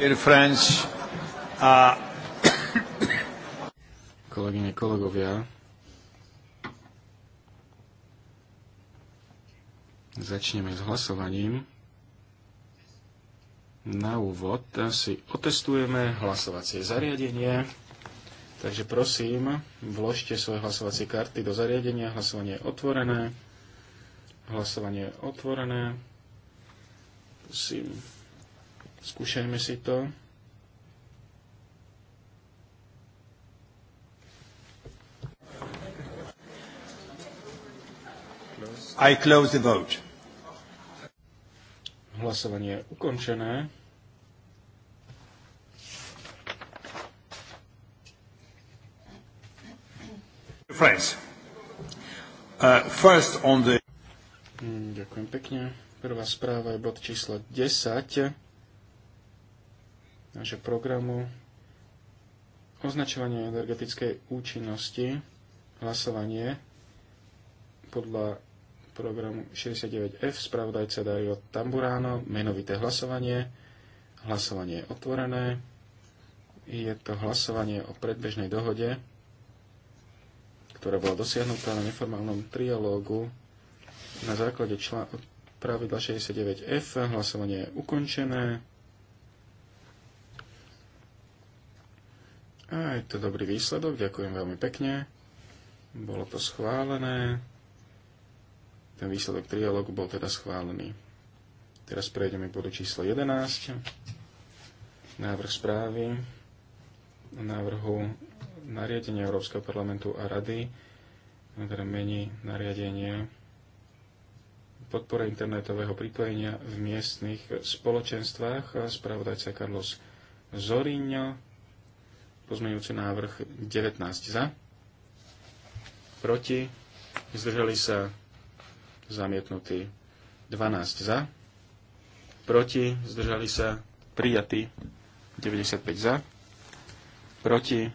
Dear friends, uh... Kolegyne, kolegovia, začneme s hlasovaním. Na úvod si otestujeme hlasovacie zariadenie, takže prosím, vložte svoje hlasovacie karty do zariadenia, hlasovanie je otvorené, hlasovanie je otvorené, prosím, Skúšajme si to. I close the vote. Hlasovanie je ukončené. Friends, uh, first on the... Hm, ďakujem pekne. Prvá správa je bod číslo 10 nášho programu označovanie energetickej účinnosti, hlasovanie podľa programu 69F, spravodajca Dario Tamburáno, menovité hlasovanie, hlasovanie je otvorené, je to hlasovanie o predbežnej dohode, ktorá bola dosiahnutá na neformálnom trialógu na základe pravidla 69F, hlasovanie je ukončené, A je to dobrý výsledok, ďakujem veľmi pekne. Bolo to schválené. Ten výsledok trialógu bol teda schválený. Teraz prejdeme k bodu číslo 11. Návrh správy o návrhu nariadenia Európskeho parlamentu a rady, ktoré mení nariadenie podpore internetového pripojenia v miestnych spoločenstvách. Spravodajca Carlos Zorinho Pozmeňujúci návrh 19 za. Proti. Zdržali sa zamietnutí 12 za. Proti. Zdržali sa prijatí 95 za. Proti.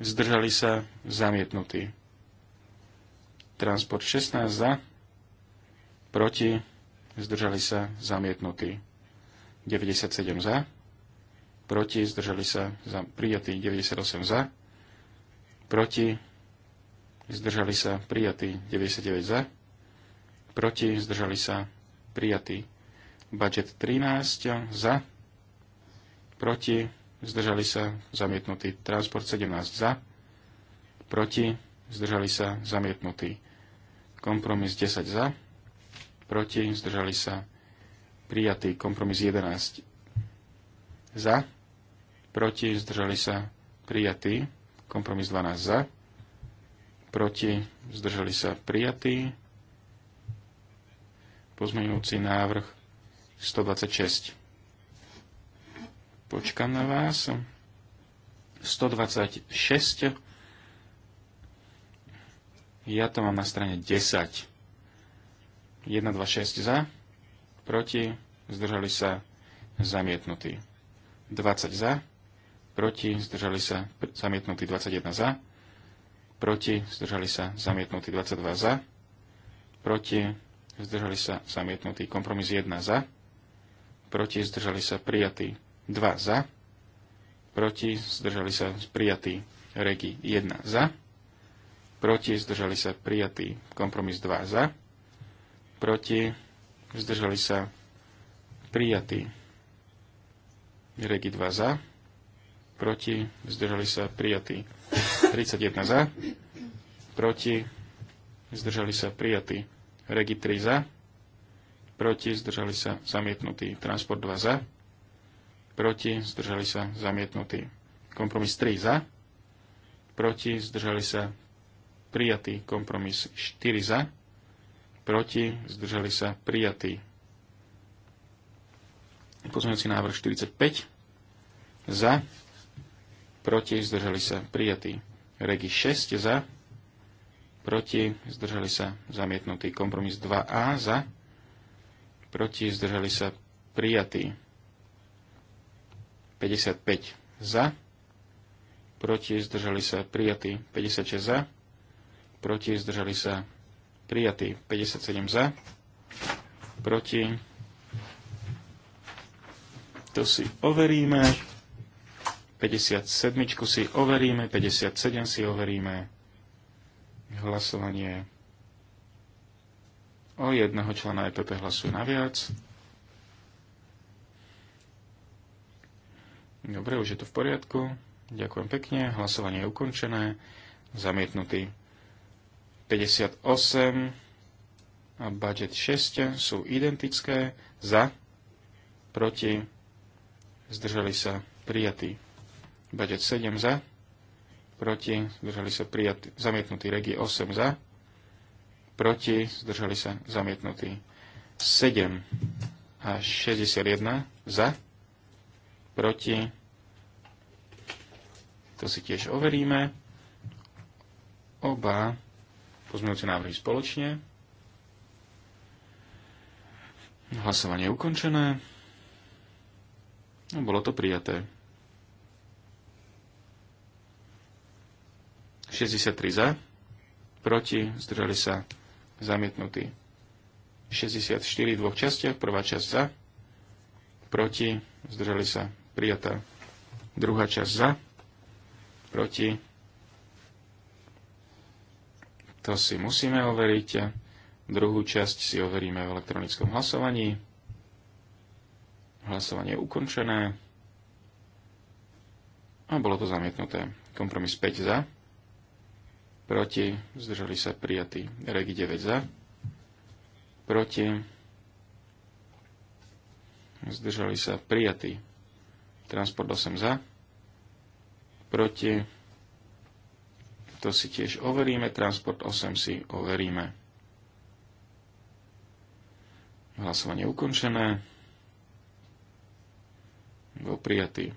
Zdržali sa zamietnutí. Transport 16 za. Proti. Zdržali sa zamietnutí. 97 za proti, zdržali sa za prijatý 98 za, proti, zdržali sa prijatý 99 za, proti, zdržali sa prijatý budget 13 za, proti, zdržali sa zamietnutý transport 17 za, proti, zdržali sa zamietnutý kompromis 10 za, proti, zdržali sa prijatý kompromis 11 za, proti, zdržali sa prijatí. Kompromis 12 za, proti, zdržali sa prijatí. Pozmeňujúci návrh 126. Počkam na vás. 126. Ja to mám na strane 10. 1, 2, 6 za, proti, zdržali sa zamietnutí. 20 za, proti, zdržali sa zamietnutí 21 za, proti, zdržali sa zamietnutí 22 za, proti, zdržali sa zamietnutí kompromis 1 za, proti, zdržali sa prijatí 2 za, proti, zdržali sa prijatí regi 1 za, proti, zdržali sa prijatí kompromis 2 za, proti, zdržali sa prijatí regi 2 za, proti, zdržali sa prijatí. 31 za, proti, zdržali sa prijatí. Regi 3 za, proti, zdržali sa zamietnutí. Transport 2 za, proti, zdržali sa zamietnutí. Kompromis 3 za, proti, zdržali sa prijatý. Kompromis 4 za, proti, zdržali sa prijatí. Pozmeňujúci návrh 45 za, proti, zdržali sa prijatí. Regi 6 za, proti, zdržali sa zamietnutý. Kompromis 2A za, proti, zdržali sa prijatí. 55 za, proti, zdržali sa prijatí. 56 za, proti, zdržali sa prijatí. 57 za, proti. To si overíme. 57 si overíme, 57 si overíme. Hlasovanie o jedného člena EPP hlasuje naviac. Dobre, už je to v poriadku. Ďakujem pekne. Hlasovanie je ukončené. Zamietnutý. 58 a budget 6 sú identické. Za, proti, zdržali sa, prijatí. Badec 7 za. Proti. Zdržali sa prijat, zamietnutý regie 8 za. Proti. Zdržali sa zamietnutý 7 a 61 za. Proti. To si tiež overíme. Oba pozmeňujúce návrhy spoločne. Hlasovanie je ukončené. No, bolo to prijaté. 63 za, proti, zdržali sa, zamietnutí. 64 v dvoch častiach, prvá časť za, proti, zdržali sa, prijatá. Druhá časť za, proti, to si musíme overiť. Druhú časť si overíme v elektronickom hlasovaní. Hlasovanie je ukončené. A bolo to zamietnuté. Kompromis 5 za proti, zdržali sa prijatí. Regi 9 za, proti, zdržali sa prijatí. Transport 8 za, proti, to si tiež overíme, transport 8 si overíme. Hlasovanie ukončené. Bol prijatý.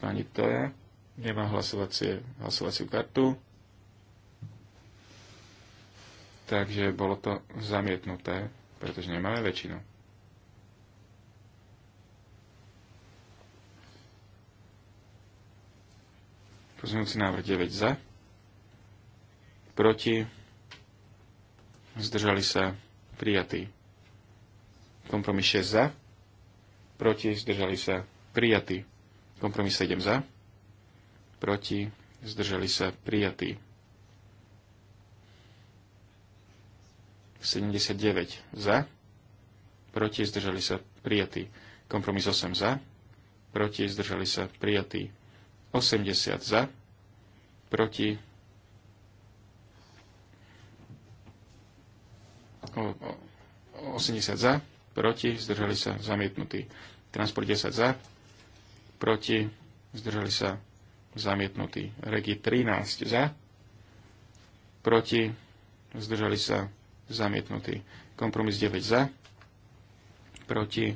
Pani Toja nemá hlasovacie, hlasovaciu kartu. Takže bolo to zamietnuté, pretože nemáme väčšinu. Pozmeňujúci návrh 9 za. Proti. Zdržali sa prijatí. Kompromis 6 za. Proti. Zdržali sa prijatí. Kompromis 7 za. Proti. Zdržali sa prijatí. 79 za. Proti. Zdržali sa prijatí. Kompromis 8 za. Proti. Zdržali sa prijatí. 80 za. Proti. O, o, 80 za. Proti. Zdržali sa zamietnutí. Transport 10 za proti, zdržali sa zamietnutí. Regi 13 za, proti, zdržali sa zamietnutí. Kompromis 9 za, proti,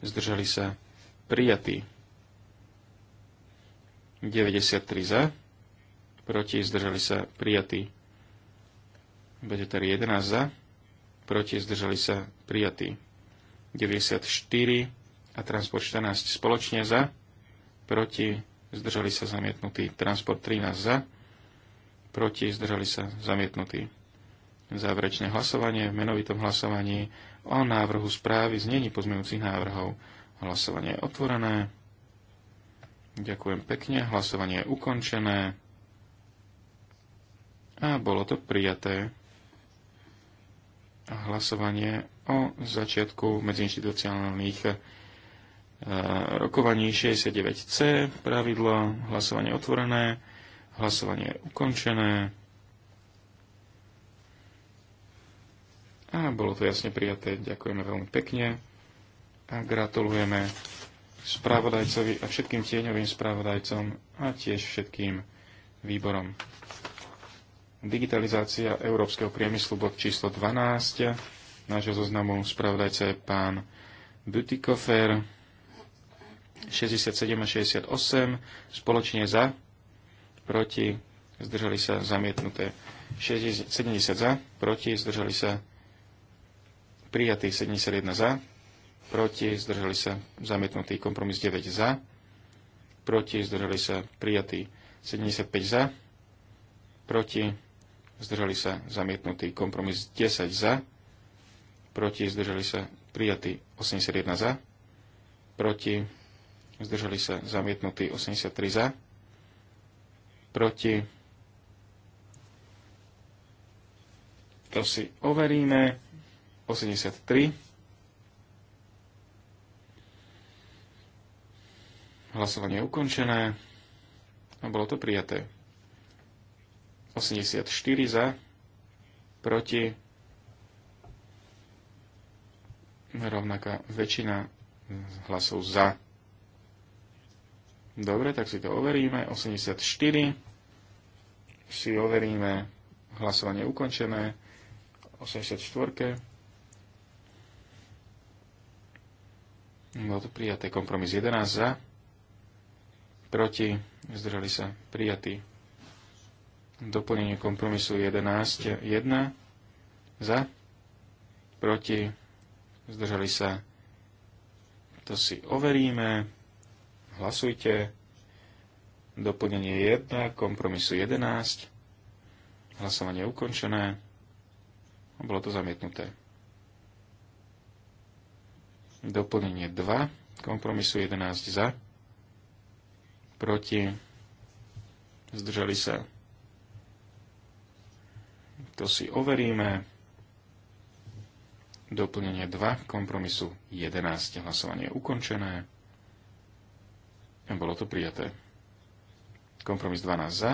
zdržali sa prijatí. 93 za, proti, zdržali sa prijatí. Vegetari 11 za, proti, zdržali sa prijatí. 94 a transport 14 spoločne za, proti, zdržali sa zamietnutí. Transport 13 za, proti, zdržali sa zamietnutí. Záverečné hlasovanie v menovitom hlasovaní o návrhu správy znení pozmenujúcich návrhov. Hlasovanie je otvorené. Ďakujem pekne. Hlasovanie je ukončené. A bolo to prijaté. A hlasovanie o začiatku medziinstitucionálnych rokovaní 69C, pravidlo, hlasovanie otvorené, hlasovanie ukončené. A bolo to jasne prijaté. Ďakujeme veľmi pekne a gratulujeme spravodajcovi a všetkým tieňovým spravodajcom a tiež všetkým výborom. Digitalizácia európskeho priemyslu, bod číslo 12. Nášho zoznamu spravodajca je pán Butikofer. 67 a 68 spoločne za, proti, zdržali sa zamietnuté 70 za, proti, zdržali sa prijatý 71 za, proti, zdržali sa zamietnutý kompromis 9 za, proti, zdržali sa prijatý 75 za, proti, zdržali sa zamietnutý kompromis 10 za, proti, zdržali sa prijatý 81 za, proti, zdržali sa zamietnutí 83 za, proti, to si overíme, 83, hlasovanie je ukončené a bolo to prijaté. 84 za, proti, rovnaká väčšina hlasov za. Dobre, tak si to overíme. 84. Si overíme hlasovanie ukončené. 84. Bolo to prijaté. Kompromis 11 za. Proti. Zdržali sa. Prijatý. Doplnenie kompromisu 11. 1. Za. Proti. Zdržali sa. To si overíme. Hlasujte. Doplnenie 1, kompromisu 11. Hlasovanie ukončené. A bolo to zamietnuté. Doplnenie 2, kompromisu 11 za. Proti. Zdržali sa. To si overíme. Doplnenie 2, kompromisu 11. Hlasovanie ukončené. Bolo to prijaté. Kompromis 12 za.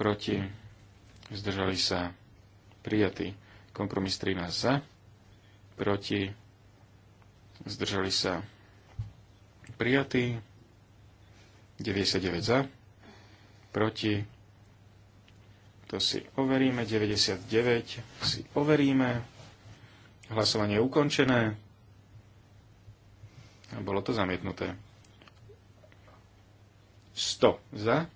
Proti. Zdržali sa. Prijatý. Kompromis 13 za. Proti. Zdržali sa. Prijatý. 99 za. Proti. To si overíme. 99 si overíme. Hlasovanie je ukončené. A bolo to zamietnuté. 100 za,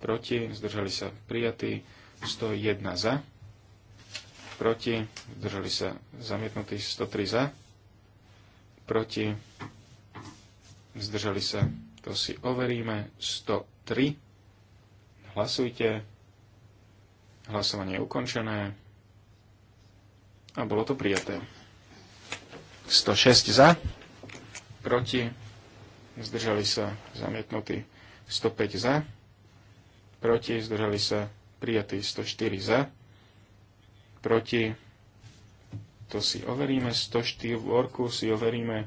proti, zdržali sa prijatí, 101 za, proti, zdržali sa zamietnutí, 103 za, proti, zdržali sa, to si overíme, 103, hlasujte, hlasovanie je ukončené a bolo to prijaté. 106 za, proti, zdržali sa zamietnutí 105 za, proti zdržali sa prijatí 104 za, proti to si overíme, 104 v orku si overíme,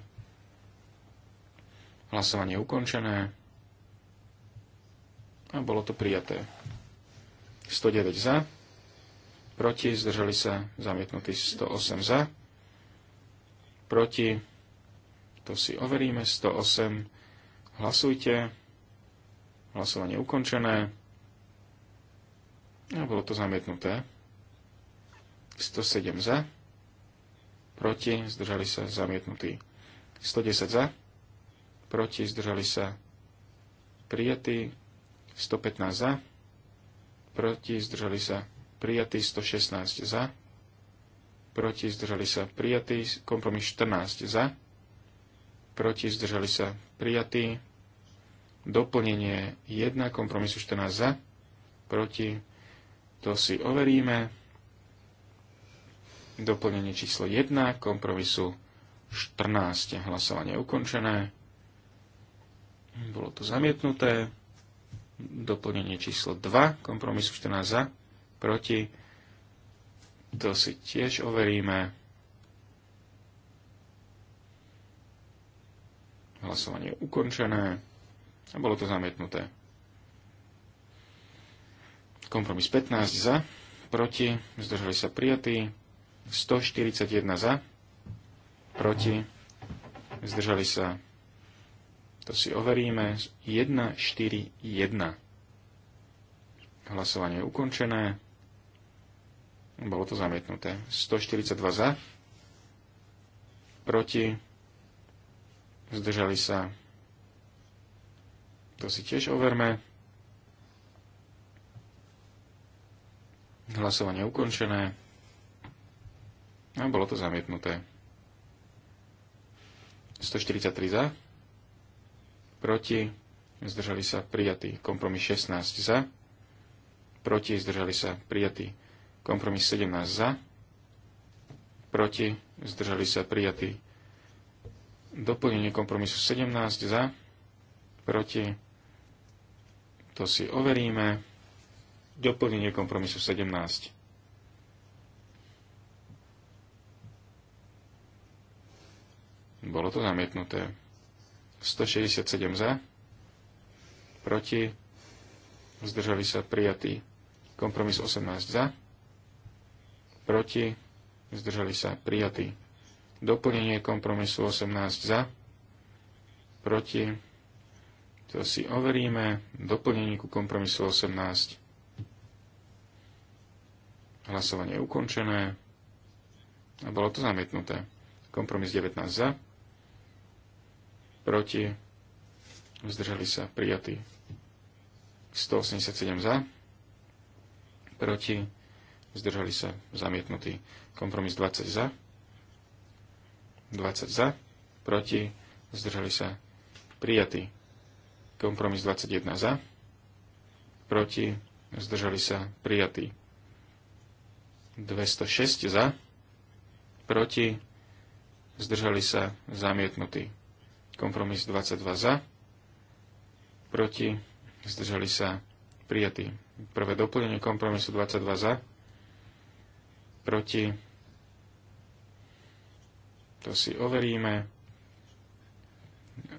hlasovanie ukončené a bolo to prijaté. 109 za, proti zdržali sa zamietnutí 108 za, proti to si overíme, 108 Hlasujte. Hlasovanie ukončené. A bolo to zamietnuté. 107 za. Proti. Zdržali sa zamietnutí. 110 za. Proti. Zdržali sa prijatí. 115 za. Proti. Zdržali sa prijatí. 116 za proti zdržali sa prijatí, kompromis 14 za, proti zdržali sa prijatí, doplnenie 1, kompromisu 14 za, proti, to si overíme. Doplnenie číslo 1, kompromisu 14, hlasovanie je ukončené. Bolo to zamietnuté. Doplnenie číslo 2, kompromisu 14 za, proti, to si tiež overíme. Hlasovanie je ukončené a bolo to zamietnuté. Kompromis 15 za, proti, zdržali sa prijatí, 141 za, proti, zdržali sa, to si overíme, 1, 4, 1. Hlasovanie je ukončené, bolo to zamietnuté, 142 za, proti, zdržali sa, to si tiež overme. Hlasovanie ukončené. A bolo to zamietnuté. 143 za. Proti. Zdržali sa prijatý. Kompromis 16 za. Proti. Zdržali sa prijatý. Kompromis 17 za. Proti. Zdržali sa prijatý. Doplnenie kompromisu 17 za. Proti to si overíme. Doplnenie kompromisu 17. Bolo to zamietnuté. 167 za, proti, zdržali sa prijatí. Kompromis 18 za, proti, zdržali sa prijatí. Doplnenie kompromisu 18 za, proti, to si overíme. Doplnení ku kompromisu 18. Hlasovanie je ukončené. A bolo to zamietnuté. Kompromis 19 za. Proti. Zdržali sa prijatí. 187 za. Proti. Zdržali sa zamietnutí. Kompromis 20 za. 20 za. Proti. Zdržali sa prijatí. Kompromis 21 za. Proti. Zdržali sa prijatí. 206 za. Proti. Zdržali sa zamietnutí. Kompromis 22 za. Proti. Zdržali sa prijatí. Prvé doplnenie kompromisu 22 za. Proti. To si overíme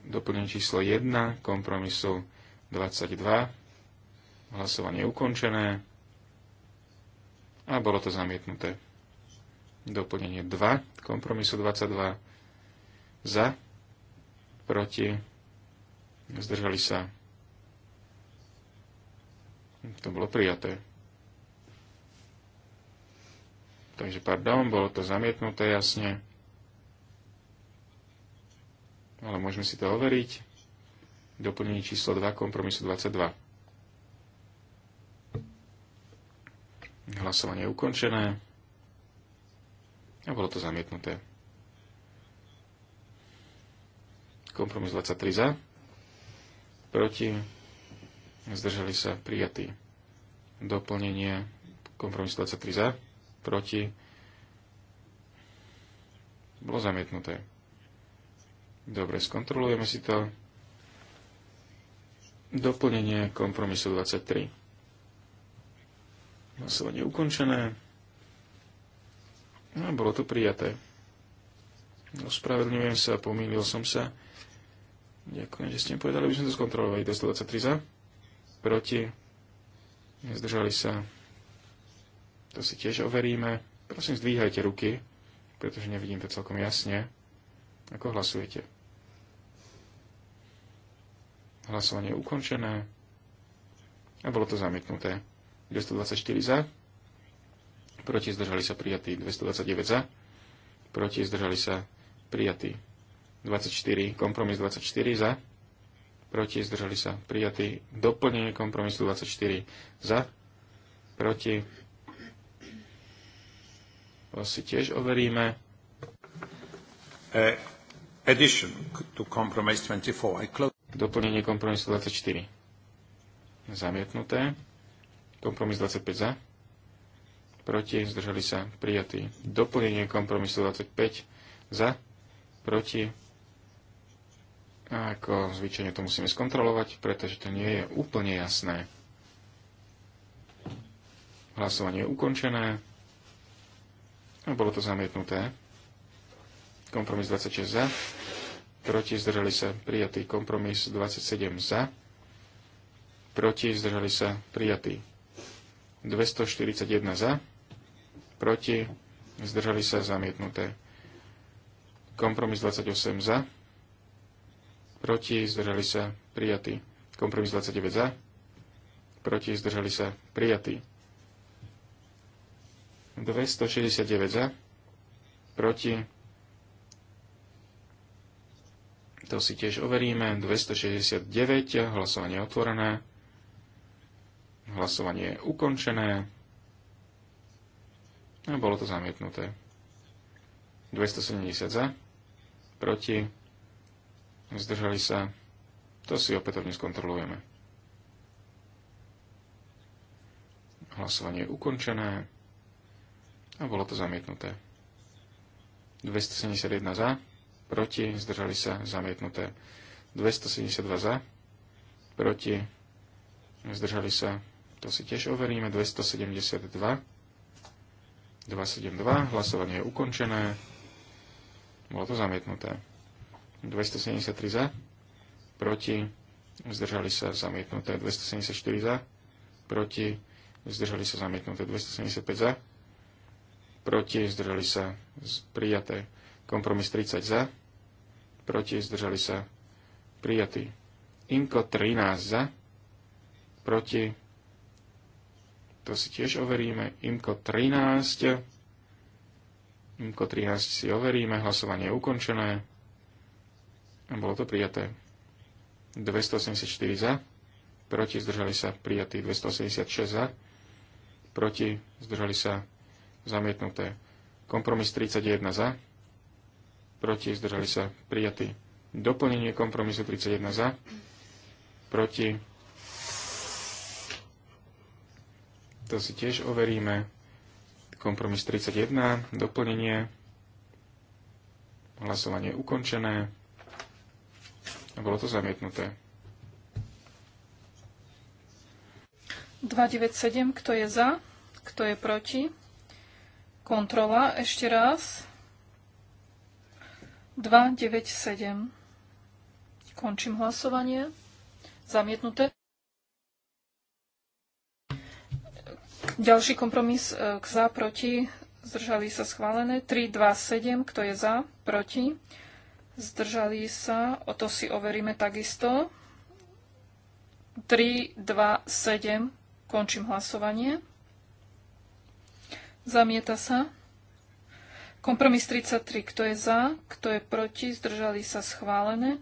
doplnenie číslo 1 kompromisu 22. Hlasovanie ukončené a bolo to zamietnuté. Doplnenie 2 kompromisu 22 za, proti, zdržali sa. To bolo prijaté. Takže pardon, bolo to zamietnuté jasne ale môžeme si to overiť. Doplnenie číslo 2 kompromisu 22. Hlasovanie je ukončené a bolo to zamietnuté. Kompromis 23 za, proti, zdržali sa prijatí. Doplnenie kompromis 23 za, proti, bolo zamietnuté. Dobre, skontrolujeme si to. Doplnenie kompromisu 23. Hlasovanie ukončené. No, bolo to prijaté. Ospravedlňujem sa, pomýlil som sa. Ďakujem, že ste mi povedali, by sme to skontrolovali. 223 za, proti, nezdržali sa. To si tiež overíme. Prosím, zdvíhajte ruky, pretože nevidím to celkom jasne, ako hlasujete. Hlasovanie je ukončené. A bolo to zamietnuté. 224 za. Proti zdržali sa prijatí. 229 za. Proti zdržali sa prijatí. 24. Kompromis 24 za. Proti zdržali sa prijatí. Doplnenie kompromisu 24 za. Proti. To si tiež overíme. Uh, addition to compromise 24. I close. Doplnenie kompromisu 24. Zamietnuté. Kompromis 25 za. Proti. Zdržali sa. Prijatý. Doplnenie kompromisu 25 za. Proti. A ako zvyčajne to musíme skontrolovať, pretože to nie je úplne jasné. Hlasovanie je ukončené. A bolo to zamietnuté. Kompromis 26 za proti, zdržali sa prijatý kompromis 27 za, proti, zdržali sa prijatý 241 za, proti, zdržali sa zamietnuté. Kompromis 28 za, proti, zdržali sa prijatý. Kompromis 29 za, proti, zdržali sa prijatý. 269 za, proti, To si tiež overíme. 269, hlasovanie otvorené. Hlasovanie je ukončené. A bolo to zamietnuté. 270 za, proti, zdržali sa. To si opätovne skontrolujeme. Hlasovanie je ukončené a bolo to zamietnuté. 271 za, proti, zdržali sa zamietnuté. 272 za, proti, zdržali sa, to si tiež overíme, 272, 272, hlasovanie je ukončené, bolo to zamietnuté. 273 za, proti, zdržali sa zamietnuté, 274 za, proti, zdržali sa zamietnuté, 275 za, proti, zdržali sa prijaté, Kompromis 30 za, proti, zdržali sa, prijatý. Inko 13 za, proti, to si tiež overíme, Inko 13, Inko 13 si overíme, hlasovanie je ukončené a bolo to prijaté. 284 za, proti, zdržali sa, prijatý 286 za, proti, zdržali sa, zamietnuté. Kompromis 31 za, proti, zdržali sa prijatí. Doplnenie kompromisu 31 za, proti. To si tiež overíme. Kompromis 31, doplnenie. Hlasovanie je ukončené. A bolo to zamietnuté. 297, kto je za, kto je proti. Kontrola ešte raz. 297. Končím hlasovanie. Zamietnuté. Ďalší kompromis e, k za, proti, zdržali sa schválené. 3, 2, 7, kto je za, proti, zdržali sa, o to si overíme takisto. 3, 2, 7, končím hlasovanie. Zamieta sa. Kompromis 33, kto je za, kto je proti, zdržali sa schválené.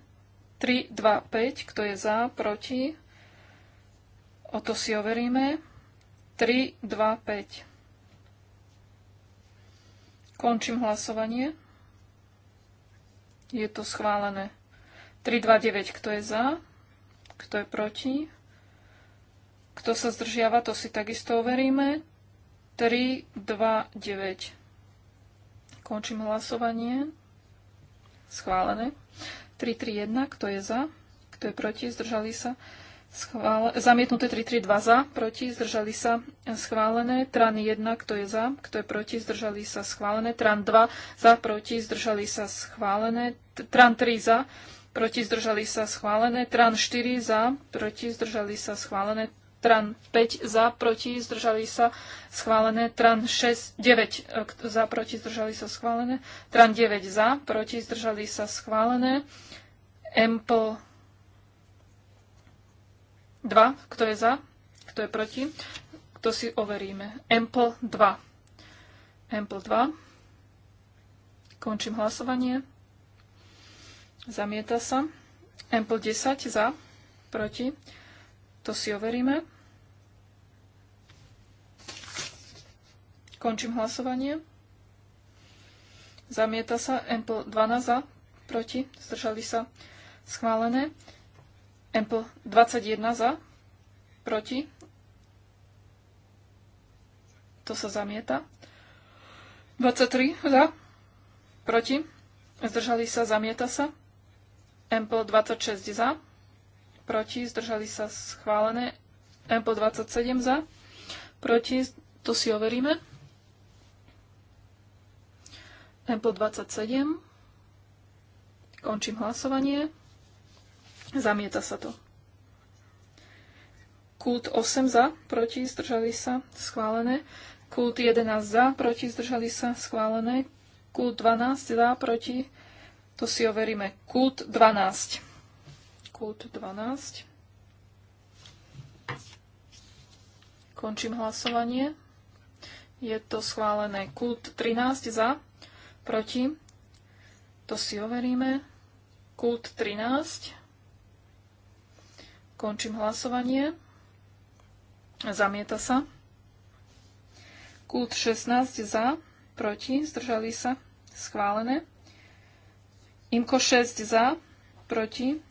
3, 2, 5, kto je za, proti, o to si overíme. 3, 2, 5. Končím hlasovanie. Je to schválené. 3, 2, 9, kto je za, kto je proti, kto sa zdržiava, to si takisto overíme. 3, 2, 9. Končím hlasovanie. Schválené. 331, kto je za? Kto je proti? Zdržali sa? Schvále... Zamietnuté 332 za, proti, zdržali sa schválené. Tran 1, kto je za, kto je proti, zdržali sa schválené. Tran 2 za, proti, zdržali sa schválené. Tran 3 za, proti, zdržali sa schválené. Tran 4 za, proti, zdržali sa schválené. Tran 5 za, proti, zdržali sa schválené. Tran 6, 9 e, za, proti, zdržali sa schválené. Tran 9 za, proti, zdržali sa schválené. Ample 2, kto je za, kto je proti, to si overíme. Ample 2. Ample 2. Končím hlasovanie. Zamieta sa. Ample 10 za, proti. To si overíme. Končím hlasovanie. Zamieta sa mp 12 za, proti, zdržali sa schválené. mp 21 za, proti, to sa zamieta. 23 za, proti, zdržali sa, zamieta sa. mp 26 za, proti, zdržali sa schválené. mp 27 za, proti, to si overíme. Ample 27. Končím hlasovanie. Zamieta sa to. Kult 8 za, proti, zdržali sa, schválené. Kult 11 za, proti, zdržali sa, schválené. Kult 12 za, proti, to si overíme. Kult 12. Kult 12. Končím hlasovanie. Je to schválené. Kult 13 za, proti, to si overíme. Kult 13. Končím hlasovanie. Zamieta sa. Kult 16 za, proti, zdržali sa, schválené. Imko 6 za, proti,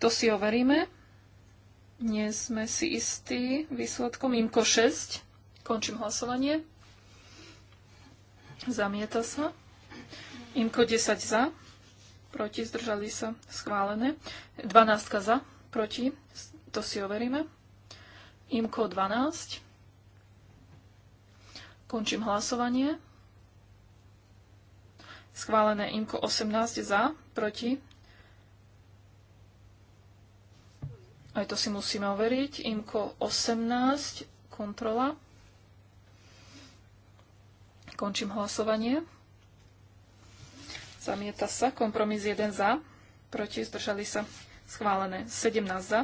to si overíme. Nie sme si istí výsledkom. Imko 6, končím hlasovanie. Zamieta sa. Imko 10 za. Proti. Zdržali sa. Schválené. 12 za. Proti. To si overíme. Imko 12. Končím hlasovanie. Schválené Imko 18 za. Proti. Aj to si musíme overiť. Imko 18. Kontrola. Končím hlasovanie. Zamieta sa. Kompromis 1 za. Proti. Zdržali sa. Schválené. 17 za.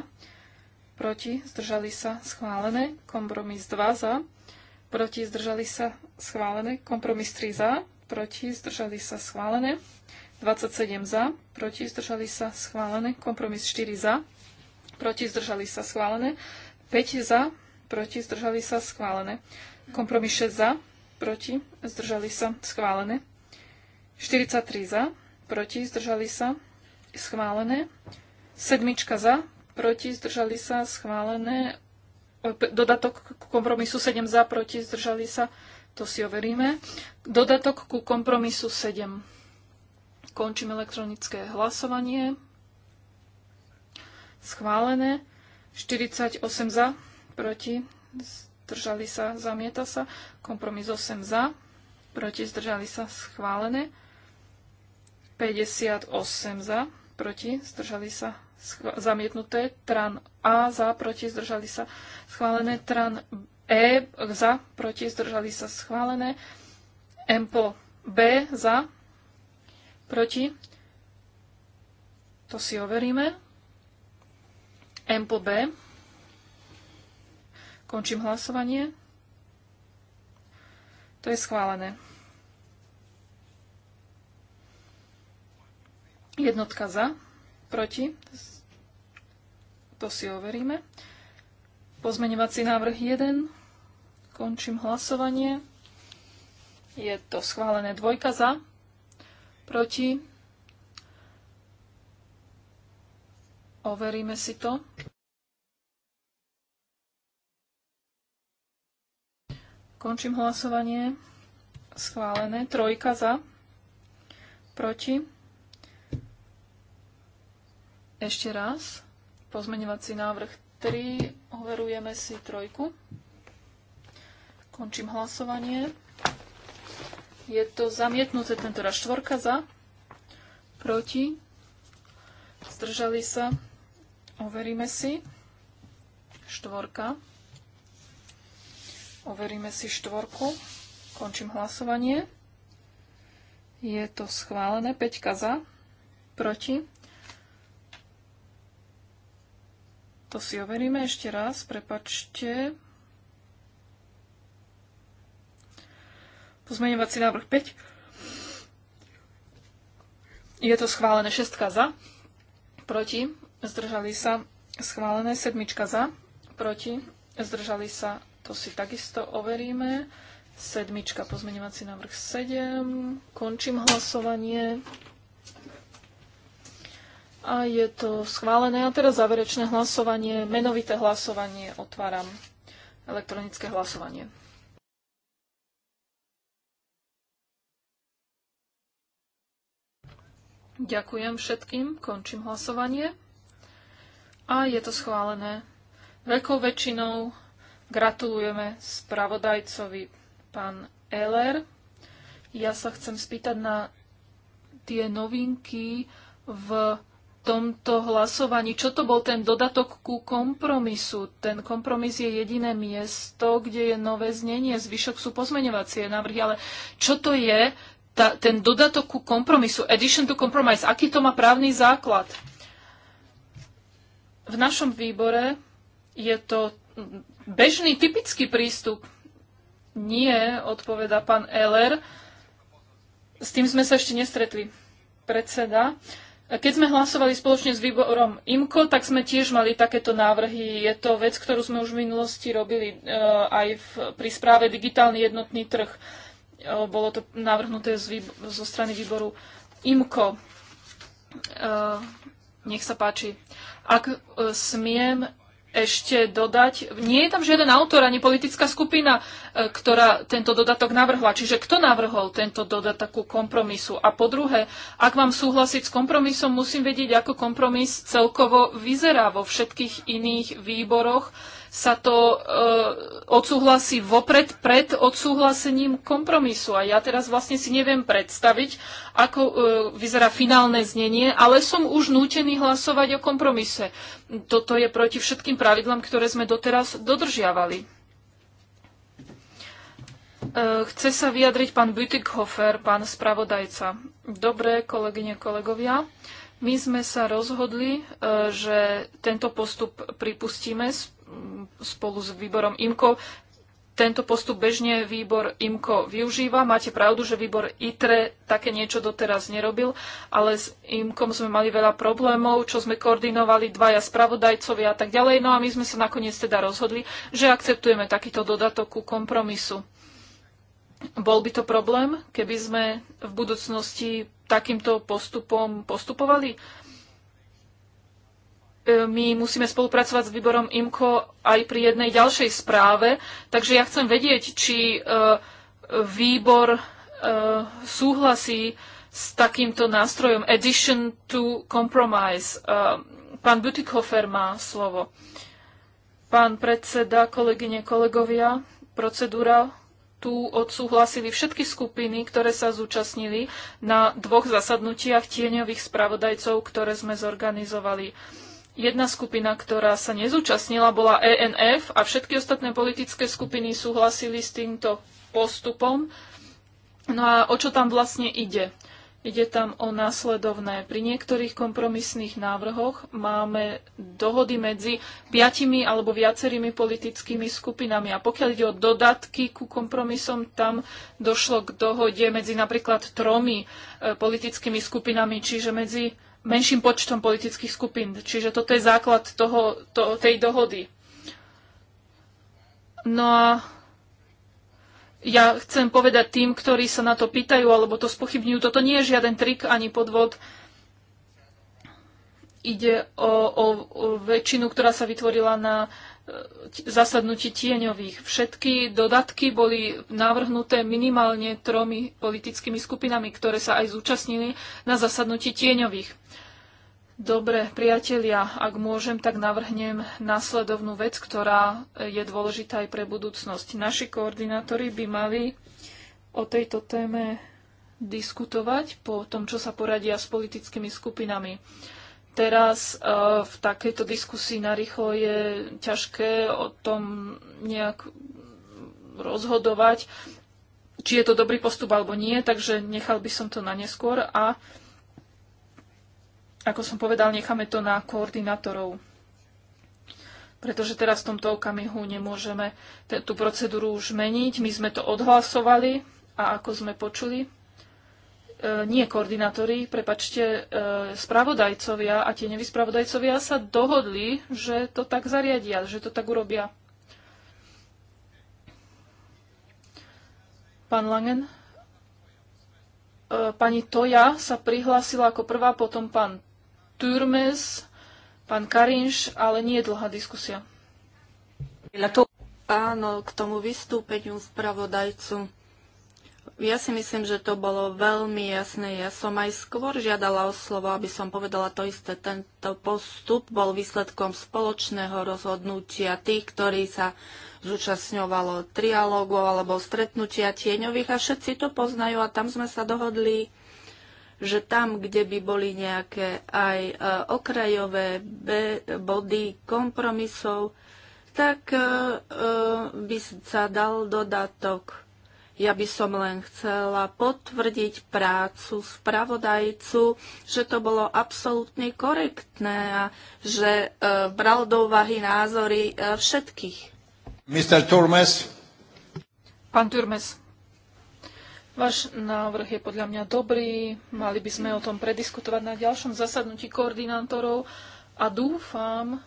Proti. Zdržali sa. Schválené. Kompromis 2 za. Proti. Zdržali sa. Schválené. Kompromis 3 za. Proti. Zdržali sa. Schválené. 27 za. Proti. Zdržali sa. Schválené. Kompromis 4 za. Proti. Zdržali sa. Schválené. 5 za. Proti. Zdržali sa. Schválené. Kompromis 6 za proti, zdržali sa, schválené. 43 za, proti, zdržali sa, schválené. Sedmička za, proti, zdržali sa, schválené. Dodatok k kompromisu 7 za, proti, zdržali sa, to si overíme. Dodatok ku kompromisu 7. Končím elektronické hlasovanie. Schválené. 48 za, proti, zdržali sa, zamieta sa. Kompromis 8 za, proti zdržali sa, schválené. 58 za, proti zdržali sa, zamietnuté. Tran A za, proti zdržali sa, schválené. Tran E za, proti zdržali sa, schválené. MPO B za, proti. To si overíme. MPO B. Končím hlasovanie. To je schválené. Jednotka za, proti, to si overíme. Pozmeňovací návrh 1, končím hlasovanie. Je to schválené dvojka za, proti. Overíme si to. Končím hlasovanie. Schválené. Trojka za. Proti. Ešte raz. Pozmeňovací návrh 3. Overujeme si trojku. Končím hlasovanie. Je to zamietnuté tento raz. Štvorka za. Proti. Zdržali sa. Overíme si. Štvorka. Overíme si štvorku. Končím hlasovanie. Je to schválené. 5 za. Proti. To si overíme ešte raz. Prepačte. Pozmeňovací návrh 5. Je to schválené 6 za. Proti. Zdržali sa. Schválené 7 za. Proti. Zdržali sa. To si takisto overíme. Sedmička, pozmeňovací návrh 7. Končím hlasovanie. A je to schválené. A teraz záverečné hlasovanie, menovité hlasovanie. Otváram elektronické hlasovanie. Ďakujem všetkým, končím hlasovanie. A je to schválené. Veľkou väčšinou Gratulujeme spravodajcovi pán Eller. Ja sa chcem spýtať na tie novinky v tomto hlasovaní. Čo to bol ten dodatok ku kompromisu? Ten kompromis je jediné miesto, kde je nové znenie, zvyšok sú pozmeňovacie návrhy, ale čo to je ta, ten dodatok ku kompromisu, addition to compromise, aký to má právny základ? V našom výbore je to bežný, typický prístup. Nie, odpoveda pán Eller. S tým sme sa ešte nestretli. Predseda. Keď sme hlasovali spoločne s výborom IMKO, tak sme tiež mali takéto návrhy. Je to vec, ktorú sme už v minulosti robili e, aj v, pri správe Digitálny jednotný trh. E, bolo to navrhnuté z výbo- zo strany výboru IMKO. E, nech sa páči. Ak e, smiem, ešte dodať. Nie je tam žiaden autor ani politická skupina, e, ktorá tento dodatok navrhla. Čiže kto navrhol tento dodatok ku kompromisu? A po druhé, ak mám súhlasiť s kompromisom, musím vedieť, ako kompromis celkovo vyzerá vo všetkých iných výboroch sa to e, odsúhlasí vopred pred odsúhlasením kompromisu. A ja teraz vlastne si neviem predstaviť, ako e, vyzerá finálne znenie, ale som už nútený hlasovať o kompromise. Toto je proti všetkým pravidlám, ktoré sme doteraz dodržiavali. E, chce sa vyjadriť pán Bütikhofer, pán spravodajca. Dobré kolegyne, kolegovia. My sme sa rozhodli, že tento postup pripustíme Mm, spolu s výborom IMKO. Tento postup bežne výbor IMKO využíva. Máte pravdu, že výbor ITRE také niečo doteraz nerobil, ale s IMKOM sme mali veľa problémov, čo sme koordinovali dvaja spravodajcovia a tak ďalej. No a my sme sa nakoniec teda rozhodli, že akceptujeme takýto dodatok ku kompromisu. Bol by to problém, keby sme v budúcnosti takýmto postupom postupovali? E, my musíme spolupracovať s výborom IMCO aj pri jednej ďalšej správe, takže ja chcem vedieť, či e, výbor e, súhlasí s takýmto nástrojom Addition to Compromise. Pán Butikofer má slovo. Pán predseda, kolegyne, kolegovia, procedúra tu odsúhlasili všetky skupiny, ktoré sa zúčastnili na dvoch zasadnutiach tieňových spravodajcov, ktoré sme zorganizovali. Jedna skupina, ktorá sa nezúčastnila, bola ENF a všetky ostatné politické skupiny súhlasili s týmto postupom. No a o čo tam vlastne ide? Ide tam o následovné. Pri niektorých kompromisných návrhoch máme dohody medzi piatimi alebo viacerými politickými skupinami. A pokiaľ ide o dodatky ku kompromisom, tam došlo k dohode medzi napríklad tromi e, politickými skupinami, čiže medzi menším počtom politických skupín. Čiže toto je základ toho, to, tej dohody. No a ja chcem povedať tým, ktorí sa na to pýtajú alebo to spochybňujú, toto nie je žiaden trik ani podvod. Ide o, o, o väčšinu, ktorá sa vytvorila na E, zasadnutí tieňových. Všetky dodatky boli navrhnuté minimálne tromi politickými skupinami, ktoré sa aj zúčastnili na zasadnutí tieňových. Dobre, priatelia, ak môžem, tak navrhnem následovnú vec, ktorá je dôležitá aj pre budúcnosť. Naši koordinátori by mali o tejto téme diskutovať po tom, čo sa poradia s politickými skupinami. Teraz uh, v takejto diskusii narýchlo je ťažké o tom nejak rozhodovať, či je to dobrý postup alebo nie, takže nechal by som to na neskôr a ako som povedal, necháme to na koordinátorov. Pretože teraz v tomto okamihu nemôžeme tú procedúru už meniť. My sme to odhlasovali a ako sme počuli, E, nie koordinátori, prepačte, e, spravodajcovia a tie nevyspravodajcovia sa dohodli, že to tak zariadia, že to tak urobia. Pán Langen? E, pani Toja sa prihlásila ako prvá, potom pán Turmes, pán Karinš, ale nie je dlhá diskusia. Áno, k tomu vystúpeniu spravodajcu. Ja si myslím, že to bolo veľmi jasné. Ja som aj skôr žiadala o slovo, aby som povedala to isté. Tento postup bol výsledkom spoločného rozhodnutia tých, ktorí sa zúčastňovalo trialógu alebo stretnutia tieňových a všetci to poznajú a tam sme sa dohodli, že tam, kde by boli nejaké aj e, okrajové body kompromisov, tak e, e, by sa dal dodatok ja by som len chcela potvrdiť prácu spravodajcu, že to bolo absolútne korektné a že e, bral do úvahy názory e, všetkých. Mr. Turmes. Pán Turmes, váš návrh je podľa mňa dobrý. Mali by sme o tom prediskutovať na ďalšom zasadnutí koordinátorov a dúfam,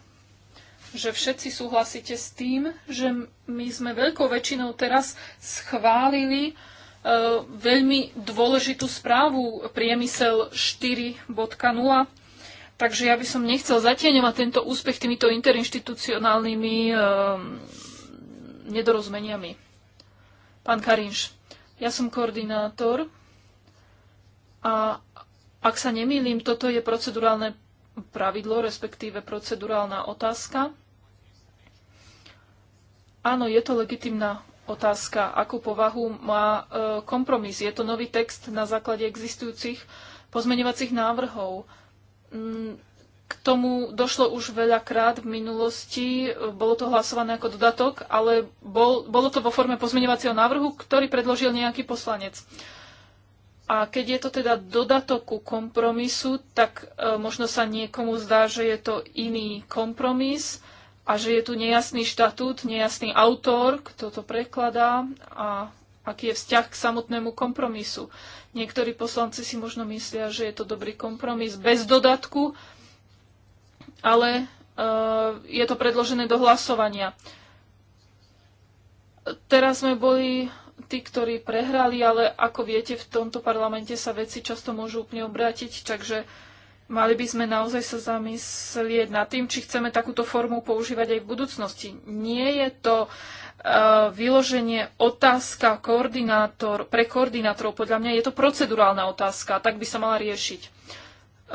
že všetci súhlasíte s tým, že my sme veľkou väčšinou teraz schválili e, veľmi dôležitú správu priemysel 4.0. Takže ja by som nechcel zatieňovať tento úspech týmito interinstitucionálnymi e, nedorozmeniami. Pán Karinš, ja som koordinátor a ak sa nemýlim, toto je procedurálne pravidlo, respektíve procedurálna otázka. Áno, je to legitimná otázka, akú povahu má e, kompromis. Je to nový text na základe existujúcich pozmeňovacích návrhov. Mm, k tomu došlo už veľakrát v minulosti, bolo to hlasované ako dodatok, ale bol, bolo to vo forme pozmeňovacieho návrhu, ktorý predložil nejaký poslanec. A keď je to teda dodatok ku kompromisu, tak e, možno sa niekomu zdá, že je to iný kompromis, a že je tu nejasný štatút, nejasný autor, kto to prekladá a aký je vzťah k samotnému kompromisu. Niektorí poslanci si možno myslia, že je to dobrý kompromis bez dodatku, ale uh, je to predložené do hlasovania. Teraz sme boli tí, ktorí prehrali, ale ako viete, v tomto parlamente sa veci často môžu úplne obrátiť, takže uh, Mali by sme naozaj sa zamyslieť nad tým, či chceme takúto formu používať aj v budúcnosti. Nie je to e, vyloženie otázka koordinátor, pre koordinátorov. Podľa mňa je to procedurálna otázka, tak by sa mala riešiť. E,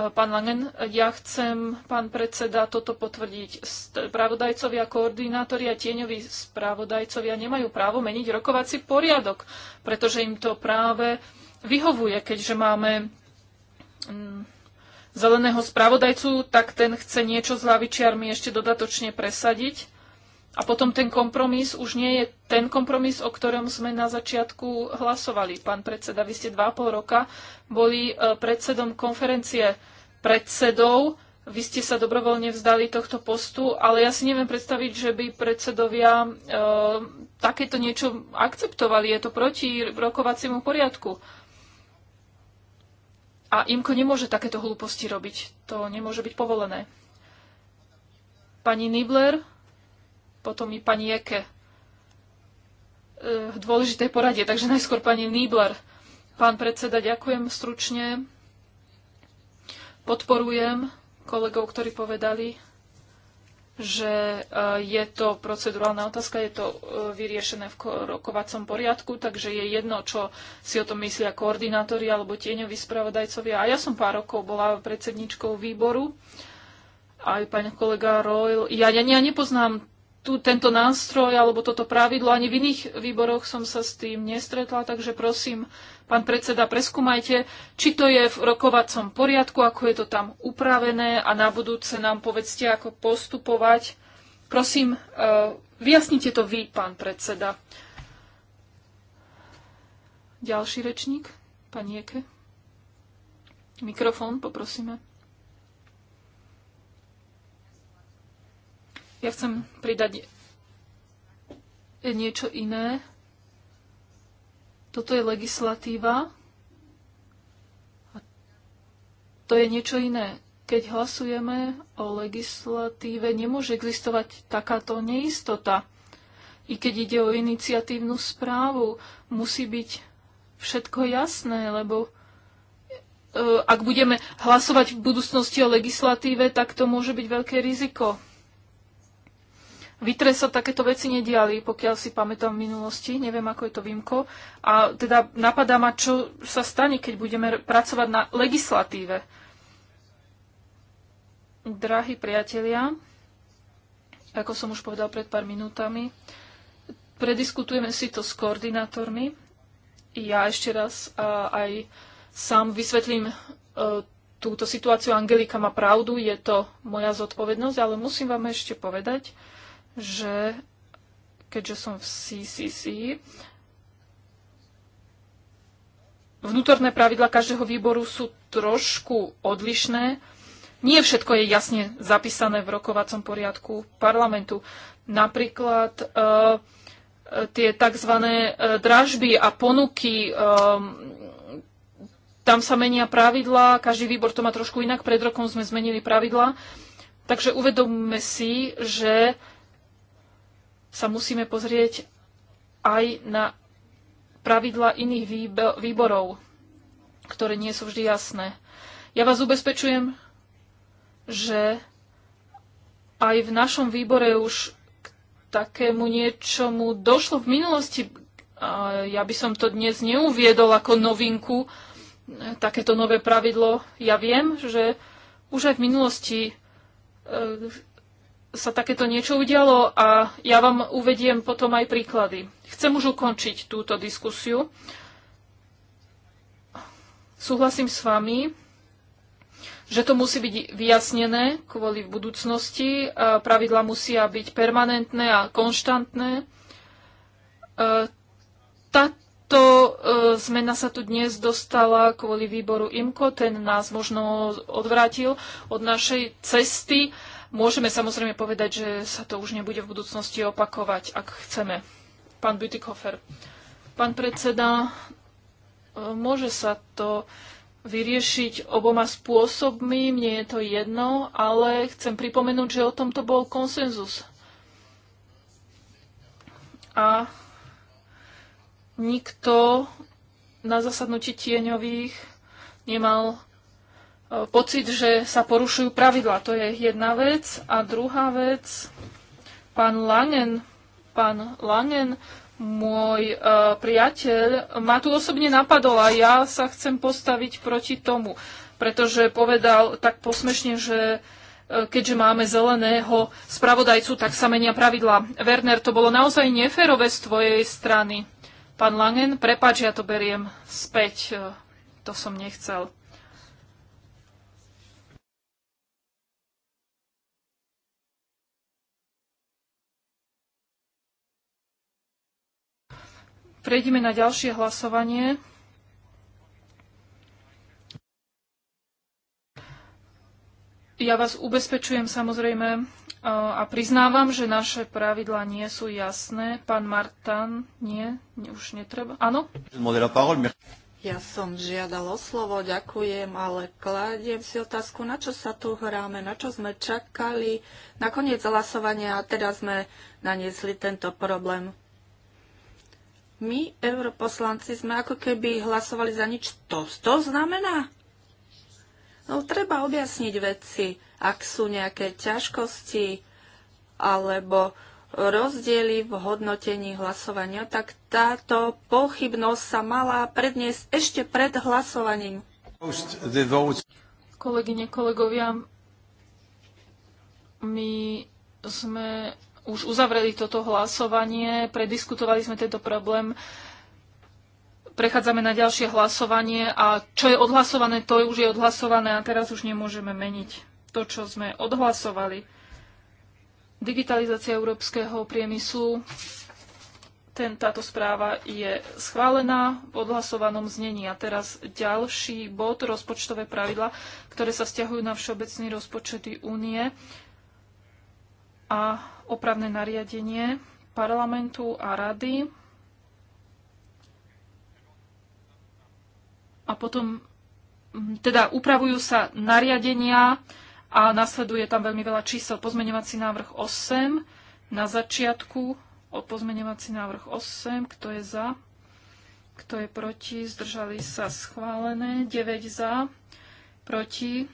pán Langen, ja chcem, pán predseda, toto potvrdiť. Spravodajcovia, koordinátori a tieňoví spravodajcovia nemajú právo meniť rokovací poriadok, pretože im to práve vyhovuje, keďže máme mm, zeleného spravodajcu, tak ten chce niečo s lavičiarmi ešte dodatočne presadiť. A potom ten kompromis už nie je ten kompromis, o ktorom sme na začiatku hlasovali. Pán predseda, vy ste dva pol roka boli e, predsedom konferencie predsedov. Vy ste sa dobrovoľne vzdali tohto postu, ale ja si neviem predstaviť, že by predsedovia e, takéto niečo akceptovali. Je to proti rokovaciemu poriadku. A IMKO nemôže takéto hlúposti robiť. To nemôže byť povolené. Pani Nibler, potom i pani Eke. E, dôležité poradie, takže najskôr pani Nibler. Pán predseda, ďakujem stručne. Podporujem kolegov, ktorí povedali, že e, je to procedurálna otázka, je to e, vyriešené v rokovacom poriadku, takže je jedno, čo si o tom myslia koordinátori alebo tieňoví spravodajcovia. A ja som pár rokov bola predsedničkou výboru, aj pán kolega Royal. Ja, ja, ja nepoznám tu, tento nástroj alebo toto pravidlo. Ani v iných výboroch som sa s tým nestretla, takže prosím, pán predseda, preskúmajte, či to je v rokovacom poriadku, ako je to tam upravené a na budúce nám povedzte, ako postupovať. Prosím, eh, vyjasnite to vy, pán predseda. Ďalší rečník, pani Eke. Mikrofón, poprosíme. Ja chcem pridať niečo iné. Toto je legislatíva a to je niečo iné. Keď hlasujeme o legislatíve, nemôže existovať takáto neistota. I keď ide o iniciatívnu správu, musí byť všetko jasné, lebo e, ak budeme hlasovať v budúcnosti o legislatíve, tak to môže byť veľké riziko. V sa takéto veci nediali, pokiaľ si pamätám v minulosti, neviem, ako je to výmko. A teda napadá ma, čo sa stane, keď budeme pracovať na legislatíve. Drahí priatelia, ako som už povedal pred pár minútami, prediskutujeme si to s koordinátormi. Ja ešte raz aj sám vysvetlím e, túto situáciu. Angelika má pravdu, je to moja zodpovednosť, ale musím vám ešte povedať, že keďže som v CCC, vnútorné pravidla každého výboru sú trošku odlišné. Nie všetko je jasne zapísané v rokovacom poriadku parlamentu. Napríklad e, tie tzv. Eh, dražby a ponuky, e, tam sa menia pravidla, každý výbor to má trošku inak, pred rokom sme zmenili pravidla. Takže uvedomme si, že sa musíme pozrieť aj na pravidla iných výborov, ktoré nie sú vždy jasné. Ja vás ubezpečujem, že aj v našom výbore už k takému niečomu došlo v minulosti. Ja by som to dnes neuviedol ako novinku, takéto nové pravidlo. Ja viem, že už aj v minulosti e, sa takéto niečo udialo a ja vám uvediem potom aj príklady. Chcem už ukončiť túto diskusiu. Súhlasím s vami, že to musí byť vyjasnené kvôli v budúcnosti. Pravidla musia byť permanentné a konštantné. E, táto e, zmena sa tu dnes dostala kvôli výboru IMCO, ten nás možno odvrátil od našej cesty Môžeme samozrejme povedať, že sa to už nebude v budúcnosti opakovať, ak chceme. Pán Bütikofer. Pán predseda, e, môže sa to vyriešiť oboma spôsobmi, mne je to jedno, ale chcem pripomenúť, že o tomto bol konsenzus. A nikto na zasadnutí tieňových nemal pocit, že sa porušujú pravidla. To je jedna vec. A druhá vec, pán Langen, pán Lanen, môj e, priateľ, ma tu osobne napadol a ja sa chcem postaviť proti tomu, pretože povedal tak posmešne, že e, keďže máme zeleného spravodajcu, tak sa menia pravidla. Werner, to bolo naozaj neférové z tvojej strany. Pán Langen, prepáč, ja to beriem späť. E, to som nechcel. Prejdime na ďalšie hlasovanie. Ja vás ubezpečujem samozrejme a priznávam, že naše pravidlá nie sú jasné. Pán Martan, nie, už netreba. Áno? Ja som žiadal o slovo, ďakujem, ale kladiem si otázku, na čo sa tu hráme, na čo sme čakali. Nakoniec hlasovania a teraz sme naniesli tento problém my, europoslanci, sme ako keby hlasovali za nič. To, to znamená? No, treba objasniť veci, ak sú nejaké ťažkosti alebo rozdiely v hodnotení hlasovania, tak táto pochybnosť sa mala predniesť ešte pred hlasovaním. Kolegyne, kolegovia, my sme už uzavreli toto hlasovanie, prediskutovali sme tento problém, prechádzame na ďalšie hlasovanie a čo je odhlasované, to už je odhlasované a teraz už nemôžeme meniť to, čo sme odhlasovali. Digitalizácia európskeho priemyslu, ten, táto správa je schválená v odhlasovanom znení. A teraz ďalší bod, rozpočtové pravidla, ktoré sa stiahujú na všeobecný rozpočet únie. A opravné nariadenie parlamentu a rady. A potom mm, teda upravujú sa nariadenia a nasleduje tam veľmi veľa čísel. Pozmeňovací návrh 8 na začiatku, o pozmeňovací návrh 8, kto je za, kto je proti, zdržali sa schválené, 9 za, proti,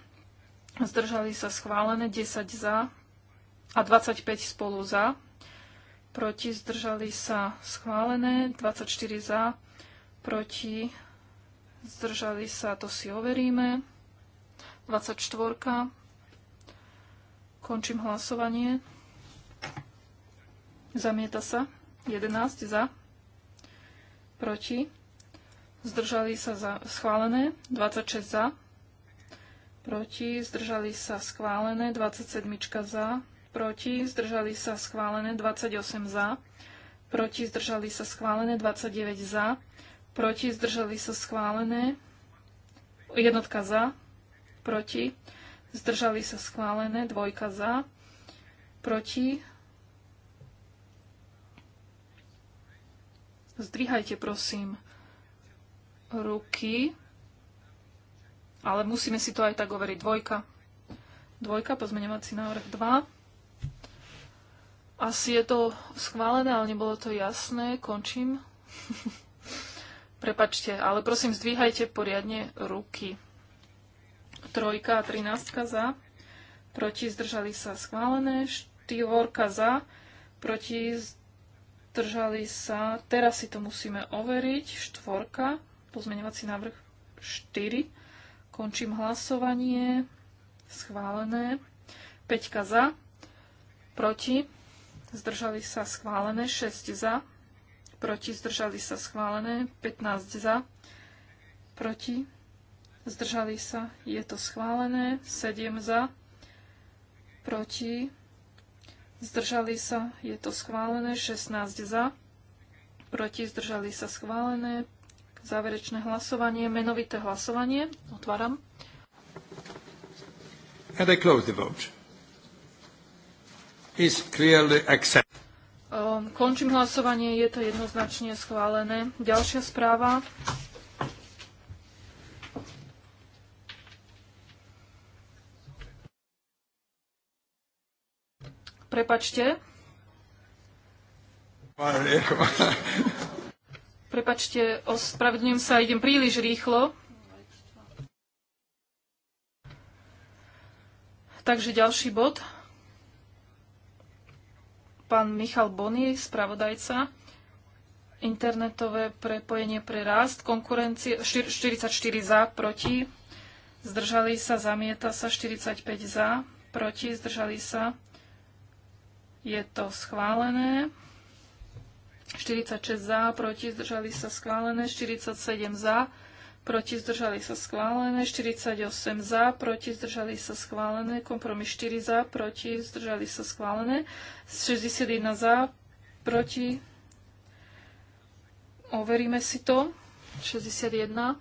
zdržali sa schválené, 10 za, a 25 spolu za, proti zdržali sa schválené, 24 za, proti zdržali sa, to si overíme, 24. Končím hlasovanie. Zamieta sa. 11 za. Proti. Zdržali sa za, schválené. 26 za. Proti. Zdržali sa schválené. 27 za proti, zdržali sa schválené 28 za, proti, zdržali sa schválené 29 za, proti, zdržali sa schválené jednotka za, proti, zdržali sa schválené dvojka za, proti, zdvíhajte prosím ruky, ale musíme si to aj tak overiť. Dvojka. Dvojka, pozmeňovací návrh 2. Asi je to schválené, ale nebolo to jasné. Končím. Prepačte, ale prosím, zdvíhajte poriadne ruky. Trojka a trináctka za. Proti zdržali sa schválené. Štývorka za. Proti zdržali sa. Teraz si to musíme overiť. Štvorka. Pozmeňovací návrh 4. Končím hlasovanie. Schválené. Peťka za. Proti zdržali sa schválené, 6 za, proti, zdržali sa schválené, 15 za, proti, zdržali sa, je to schválené, 7 za, proti, zdržali sa, je to schválené, 16 za, proti, zdržali sa schválené, záverečné hlasovanie, menovité hlasovanie, otváram. And I close the vote is clearly accepted. Um, končím hlasovanie, je to jednoznačne schválené. Ďalšia správa. Prepačte. Prepačte, ospravedlňujem sa, idem príliš rýchlo. Takže ďalší bod pán Michal Bony, spravodajca, internetové prepojenie pre rast, konkurencie 44 za, proti, zdržali sa, zamieta sa, 45 za, proti, zdržali sa, je to schválené. 46 za, proti, zdržali sa schválené, 47 za, proti zdržali sa schválené, 48 za, proti zdržali sa schválené, kompromis 4 za, proti zdržali sa schválené, 61 za, proti, overíme si to, 61.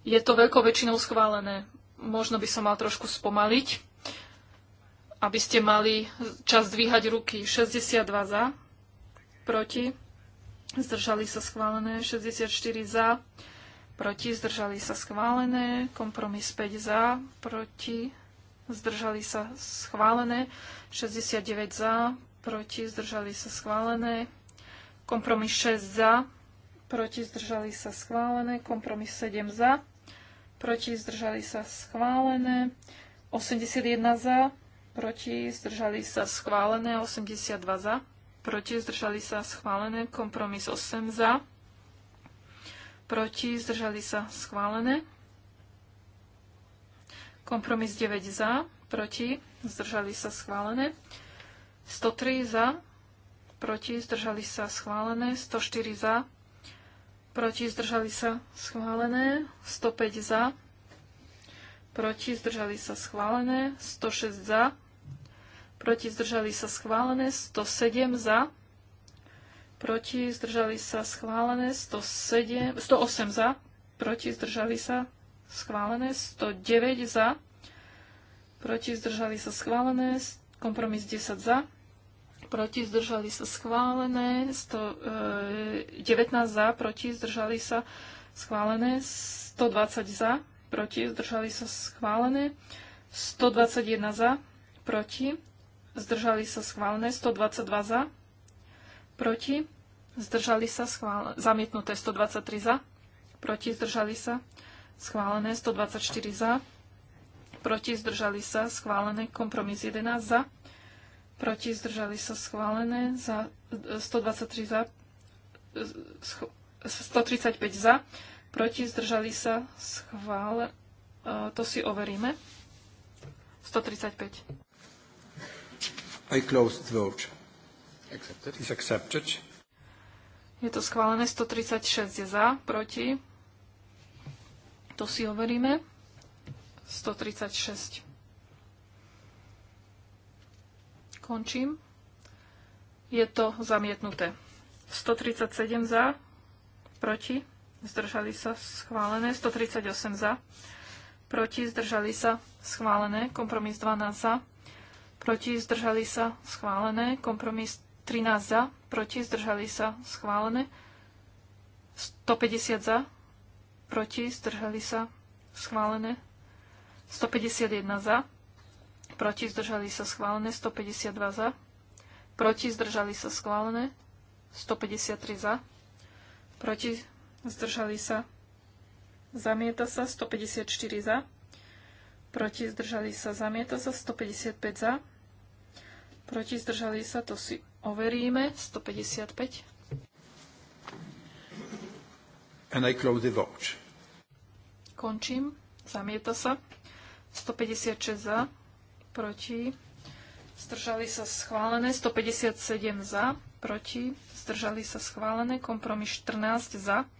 Je to veľkou väčšinou schválené. Možno by som mal trošku spomaliť aby ste mali čas dvíhať ruky. 62 za, proti, zdržali sa schválené. 64 za, proti, zdržali sa schválené. Kompromis 5 za, proti, zdržali sa schválené. 69 za, proti, zdržali sa schválené. Kompromis 6 za, proti, zdržali sa schválené. Kompromis 7 za, proti, zdržali sa schválené. 81 za, proti, zdržali sa schválené, 82 za, proti, zdržali sa schválené, kompromis 8 za, proti, zdržali sa schválené, kompromis 9 za, proti, zdržali sa schválené, 103 za, proti, zdržali sa schválené, 104 za, proti, zdržali sa schválené, 105 za, proti, zdržali sa schválené, 106 za, proti zdržali sa schválené, 107 za, proti zdržali sa schválené, 107, 108 za, proti zdržali sa schválené, 109 za, proti zdržali sa schválené, kompromis 10 za, proti zdržali sa schválené, 119 e, za, proti zdržali sa schválené, 120 za, proti zdržali sa schválené, 121 za, proti zdržali sa schválne, 122 za, proti, zdržali sa schválne, zamietnuté 123 za, proti, zdržali sa schválené, 124 za, proti, zdržali sa schválené, kompromis 11 za, proti, zdržali sa schválené, za 123 za, 135 za, proti, zdržali sa schválené, e, to si overíme. 135. I close the vote. Accepted. Is accepted. Je to schválené 136 je za, proti. To si overíme. 136. Končím. Je to zamietnuté. 137 za, proti, zdržali sa, schválené. 138 za, proti, zdržali sa, schválené. Kompromis 12 za, proti zdržali sa schválené. Kompromis 13 za, proti zdržali sa schválené. 150 za, proti zdržali sa schválené. 151 za, proti zdržali sa schválené. 152 za, proti zdržali sa schválené. 153 za, proti zdržali sa Zamieta sa 154 za, proti zdržali sa, zamieta sa, 155 za, proti zdržali sa, to si overíme, 155. And I close the vote. Končím, zamieta sa, 156 za, proti, zdržali sa schválené, 157 za, proti, zdržali sa schválené, kompromis 14 za,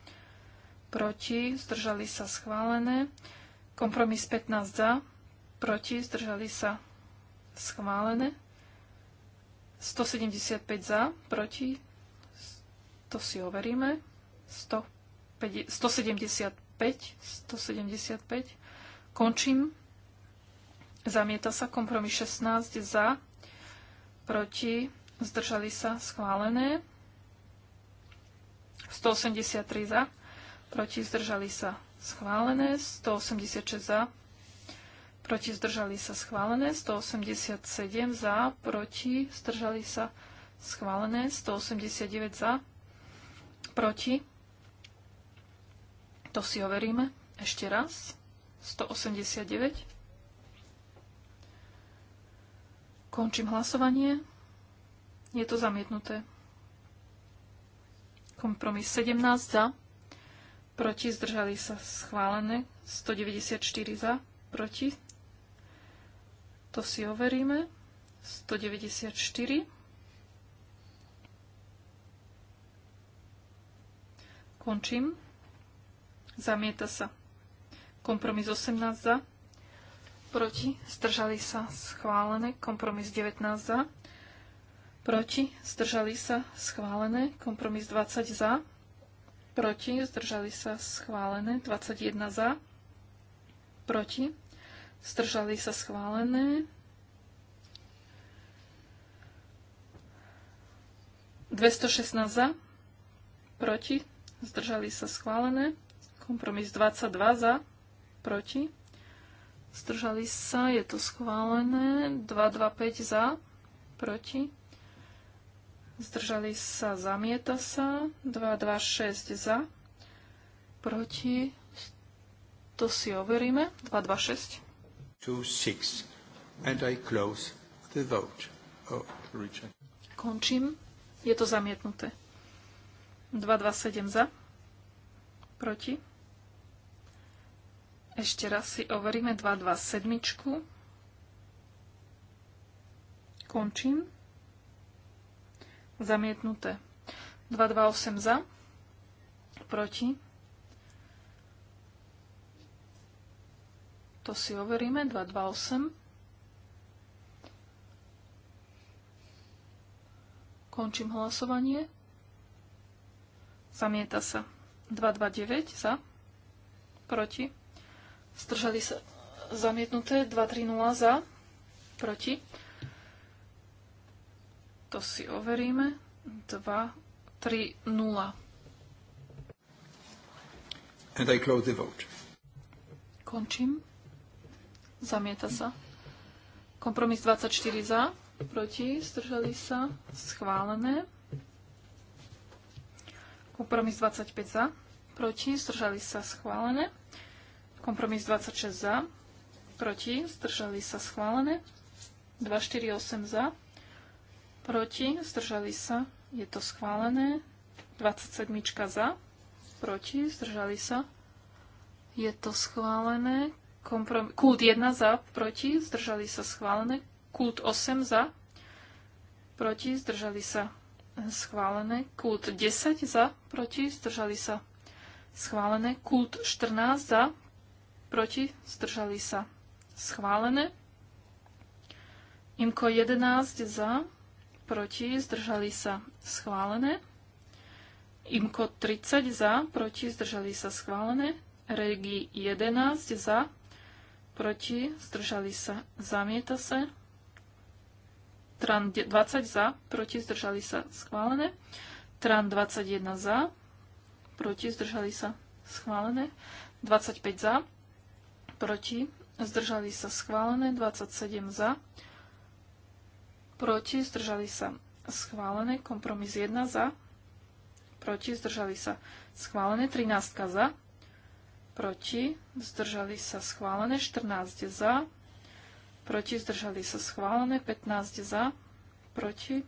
proti, zdržali sa schválené, Kompromis 15 za, proti, zdržali sa schválené. 175 za, proti, to si overíme. 175, 175. Končím. Zamieta sa kompromis 16 za, proti, zdržali sa schválené. 183 za, proti, zdržali sa schválené, 186 za, proti zdržali sa schválené, 187 za, proti zdržali sa schválené, 189 za, proti, to si overíme ešte raz, 189. Končím hlasovanie. Je to zamietnuté. Kompromis 17 za, proti, zdržali sa schválené, 194 za, proti, to si overíme, 194, končím, zamieta sa, kompromis 18 za, proti, zdržali sa schválené, kompromis 19 za, proti, zdržali sa schválené, kompromis 20 za, proti, zdržali sa schválené, 21 za, proti, zdržali sa schválené, 216 za, proti, zdržali sa schválené, kompromis 22 za, proti, zdržali sa, je to schválené, 225 za, proti, zdržali sa, zamieta sa, 2, 2, 6 za, proti, to si overíme, 2, 2, 6. 2, 6. And I close the vote. Oh, reject. Končím, je to zamietnuté. 2, 2, 7 za, proti. Ešte raz si overíme 2, 2, 7. Končím. Zamietnuté. 228 za. Proti. To si overíme. 228. Končím hlasovanie. Zamieta sa. 229 za. Proti. stržali sa zamietnuté. 230 za. Proti. To si overíme. 2, 3, 0. And I close the vote. Končím. Zamieta sa. Kompromis 24 za, proti, zdržali sa, schválené. Kompromis 25 za, proti, zdržali sa, schválené. Kompromis 26 za, proti, zdržali sa, schválené. 248 za, proti, zdržali sa, je to schválené. 27 za, proti, zdržali sa, je to schválené. Komprom- kult 1 za, proti, zdržali sa, schválené. Kult 8 za, proti, zdržali sa, schválené. Kult 10 za, proti, zdržali sa, schválené. Kult 14 za, proti, zdržali sa, schválené. Imko 11 za, proti, zdržali sa schválené. Imko 30 za, proti, zdržali sa schválené. Regi 11 za, proti, zdržali sa, zamieta sa. Tran 20 za, proti, zdržali sa schválené. Tran 21 za, proti, zdržali sa schválené. 25 za, proti, zdržali sa schválené. 27 za, proti, zdržali sa schválené, kompromis 1 za, proti, zdržali sa schválené, 13 za, proti, zdržali sa schválené, 14 za, proti, zdržali sa schválené, 15 za, proti,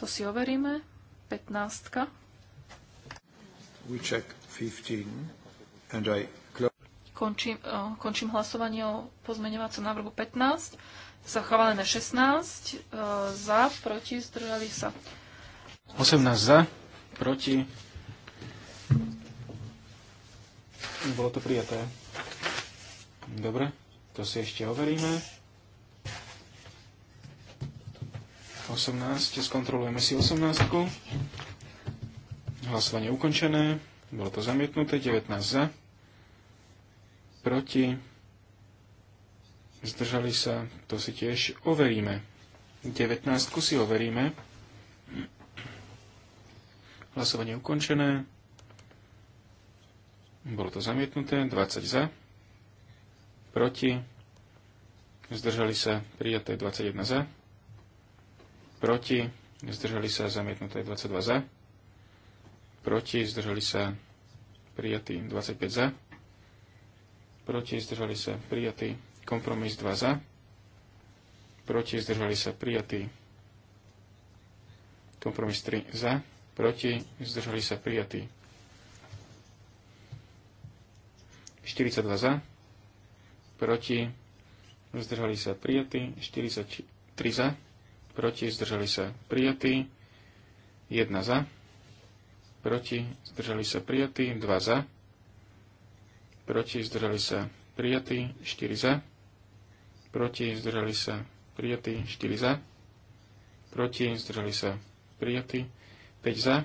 to si overíme, 15. We check 15 and I Končím, eh, končím hlasovanie o pozmeňovacom návrhu 15 sa chválené 16 e, za, proti, zdržali sa. 18 za, proti. Bolo to prijaté. Dobre, to si ešte overíme. 18, skontrolujeme si 18. Hlasovanie ukončené. Bolo to zamietnuté, 19 za, proti zdržali sa, to si tiež overíme. 19 si overíme. Hlasovanie ukončené. Bolo to zamietnuté. 20 za. Proti. Zdržali sa prijaté 21 za. Proti. Zdržali sa zamietnuté 22 za. Proti. Zdržali sa prijatí 25 za. Proti. Zdržali sa prijatí Kompromis 2 za. Proti zdržali sa prijatí. Kompromis 3 za. Proti zdržali sa prijatí. 42 za. Proti zdržali sa prijatí. 43 za. Proti zdržali sa prijatí. 1 za. Proti zdržali sa prijatí. 2 za. Proti zdržali sa prijatí. 4 za proti, zdržali sa prijatí, 4 za, proti, zdržali sa prijatí, 5 za,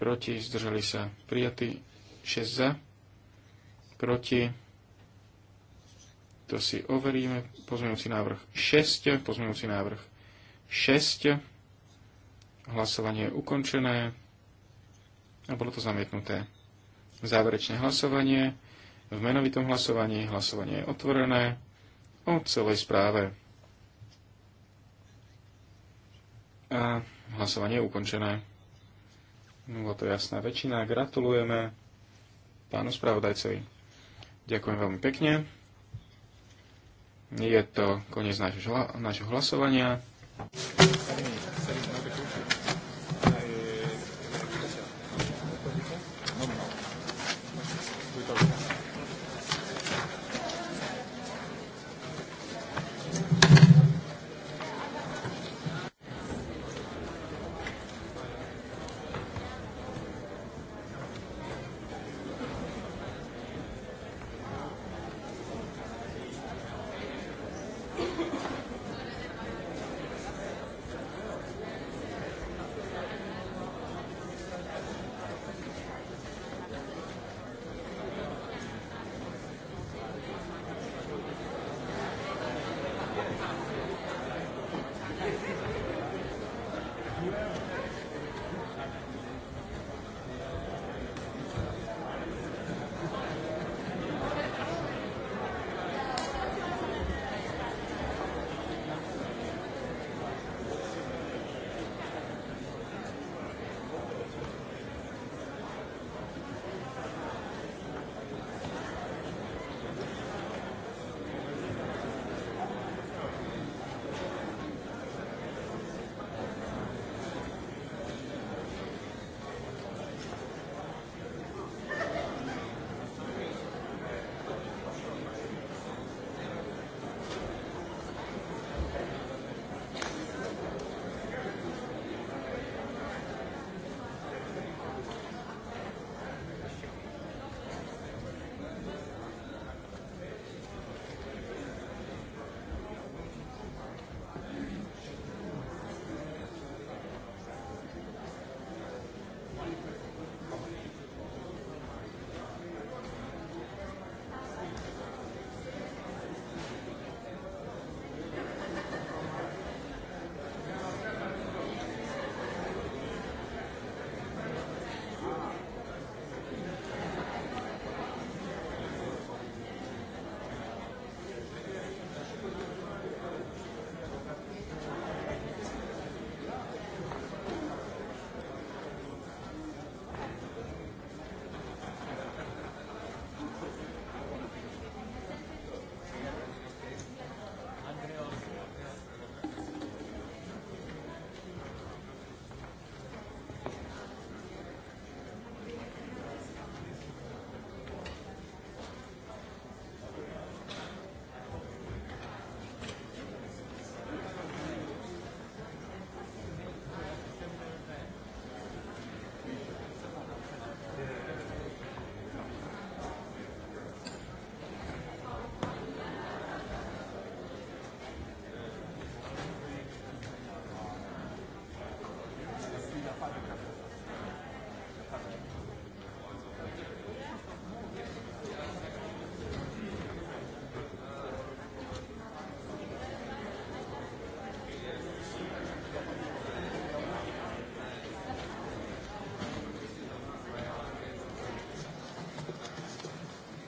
proti, zdržali sa prijatí, 6 za, proti, to si overíme, pozmeňujúci návrh 6, pozmeňujúci návrh 6, hlasovanie je ukončené a bolo to zamietnuté. Záverečné hlasovanie, v menovitom hlasovaní hlasovanie je otvorené, o celej správe. A hlasovanie je ukončené. Bolo to jasná väčšina. Gratulujeme pánu spravodajcovi. Ďakujem veľmi pekne. Je to koniec nášho hlasovania.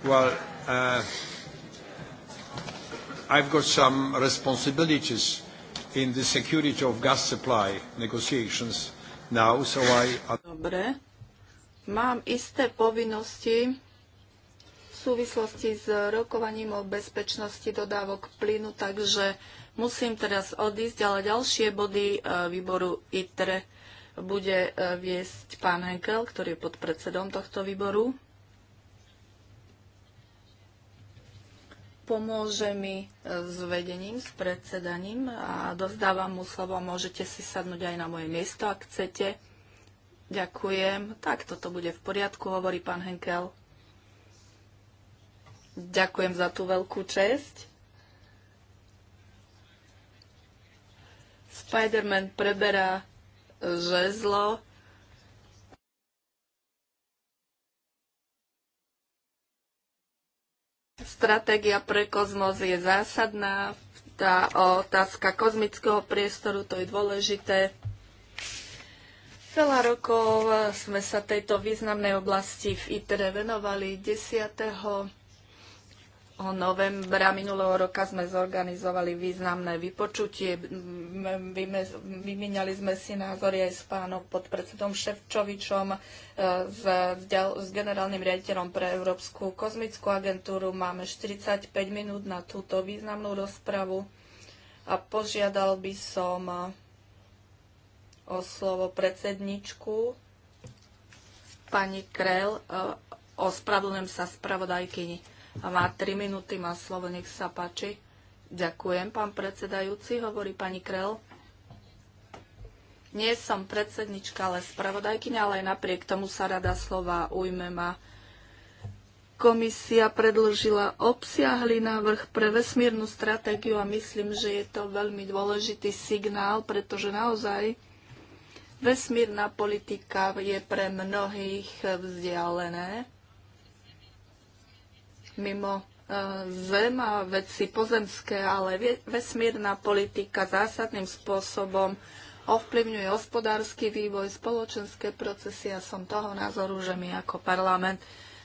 Well, uh, I've got some responsibilities in the security of gas supply negotiations now, so I... Dobre. Mám isté povinnosti v súvislosti s rokovaním o bezpečnosti dodávok plynu, takže musím teraz odísť, ale ďalšie body e, výboru ITRE bude e, viesť pán Henkel, ktorý je podpredsedom tohto výboru. pomôže mi e, s vedením, s predsedaním a dozdávam mu slovo. Môžete si sadnúť aj na moje miesto, ak chcete. Ďakujem. Tak, toto bude v poriadku, hovorí pán Henkel. Ďakujem za tú veľkú česť. Spider-Man preberá e, žezlo Stratégia pre kozmos je zásadná. Tá otázka kozmického priestoru, to je dôležité. Veľa rokov sme sa tejto významnej oblasti v ITRE venovali 10 novembra minulého roka sme zorganizovali významné vypočutie. Vymieniali sme si názory aj s pánom podpredsedom Ševčovičom, e, s, s generálnym riaditeľom pre Európsku kozmickú agentúru. Máme 45 minút na túto významnú rozpravu a požiadal by som o slovo predsedničku pani Krell. E, ospravedlňujem sa spravodajkyni a má 3 minúty, má slovo, nech sa páči. Ďakujem, pán predsedajúci, hovorí pani Krel. Nie som predsednička, ale spravodajkyňa, ale aj napriek tomu sa rada slova ujme ma. Komisia predložila obsiahly návrh pre vesmírnu stratégiu a myslím, že je to veľmi dôležitý signál, pretože naozaj vesmírna politika je pre mnohých vzdialené mimo e, zem a veci pozemské, ale vesmírna politika zásadným spôsobom ovplyvňuje hospodársky vývoj, spoločenské procesy a som toho názoru, že my ako parlament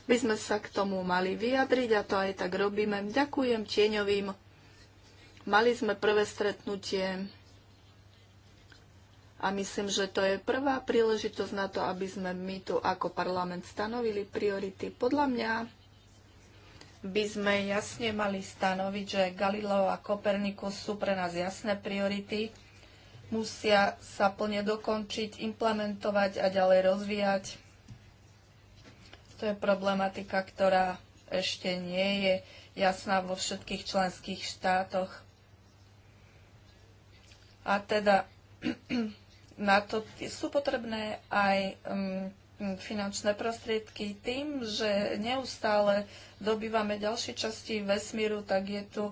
by sme sa k tomu mali vyjadriť a to aj tak robíme. Ďakujem tieňovým. Mali sme prvé stretnutie a myslím, že to je prvá príležitosť na to, aby sme my tu ako parlament stanovili priority. Podľa mňa by sme jasne mali stanoviť, že Galileo a Kopernikus sú pre nás jasné priority, musia sa plne dokončiť, implementovať a ďalej rozvíjať. To je problematika, ktorá ešte nie je jasná vo všetkých členských štátoch. A teda na to sú potrebné aj um, finančné prostriedky tým, že neustále dobývame ďalšie časti vesmíru, tak je tu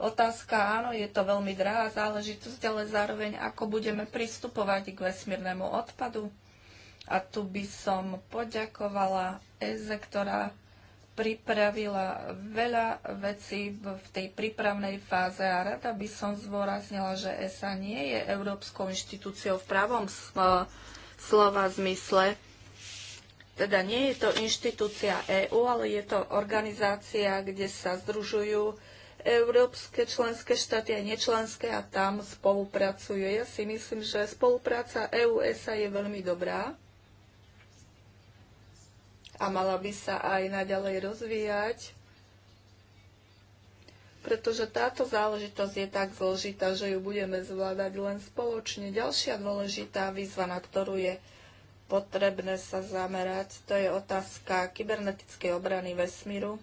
otázka, áno, je to veľmi drahá záležitosť, ale zároveň ako budeme pristupovať k vesmírnemu odpadu. A tu by som poďakovala EZE, ktorá pripravila veľa vecí v tej prípravnej fáze a rada by som zvoraznila, že ESA nie je Európskou inštitúciou v pravom slova zmysle, teda nie je to inštitúcia EÚ, ale je to organizácia, kde sa združujú európske členské štáty a nečlenské a tam spolupracuje. Ja si myslím, že spolupráca EUSA je veľmi dobrá a mala by sa aj naďalej rozvíjať, pretože táto záležitosť je tak zložitá, že ju budeme zvládať len spoločne. Ďalšia dôležitá výzva, na ktorú je potrebné sa zamerať. To je otázka kybernetickej obrany vesmíru.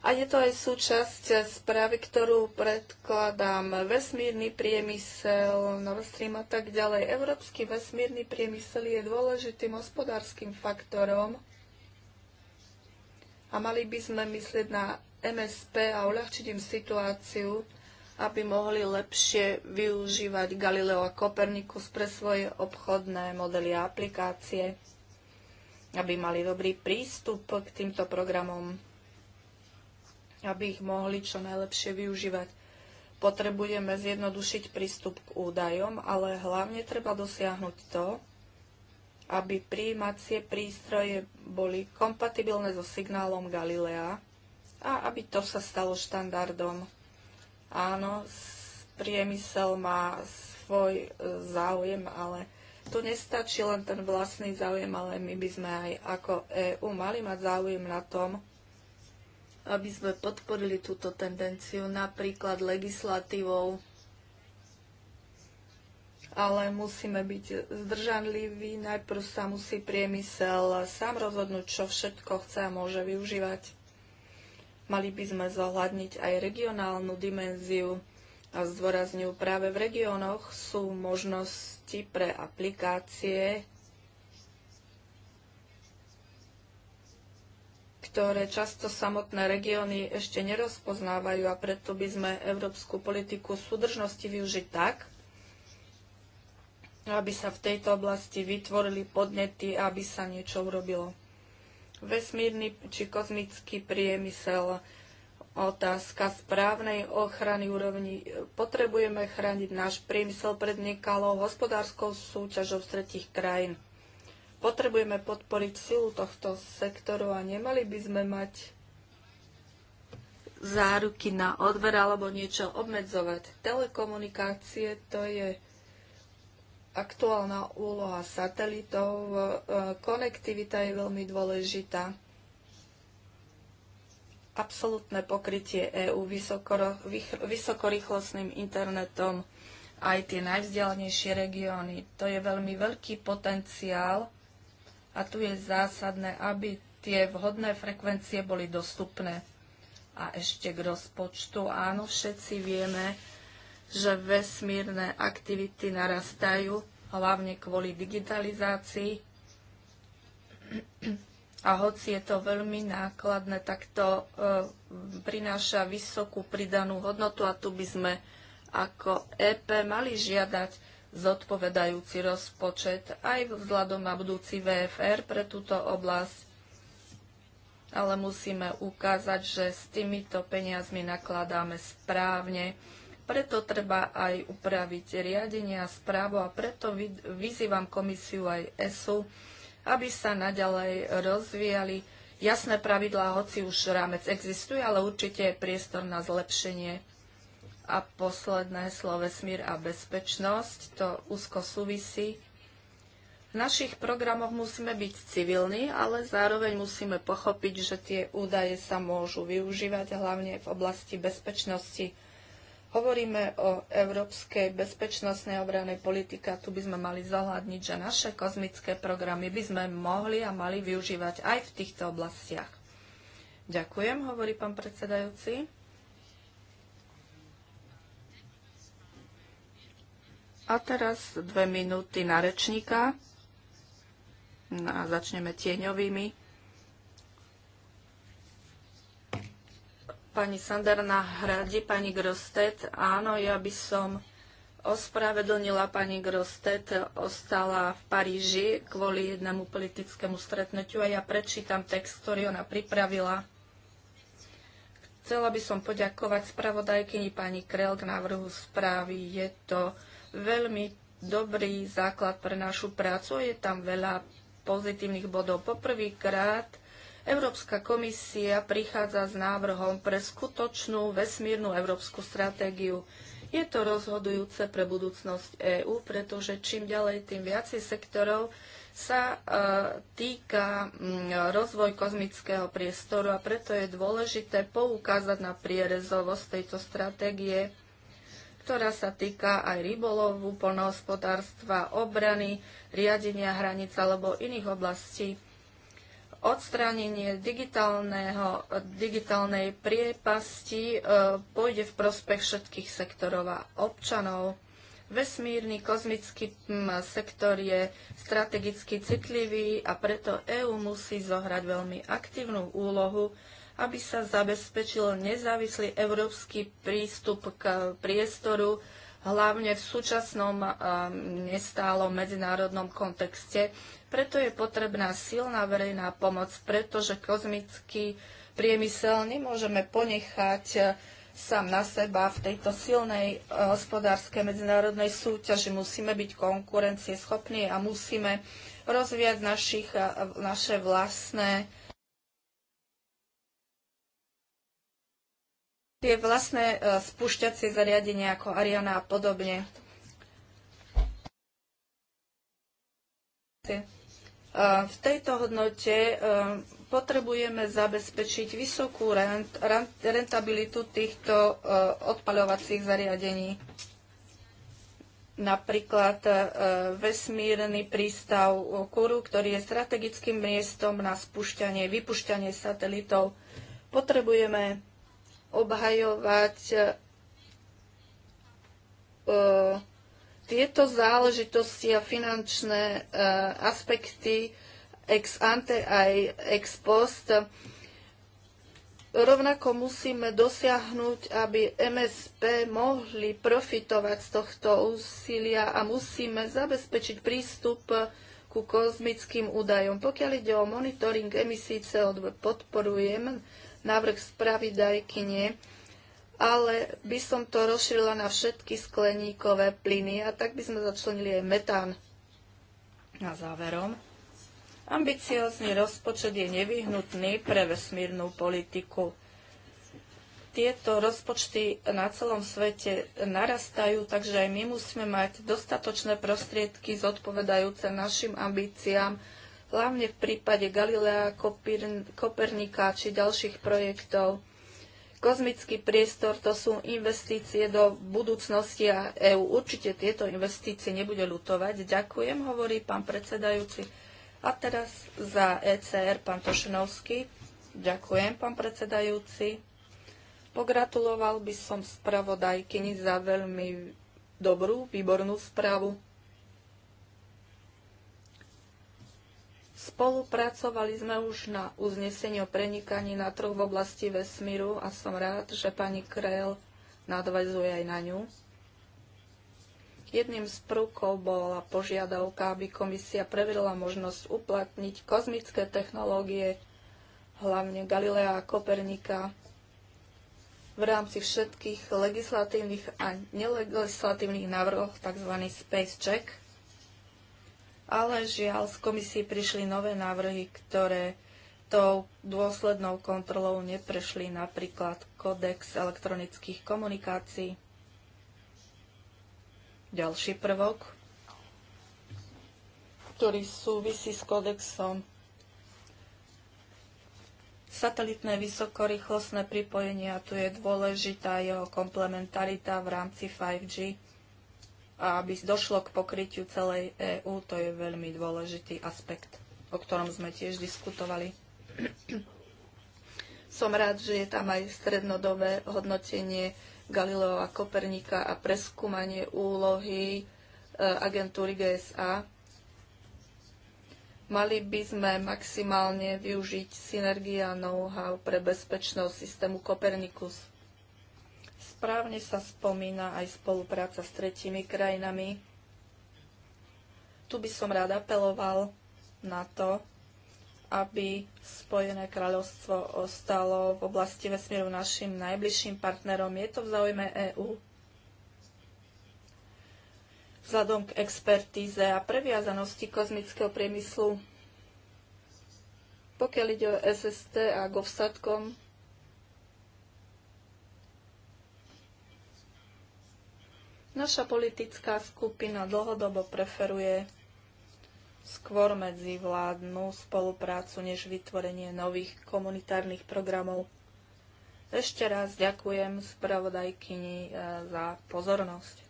A je to aj súčasť správy, ktorú predkladám. Vesmírny priemysel, Nord Stream a tak ďalej. Európsky vesmírny priemysel je dôležitým hospodárskym faktorom a mali by sme myslieť na MSP a uľahčiť im situáciu, aby mohli lepšie využívať Galileo a Kopernikus pre svoje obchodné modely a aplikácie, aby mali dobrý prístup k týmto programom, aby ich mohli čo najlepšie využívať. Potrebujeme zjednodušiť prístup k údajom, ale hlavne treba dosiahnuť to, aby príjímacie prístroje boli kompatibilné so signálom Galilea a aby to sa stalo štandardom. Áno, priemysel má svoj e, záujem, ale tu nestačí len ten vlastný záujem, ale my by sme aj ako EU mali mať záujem na tom, aby sme podporili túto tendenciu napríklad legislatívou, ale musíme byť zdržanliví. Najprv sa musí priemysel sám rozhodnúť, čo všetko chce a môže využívať. Mali by sme zohľadniť aj regionálnu dimenziu a zdôrazňujú práve v regiónoch sú možnosti pre aplikácie, ktoré často samotné regióny ešte nerozpoznávajú a preto by sme európsku politiku súdržnosti využiť tak, aby sa v tejto oblasti vytvorili podnety a aby sa niečo urobilo vesmírny či kozmický priemysel. Otázka správnej ochrany úrovni. Potrebujeme chrániť náš priemysel pred nekalou hospodárskou súťažou z tretich krajín. Potrebujeme podporiť silu tohto sektoru a nemali by sme mať záruky na odver alebo niečo obmedzovať. Telekomunikácie to je aktuálna úloha satelitov, e, konektivita je veľmi dôležitá. Absolutné pokrytie EÚ vysokorýchlostným internetom aj tie najvzdialenejšie regióny. To je veľmi veľký potenciál a tu je zásadné, aby tie vhodné frekvencie boli dostupné. A ešte k rozpočtu. Áno, všetci vieme, že vesmírne aktivity narastajú, hlavne kvôli digitalizácii. A hoci je to veľmi nákladné, tak to e, prináša vysokú pridanú hodnotu a tu by sme ako EP mali žiadať zodpovedajúci rozpočet aj vzhľadom na budúci VFR pre túto oblasť. Ale musíme ukázať, že s týmito peniazmi nakladáme správne preto treba aj upraviť riadenie a správu a preto vyzývam komisiu aj ESU, aby sa naďalej rozvíjali jasné pravidlá, hoci už rámec existuje, ale určite je priestor na zlepšenie. A posledné slove smír a bezpečnosť, to úzko súvisí. V našich programoch musíme byť civilní, ale zároveň musíme pochopiť, že tie údaje sa môžu využívať hlavne v oblasti bezpečnosti Hovoríme o európskej bezpečnostnej obranej politike a tu by sme mali zohľadniť, že naše kozmické programy by sme mohli a mali využívať aj v týchto oblastiach. Ďakujem, hovorí pán predsedajúci. A teraz dve minúty na rečníka. No a začneme tieňovými. pani Sandar hrade, pani Grostet. Áno, ja by som ospravedlnila pani Grostet, ostala v Paríži kvôli jednému politickému stretnutiu a ja prečítam text, ktorý ona pripravila. Chcela by som poďakovať spravodajkyni pani Krel k návrhu správy. Je to veľmi dobrý základ pre našu prácu. Je tam veľa pozitívnych bodov. Poprvýkrát Európska komisia prichádza s návrhom pre skutočnú vesmírnu európsku stratégiu. Je to rozhodujúce pre budúcnosť EÚ, pretože čím ďalej, tým viacej sektorov sa e, týka m, mm, rozvoj kozmického priestoru a preto je dôležité poukázať na prierezovosť tejto stratégie, ktorá sa týka aj rybolovu, polnohospodárstva, obrany, riadenia hraníc alebo iných oblastí odstránenie digitálneho, digitálnej priepasti e, pôjde v prospech všetkých sektorov a občanov. Vesmírny kozmický sektor je strategicky citlivý a preto EÚ musí zohrať veľmi aktívnu úlohu, aby sa zabezpečil nezávislý európsky prístup k priestoru, hlavne v súčasnom eh, nestálom medzinárodnom kontexte. Preto je potrebná silná verejná pomoc, pretože kozmický priemysel nemôžeme ponechať eh, sám na seba v tejto silnej eh, hospodárskej medzinárodnej súťaži. Musíme byť konkurencieschopní a musíme rozvíjať našich, naše vlastné tie vlastné e, spúšťacie zariadenia ako Ariana a podobne. E, v tejto hodnote e, potrebujeme zabezpečiť vysokú rentabilitu týchto odpaľovacích zariadení. Napríklad vesmírny prístav Kuru, ktorý je strategickým miestom na spúšťanie, vypušťanie satelitov. Potrebujeme obhajovať e, tieto záležitosti a finančné e, aspekty ex ante aj ex post. Rovnako musíme dosiahnuť, aby MSP mohli profitovať z tohto úsilia a musíme zabezpečiť prístup ku kozmickým údajom. Pokiaľ ide o monitoring emisí CO2, podporujem návrh spravidajkyne, ale by som to rozšírila na všetky skleníkové plyny a tak by sme začlenili aj metán. Na záverom. Ambiciózny rozpočet je nevyhnutný pre vesmírnu politiku. Tieto rozpočty na celom svete narastajú, takže aj my musíme mať dostatočné prostriedky zodpovedajúce našim ambíciám, hlavne v prípade Galilea, Kopernika či ďalších projektov. Kozmický priestor to sú investície do budúcnosti a EÚ určite tieto investície nebude lutovať. Ďakujem, hovorí pán predsedajúci. A teraz za ECR pán Tošinovský. Ďakujem, pán predsedajúci. Pogratuloval by som spravodajkyni za veľmi dobrú, výbornú správu. Spolupracovali sme už na uznesení o prenikaní na trh v oblasti vesmíru a som rád, že pani Krell nadvezuje aj na ňu. Jedným z prvkov bola požiadavka, aby komisia preverila možnosť uplatniť kozmické technológie, hlavne Galilea a Kopernika, v rámci všetkých legislatívnych a nelegislatívnych návrhov, tzv. Space Check – ale žiaľ z komisie prišli nové návrhy, ktoré tou dôslednou kontrolou neprešli napríklad kodex elektronických komunikácií. Ďalší prvok, ktorý súvisí s kodexom. Satelitné vysokorýchlostné pripojenia, tu je dôležitá jeho komplementarita v rámci 5G aby došlo k pokrytiu celej EÚ. To je veľmi dôležitý aspekt, o ktorom sme tiež diskutovali. Som rád, že je tam aj strednodobé hodnotenie Galileo a Kopernika a preskúmanie úlohy e, agentúry GSA. Mali by sme maximálne využiť synergia know-how pre bezpečnosť systému Kopernikus správne sa spomína aj spolupráca s tretími krajinami. Tu by som rád apeloval na to, aby Spojené kráľovstvo ostalo v oblasti vesmíru našim najbližším partnerom. Je to v záujme EÚ vzhľadom k expertíze a previazanosti kozmického priemyslu. Pokiaľ ide o SST a govsadkom. Naša politická skupina dlhodobo preferuje skôr medzi vládnu spoluprácu než vytvorenie nových komunitárnych programov. Ešte raz ďakujem spravodajkyni eh, za pozornosť.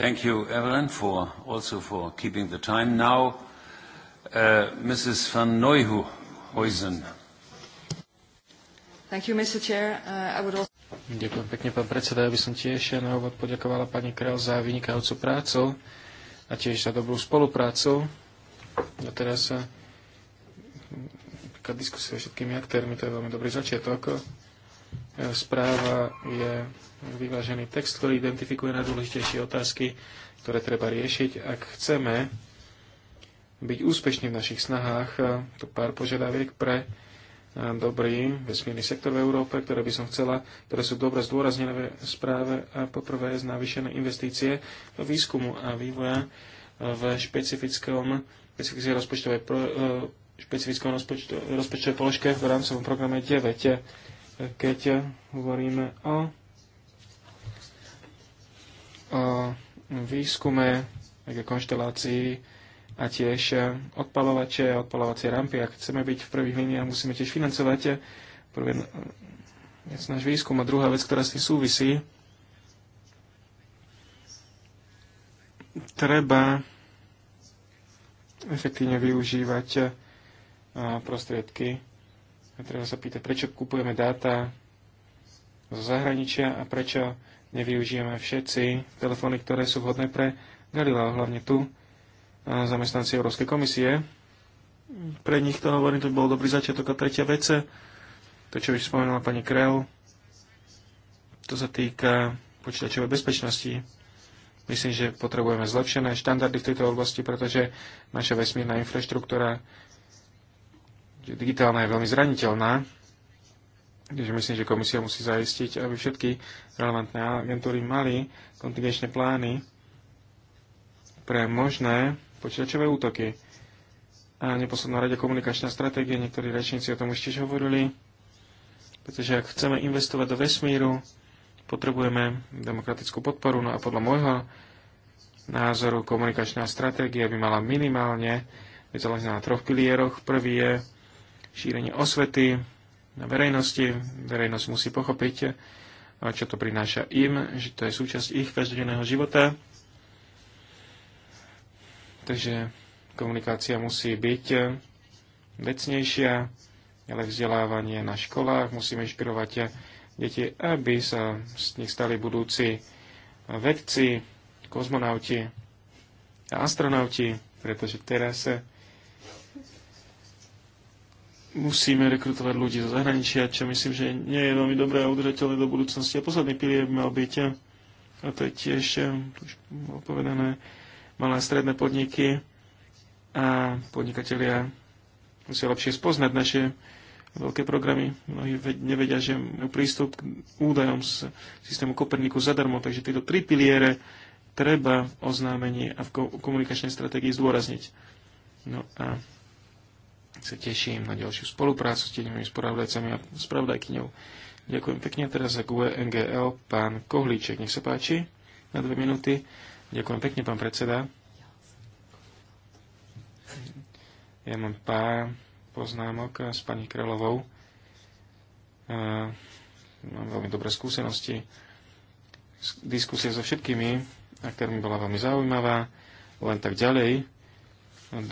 Thank you, Evelyn, for also for keeping the time. Now, uh, eh, Mrs. van Neuhuhuizen. Thank you, Mr. Chair. Uh, I would also Ďakujem pekne, pán predseda. Ja by som tiež na úvod poďakovala pani Krel za vynikajúcu prácu a tiež za dobrú spoluprácu. A teraz taká diskusia s všetkými aktérmi, to je veľmi dobrý začiatok. E, správa je vyvážený text, ktorý identifikuje najdôležitejšie otázky, ktoré treba riešiť. Ak chceme byť úspešní v našich snahách, e, tu pár požiadaviek pre dobrý vesmírny sektor v Európe, ktoré by som chcela, ktoré sú dobre zdôraznené v správe a poprvé z navýšené investície do výskumu a vývoja v špecifickom, špecifickom rozpočtovej, e, špecifickom rozpočto, rozpočtovej položke v rámcovom programe 9, keď hovoríme o, o výskume, konštelácii a tiež e, odpalovače, odpalovacie rampy. Ak chceme byť v prvých líniách, musíme tiež financovať e, prvý e, náš výskum a druhá vec, ktorá s tým súvisí, treba efektívne využívať prostriedky. A treba sa pýtať, prečo kupujeme dáta zo zahraničia a prečo nevyužijeme všetci telefóny, ktoré sú vhodné pre Galileo, hlavne tu zamestnanci Európskej komisie. Pre nich to hovorím, to bol dobrý začiatok a tretia vece, to, čo už spomenula pani Krell, to sa týka počítačovej bezpečnosti. Myslím, že potrebujeme zlepšené štandardy v tejto oblasti, pretože naša vesmírna infraštruktúra digitálna je veľmi zraniteľná. Takže myslím, že komisia musí zaistiť, aby všetky relevantné agentúry mali kontingenčné plány pre možné počítačové útoky. A neposledná rade komunikačná stratégia, niektorí rečníci o tom už tiež hovorili, pretože ak chceme investovať do vesmíru, potrebujeme demokratickú podporu, no a podľa môjho názoru komunikačná stratégia by mala minimálne byť založená na troch pilieroch. Prvý je šírenie osvety na verejnosti. Verejnosť musí pochopiť, čo to prináša im, že to je súčasť ich každodenného života. Takže komunikácia musí byť eh, vecnejšia, ale vzdelávanie na školách, musíme inšpirovať eh, deti, aby sa z nich stali budúci eh, vedci, kozmonauti a astronauti, pretože teraz musíme rekrutovať ľudí zo zahraničia, čo myslím, že nie je veľmi dobré a udržateľné do budúcnosti. A posledný pilier by mal byť, a to je tiež už povedané, malé a stredné podniky a podnikatelia musia lepšie spoznať naše veľké programy. Mnohí nevedia, že majú prístup k údajom z systému Koperniku zadarmo, takže tieto tri piliere treba v oznámení a v komunikačnej stratégii zdôrazniť. No a sa teším na ďalšiu spoluprácu s tými spravodajcami a spravodajkyňou. Ďakujem pekne teraz za GUE NGL, pán Kohlíček, nech sa páči, na dve minúty. Ďakujem pekne, pán predseda. Ja mám pár poznámok s pani Krelovou. Mám veľmi dobré skúsenosti. Diskusia so všetkými aktérmi bola veľmi zaujímavá. Len tak ďalej.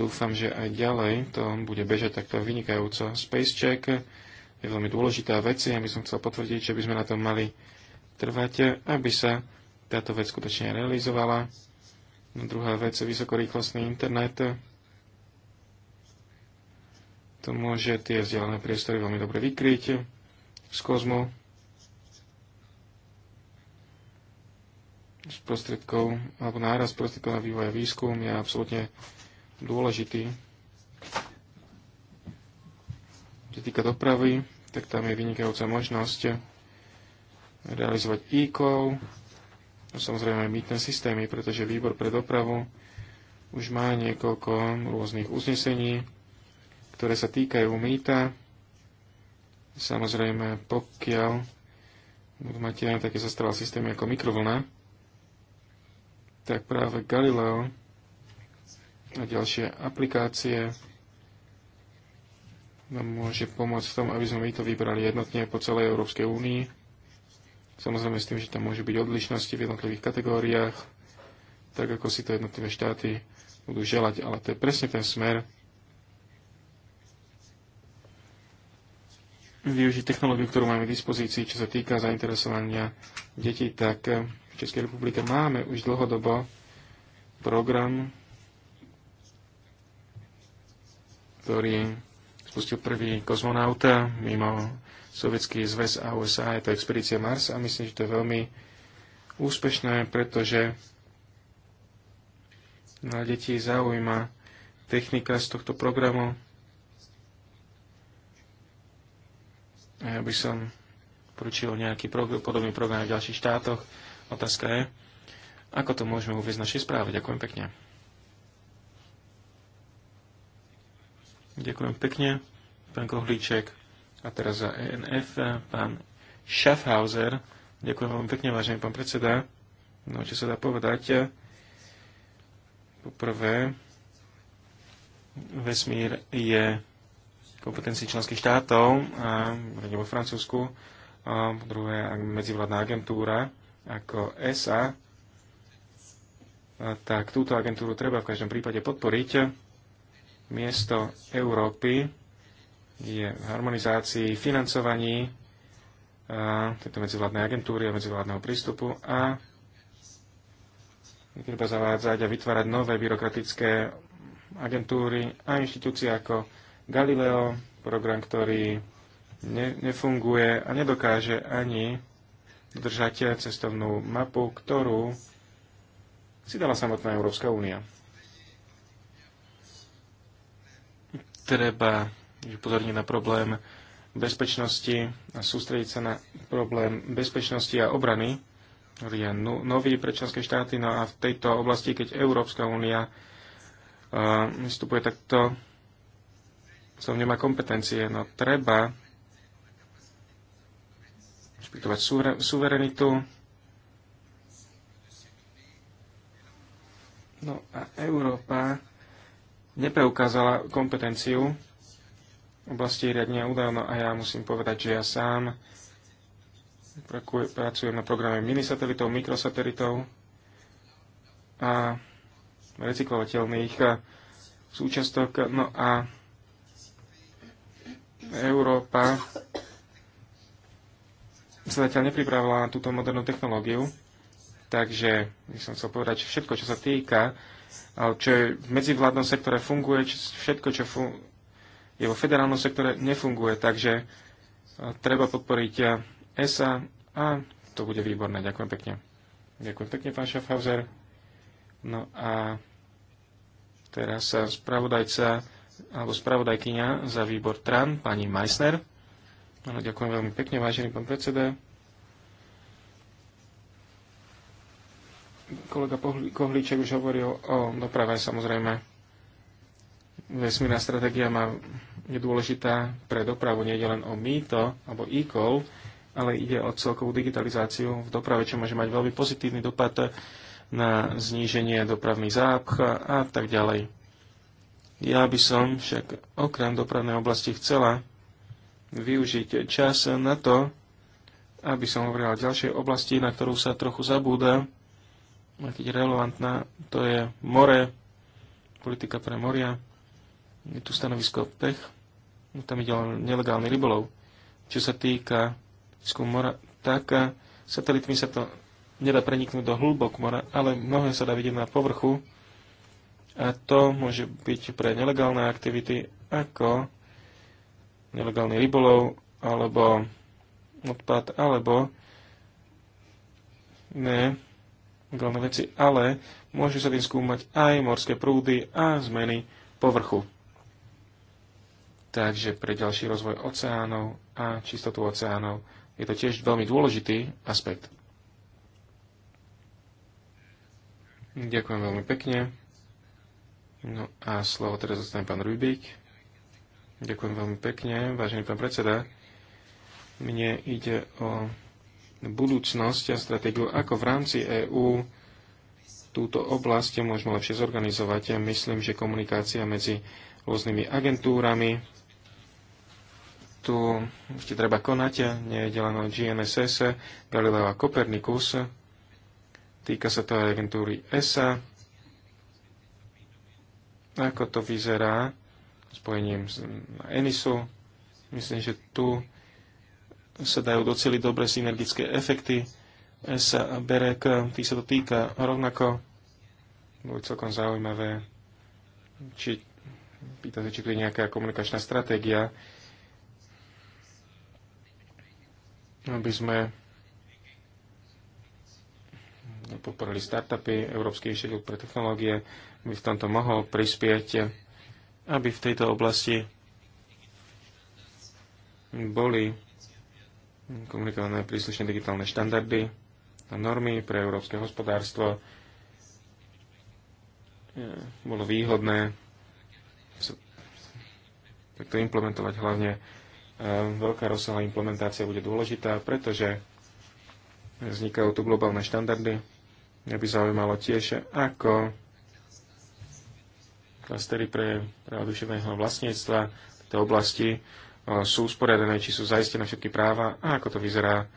Dúfam, že aj ďalej to bude bežať takto vynikajúco. Space check je veľmi dôležitá vec. Ja by som chcel potvrdiť, že by sme na tom mali trvať, aby sa táto vec skutočne realizovala. No, druhá vec, je vysokorýchlostný internet. To môže tie vzdialené priestory veľmi dobre vykryť z kozmu, S prostriedkou, alebo náraz prostriedkov na vývoj a výskum je absolútne dôležitý. Čo týka dopravy, tak tam je vynikajúca možnosť realizovať e-call, samozrejme mýtne systémy, pretože výbor pre dopravu už má niekoľko rôznych uznesení, ktoré sa týkajú mýta. Samozrejme, pokiaľ budú mať aj také zastaralé systémy ako mikrovlna, tak práve Galileo a ďalšie aplikácie nám môže pomôcť v tom, aby sme my to vybrali jednotne po celej Európskej únii Samozrejme s tým, že tam môžu byť odlišnosti v jednotlivých kategóriách, tak ako si to jednotlivé štáty budú želať. Ale to je presne ten smer využiť technológiu, ktorú máme k dispozícii, čo sa týka zainteresovania detí, tak v Českej republike máme už dlhodobo program, ktorý spustil prvý kozmonauta mimo Sovietský zväz a USA. Je to expedícia Mars a myslím, že to je veľmi úspešné, pretože na detí zaujíma technika z tohto programu. A ja by som poručil nejaký program, podobný program v ďalších štátoch. Otázka je, ako to môžeme uvieť v našej správe. Ďakujem pekne. Ďakujem pekne, pán Kohlíček. A teraz za ENF pán Schaffhauser. Ďakujem veľmi pekne, vážený pán predseda. No, čo sa dá povedať? Poprvé, vesmír je kompetencií členských štátov, hrne vo Francúzsku, a druhé medzivládna agentúra ako ESA, a tak túto agentúru treba v každom prípade podporiť. Miesto Európy je v harmonizácii, financovaní tejto medzivládnej agentúry a medzivládneho prístupu a treba zavádzať a vytvárať nové byrokratické agentúry a inštitúcie ako Galileo, program, ktorý ne, nefunguje a nedokáže ani dodržať cestovnú mapu, ktorú si dala samotná Európska únia. Treba upozorniť na problém bezpečnosti a sústrediť sa na problém bezpečnosti a obrany, ktorý je no, nový pre členské štáty. No a v tejto oblasti, keď Európska únia vystupuje takto, som nemá kompetencie. No treba rešpektovať suverenitu. No a Európa nepreukázala kompetenciu oblasti riadne údajov. a ja musím povedať, že ja sám pracujem na programe minisatelitov, mikrosatelitov a recyklovateľných e, súčastok. No a Európa sa zatiaľ nepripravila na túto modernú technológiu, takže by som chcel povedať, že všetko, čo sa týka, čo je v medzivládnom sektore funguje, všetko, čo funguje, je vo federálnom sektore, nefunguje. Takže e, treba podporiť e, ESA a to bude výborné. Ďakujem pekne. Ďakujem pekne, pán Schaffhauser. No a teraz sa spravodajca alebo spravodajkyňa za výbor TRAN, pani Meissner. No, ďakujem veľmi pekne, vážený pán predseda. kolega Kohlíček už hovoril o doprave, samozrejme. Vesmírna stratégia má je dôležitá pre dopravu. Nie len o mýto alebo e-call, ale ide o celkovú digitalizáciu v doprave, čo môže mať veľmi pozitívny dopad na zníženie dopravných zápch a tak ďalej. Ja by som však okrem dopravnej oblasti chcela využiť čas na to, aby som hovorila o ďalšej oblasti, na ktorú sa trochu zabúda, a keď relevantná, to je more, politika pre moria. Je tu stanovisko PECH, No, tam ide o nelegálny rybolov. Čo sa týka mora, tak eh, satelitmi sa to nedá preniknúť do hĺbok mora, ale mnohé sa dá vidieť na povrchu a to môže byť pre nelegálne aktivity ako nelegálny rybolov alebo odpad alebo ne nelegálne veci, ale môžu sa tým skúmať aj morské prúdy a zmeny povrchu takže pre ďalší rozvoj oceánov a čistotu oceánov je to tiež veľmi dôležitý aspekt. Ďakujem veľmi pekne. No a slovo teraz zostane pán Rubik. Ďakujem veľmi pekne, vážený pán predseda. Mne ide o budúcnosť a stratégiu, ako v rámci EÚ túto oblasť môžeme lepšie zorganizovať. Ja myslím, že komunikácia medzi rôznymi agentúrami, tu ešte treba konať, nie je len o GNSS, Galileo a Copernicus, týka sa to aj agentúry ESA, ako to vyzerá spojením s ENISu. Myslím, že tu sa dajú doceli dobre synergické efekty. ESA a BEREK, tých sa to týka rovnako. Bude celkom zaujímavé, či pýtate, či tu je nejaká komunikačná stratégia aby sme podporili startupy, Európsky inštitút pre technológie by v tomto mohol prispieť, aby v tejto oblasti boli komunikované príslušné digitálne štandardy a normy pre európske hospodárstvo. Bolo výhodné takto implementovať hlavne veľká rozsahlá implementácia bude dôležitá, pretože vznikajú tu globálne štandardy. Mňa by zaujímalo tiež, ako klastery pre práva vlastníctva v tej oblasti sú usporiadané, či sú zaistené všetky práva a ako to vyzerá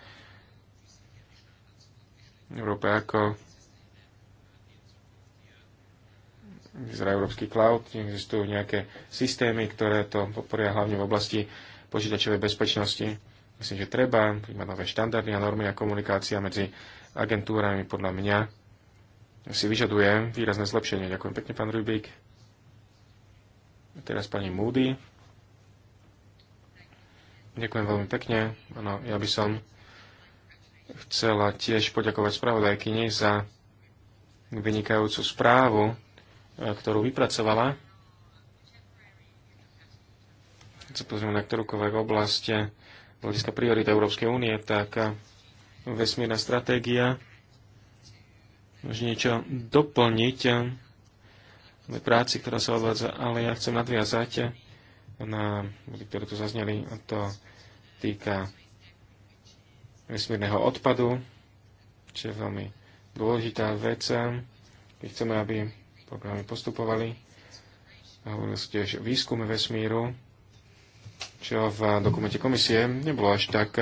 v Európe, ako vyzerá európsky cloud, existujú nejaké systémy, ktoré to podporia hlavne v oblasti počítačovej bezpečnosti. Myslím, že treba príjmať nové štandardy a normy a komunikácia medzi agentúrami podľa mňa si vyžaduje výrazné zlepšenie. Ďakujem pekne, pán Rubik. Teraz pani Moody. Ďakujem veľmi pekne. Ano, ja by som chcela tiež poďakovať spravodajkyni za vynikajúcu správu, e, ktorú vypracovala. Keď sa pozrieme na ktorúkoľvek oblasť eh, z hľadiska priority Európskej únie, tak eh, vesmírna stratégia môže niečo doplniť eh, v práci, ktorá sa odvádza, ale ja chcem nadviazať na, ktoré tu zazneli, a to týka vesmírneho odpadu, čo je veľmi dôležitá vec. My chceme, aby programy postupovali. Hovorili sa tiež o výskume vesmíru, čo v dokumente komisie nebolo až tak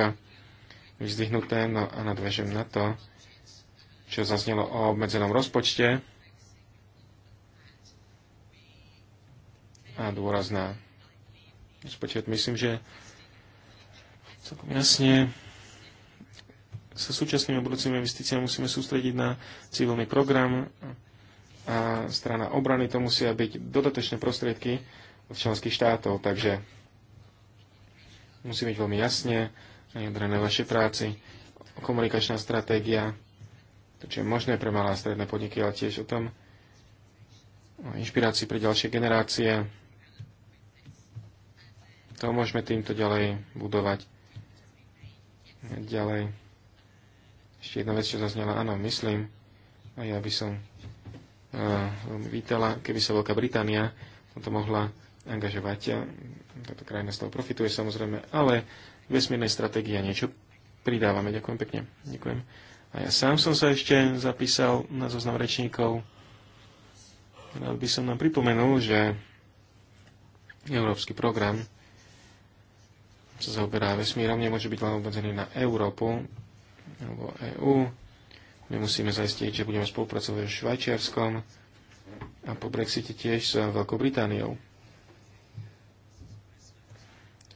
vyzdvihnuté, no a nadvežem na to, čo zaznelo o obmedzenom rozpočte a dôraz na rozpočet. Myslím, že celkom jasne sa súčasnými a budúcimi investíciami musíme sústrediť na civilný program a strana obrany to musia byť dodatočné prostriedky od členských štátov, takže musí byť veľmi jasne na vašej práci. Komunikačná stratégia, to, čo je možné pre malé a stredné podniky, ale tiež o tom, o inšpirácii pre ďalšie generácie. To môžeme týmto ďalej budovať. Ďalej. Ešte jedna vec, čo zaznela, áno, myslím, a ja by som uh, vítala, keby sa Veľká Británia to mohla angažovať. Eh, táto krajina z toho profituje samozrejme, ale v vesmírnej stratégii niečo pridávame. Ďakujem pekne. Ďakujem. A ja sám som sa ešte zapísal na zoznam rečníkov. Rád by som nám pripomenul, že európsky program sa zaoberá vesmírom, nemôže byť len obmedzený na Európu alebo EÚ. My musíme zaistiť, že budeme spolupracovať s Švajčiarskom a po Brexite tiež s Veľkou Britániou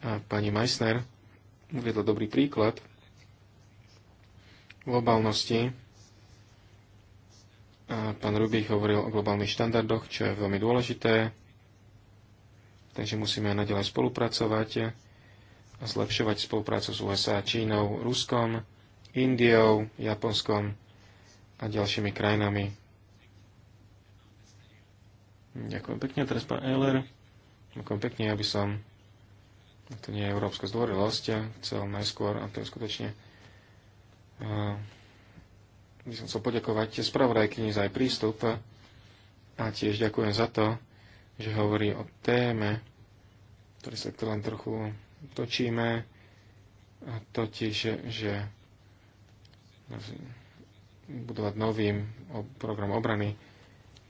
a pani Meissner uviedla dobrý príklad globálnosti. A pán Rubík hovoril o globálnych štandardoch, čo je veľmi dôležité. Takže musíme aj naďalej spolupracovať a zlepšovať spoluprácu s USA, Čínou, Ruskom, Indiou, Japonskom a ďalšími krajinami. Ďakujem pekne, teraz pán Eller. Ďakujem pekne, aby som to nie je európska zdvorilosť, chcel najskôr, a to je skutočne, uh, by som chcel poďakovať spravodajkyni za aj prístup a tiež ďakujem za to, že hovorí o téme, ktoré sa len trochu točíme, a totiž, že budovať nový program obrany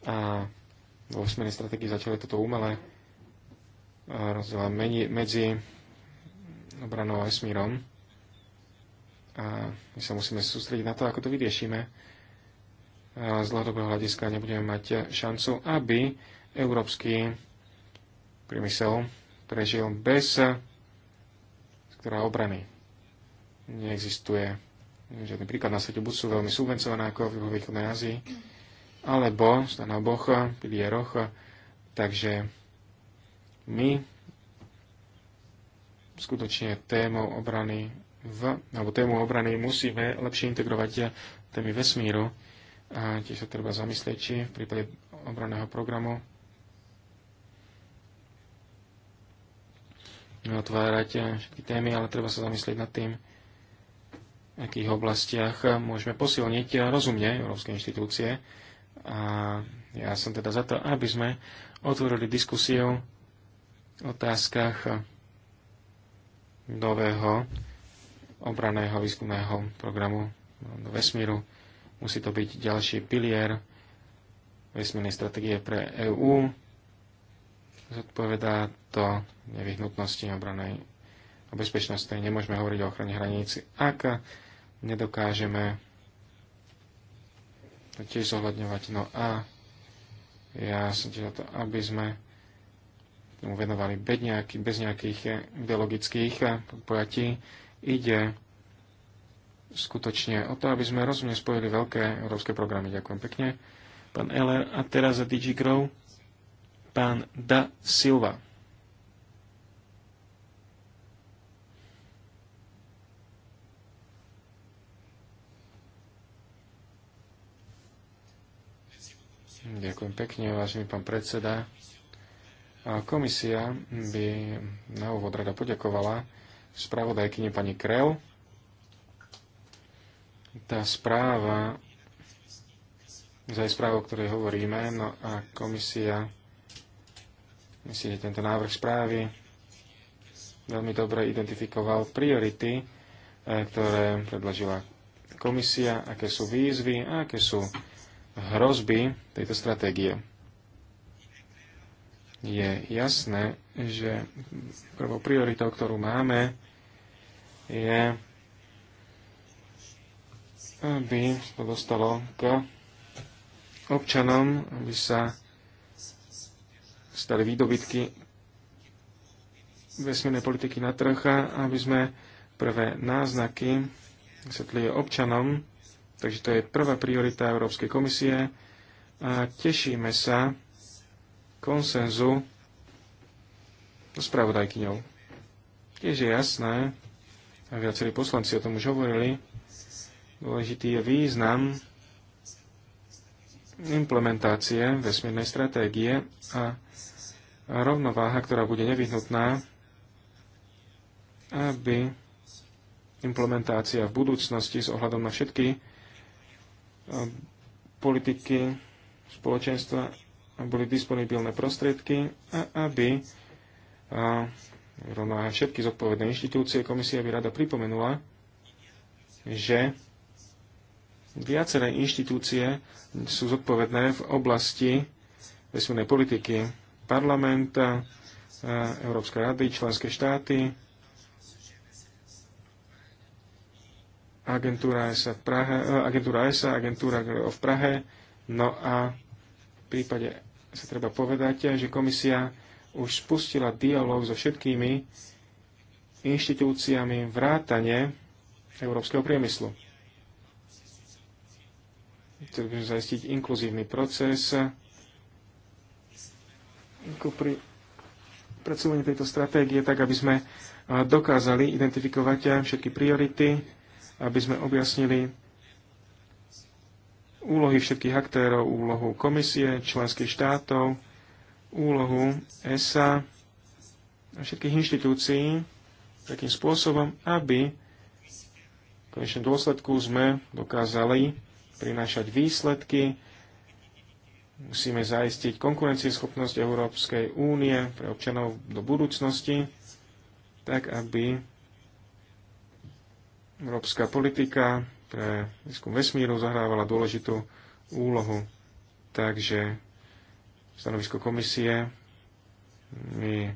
a vo smernej strategii začali toto umelé rozdiel medzi obranou a vesmírom. A my sa musíme sústrediť na to, ako to vyriešime. z dlhodobého hľadiska nebudeme mať šancu, aby európsky priemysel prežil bez ktorá obrany. Neexistuje žiadny príklad na svete, buď sú veľmi subvencované ako v východnej Ázii, alebo stanov boh, pilieroch, takže my skutočne témou obrany v, alebo tému obrany musíme lepšie integrovať témy vesmíru. A tiež sa treba zamyslieť, či v prípade obraného programu Neotvárať všetky témy, ale treba sa zamyslieť nad tým, v akých oblastiach môžeme posilniť rozumne európske inštitúcie. A ja som teda za to, aby sme otvorili diskusiu otázkach nového obraného výskumného programu do vesmíru. Musí to byť ďalší pilier vesmírnej stratégie pre EÚ. Zodpovedá to nevyhnutnosti obranej a bezpečnosti. Nemôžeme hovoriť o ochrane hraníc, ak nedokážeme to tiež zohľadňovať. No a ja som tiež to, aby sme mu venovali bez, nejakých, bez nejakých eh, ideologických eh, pojatí. Ide skutočne o to, aby sme rozumne spojili veľké európske programy. Ďakujem pekne. Pán Eller a teraz za DigiGrow pán Da Silva. Ďakujem pekne, vážený pán predseda. Komisia by na úvod rada poďakovala spravodajkyni pani Krell. Tá správa, za jej správu, o ktorej hovoríme, no a komisia že tento návrh správy veľmi dobre identifikoval priority, e, ktoré predložila komisia, aké sú výzvy a aké sú hrozby tejto stratégie je jasné, že prvou prioritou, ktorú máme, je, aby to dostalo k občanom, aby sa stali výdobytky vesmírnej politiky na trh, aby sme prvé náznaky vysvetli občanom. Takže to je prvá priorita Európskej komisie. A tešíme sa, konsenzu so spravodajkyňou. Tiež je jasné, a viacerí poslanci o tom už hovorili, dôležitý je význam implementácie vesmírnej stratégie a rovnováha, ktorá bude nevyhnutná, aby implementácia v budúcnosti s ohľadom na všetky eh, politiky spoločenstva boli disponibilné prostriedky a aby a, rovná všetky zodpovedné inštitúcie komisia by rada pripomenula, že viaceré inštitúcie sú zodpovedné v oblasti vesmírnej politiky. Parlament, Európska rady, členské štáty, agentúra ESA v Prahe, e, agentúra ESA, agentúra v Prahe, no a v prípade sa treba povedať, že komisia už spustila dialog so všetkými inštitúciami vrátane európskeho priemyslu. Chceli by zaistiť inkluzívny proces pri predstavení tejto stratégie tak, aby sme dokázali identifikovať všetky priority, aby sme objasnili úlohy všetkých aktérov, úlohu komisie, členských štátov, úlohu ESA a všetkých inštitúcií takým spôsobom, aby v konečnom dôsledku sme dokázali prinášať výsledky. Musíme zaistiť konkurencieschopnosť Európskej únie pre občanov do budúcnosti, tak aby európska politika pre výskum vesmíru zahrávala dôležitú úlohu. Takže stanovisko komisie my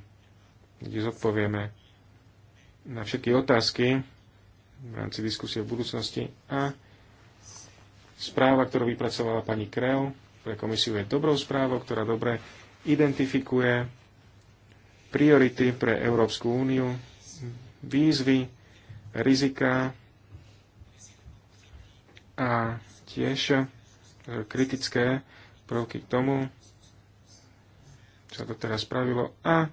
kde zodpovieme na všetky otázky v rámci diskusie v budúcnosti a správa, ktorú vypracovala pani Kreu pre komisiu je dobrou správou, ktorá dobre identifikuje priority pre Európsku úniu, výzvy, rizika, a tiež e, kritické prvky k tomu, čo to teraz spravilo a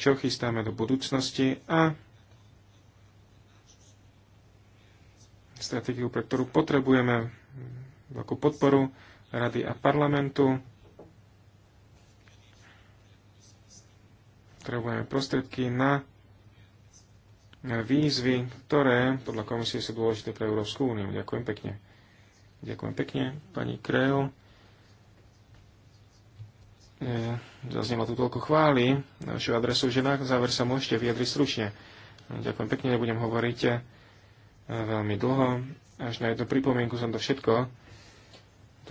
čo chystáme do budúcnosti a stratégiu, pre ktorú potrebujeme veľkú podporu Rady a parlamentu. Potrebujeme prostriedky na výzvy, ktoré podľa komisie sú dôležité pre Európsku úniu. Ďakujem pekne. Ďakujem pekne, pani Krejl. E, zaznelo tu toľko chvály na vašu adresu, že na záver sa môžete vyjadriť stručne. Ďakujem pekne, nebudem hovoriť e, veľmi dlho. Až na jednu pripomienku som to všetko.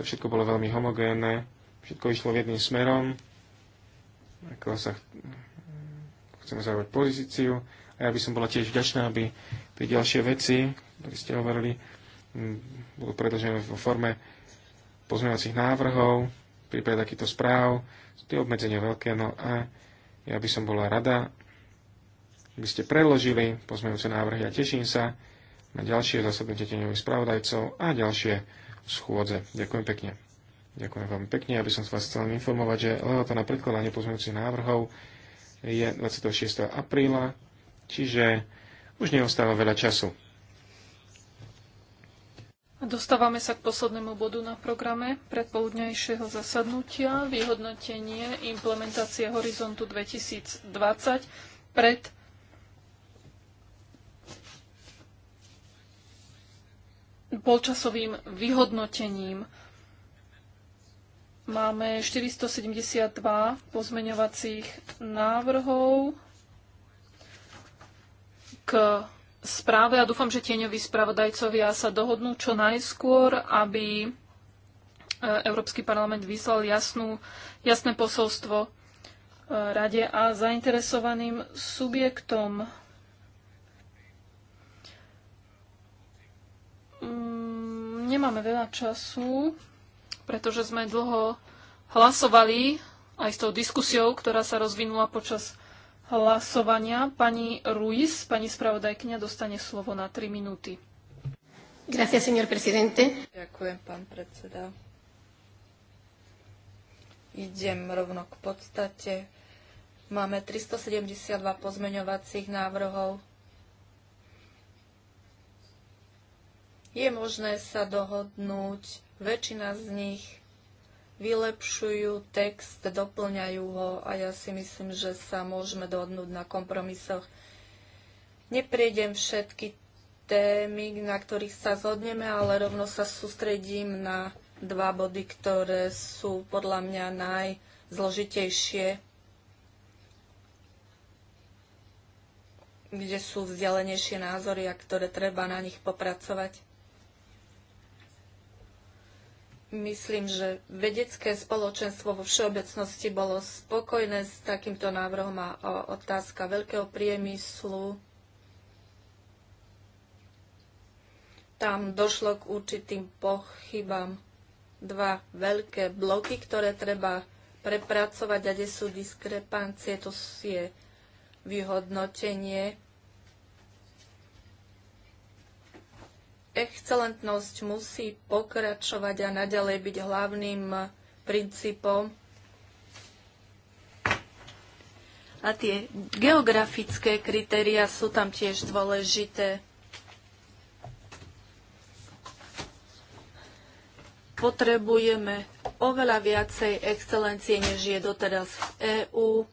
To všetko bolo veľmi homogénne. Všetko išlo v jedným smerom. Ako sa chceme zaujať pozíciu a ja by som bola tiež vďačná, aby tie ďalšie veci, ktoré ste hovorili, budú predložené vo forme pozmeňovacích návrhov, prípade takýchto správ. Sú tie obmedzenia veľké, no a ja by som bola rada, aby ste preložili pozmeňujúce návrhy a teším sa na ďalšie zasadnutie teňových spravodajcov a ďalšie schôdze. Ďakujem pekne. Ďakujem veľmi pekne, aby som vás chcel informovať, že lehota na predkladanie pozmeňujúcich návrhov je 26. apríla čiže už neostáva veľa času. A dostávame sa k poslednému bodu na programe predpoludnejšieho zasadnutia, vyhodnotenie implementácie Horizontu 2020 pred polčasovým vyhodnotením. Máme 472 pozmeňovacích návrhov k správe a dúfam, že tieňoví spravodajcovia sa dohodnú čo najskôr, aby e, Európsky parlament vyslal jasnú, jasné posolstvo e, rade a zainteresovaným subjektom. Mm, nemáme veľa času, pretože sme dlho hlasovali aj s tou diskusiou, ktorá sa rozvinula počas hlasovania. Pani Ruiz, pani spravodajkňa, dostane slovo na 3 minúty. Gracias, señor presidente. Ďakujem, pán predseda. Idem rovno k podstate. Máme 372 pozmeňovacích návrhov. Je možné sa dohodnúť, väčšina z nich vylepšujú text, doplňajú ho a ja si myslím, že sa môžeme dohodnúť na kompromisoch. Neprejdem všetky témy, na ktorých sa zhodneme, ale rovno sa sústredím na dva body, ktoré sú podľa mňa najzložitejšie, kde sú vzdialenejšie názory a ktoré treba na nich popracovať myslím, že vedecké spoločenstvo vo všeobecnosti bolo spokojné s takýmto návrhom a otázka veľkého priemyslu. Tam došlo k určitým pochybám. Dva veľké bloky, ktoré treba prepracovať a kde sú diskrepancie, to je vyhodnotenie Excelentnosť musí pokračovať a naďalej byť hlavným princípom. A tie geografické kritéria sú tam tiež dôležité. Potrebujeme oveľa viacej excelencie, než je doteraz v EÚ.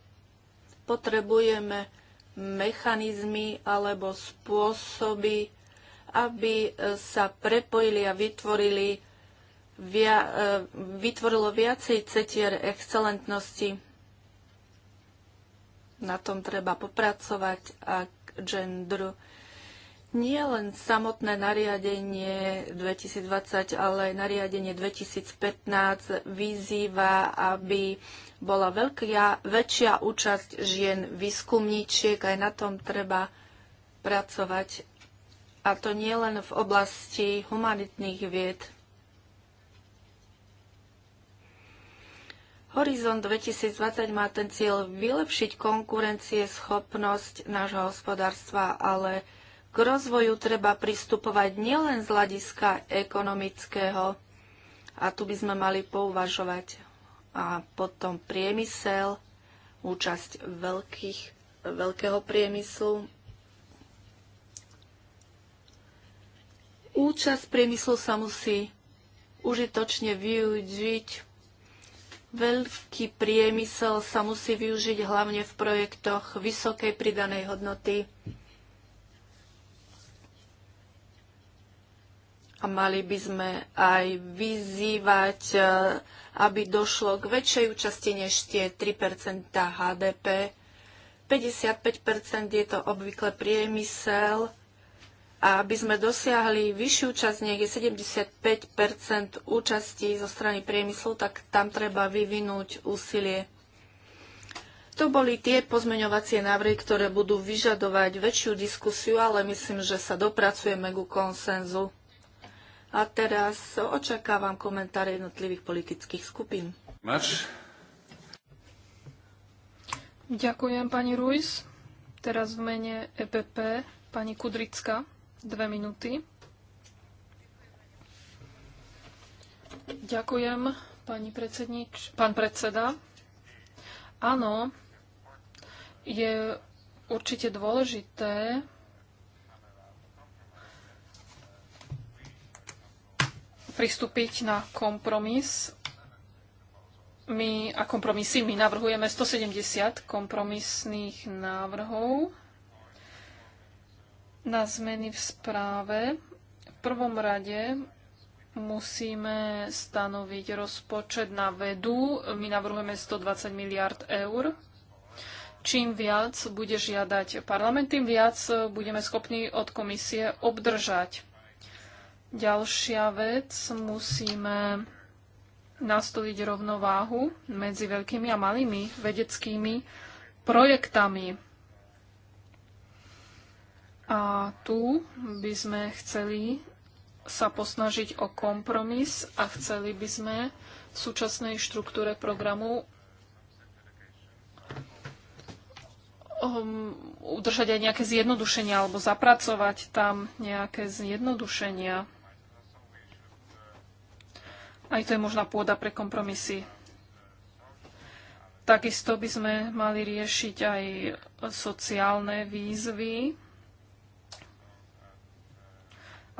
Potrebujeme mechanizmy alebo spôsoby, aby e, sa prepojili a vytvorili, via, e, vytvorilo viacej cetier excelentnosti. Na tom treba popracovať a k gendru nie len samotné nariadenie 2020, ale aj nariadenie 2015 vyzýva, aby bola veľkia, väčšia účasť žien výskumníčiek. Aj na tom treba pracovať a to nie len v oblasti humanitných vied. Horizont 2020 má ten cieľ vylepšiť konkurencie, schopnosť nášho hospodárstva, ale k rozvoju treba pristupovať nielen z hľadiska ekonomického, a tu by sme mali pouvažovať, a potom priemysel, účasť veľkých, veľkého priemyslu, Účasť priemyslu sa musí užitočne využiť. Veľký priemysel sa musí využiť hlavne v projektoch vysokej pridanej hodnoty. A mali by sme aj vyzývať, e, aby došlo k väčšej účasti než tie 3 HDP. 55 je to obvykle priemysel a aby sme dosiahli vyššiu časť, je 75 účasti zo strany priemyslu, tak tam treba vyvinúť úsilie. To boli tie pozmeňovacie návrhy, ktoré budú vyžadovať väčšiu diskusiu, ale myslím, že sa dopracujeme ku konsenzu. A teraz očakávam komentáre jednotlivých politických skupín. Mač. Ďakujem pani Ruiz. Teraz v mene EPP pani Kudrická. Dve minúty. Ďakujem, pani predsednič, pán predseda. Áno, je určite dôležité pristúpiť na kompromis. My a kompromisy my navrhujeme 170 kompromisných návrhov na zmeny v správe. V prvom rade musíme stanoviť rozpočet na vedu. My navrhujeme 120 miliard eur. Čím viac bude žiadať parlament, tým viac budeme schopní od komisie obdržať. Ďalšia vec, musíme nastoliť rovnováhu medzi veľkými a malými vedeckými projektami a tu by sme chceli sa posnažiť o kompromis a chceli by sme v súčasnej štruktúre programu um, udržať aj nejaké zjednodušenia alebo zapracovať tam nejaké zjednodušenia. Aj to je možná pôda pre kompromisy. Takisto by sme mali riešiť aj sociálne výzvy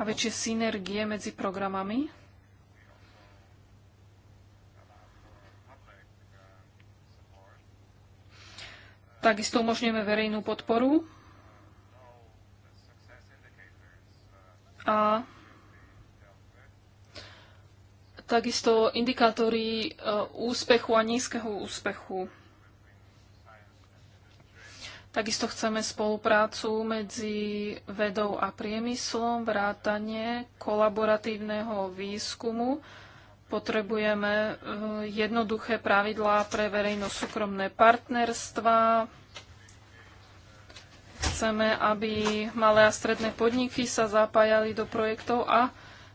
a väčšie synergie medzi programami. Takisto umožňujeme verejnú podporu a takisto indikátory e, úspechu a nízkeho úspechu. Takisto chceme spoluprácu medzi vedou a priemyslom, vrátanie kolaboratívneho výskumu. Potrebujeme e, jednoduché pravidlá pre verejno-súkromné partnerstva, chceme, aby malé a stredné podniky sa zapájali do projektov a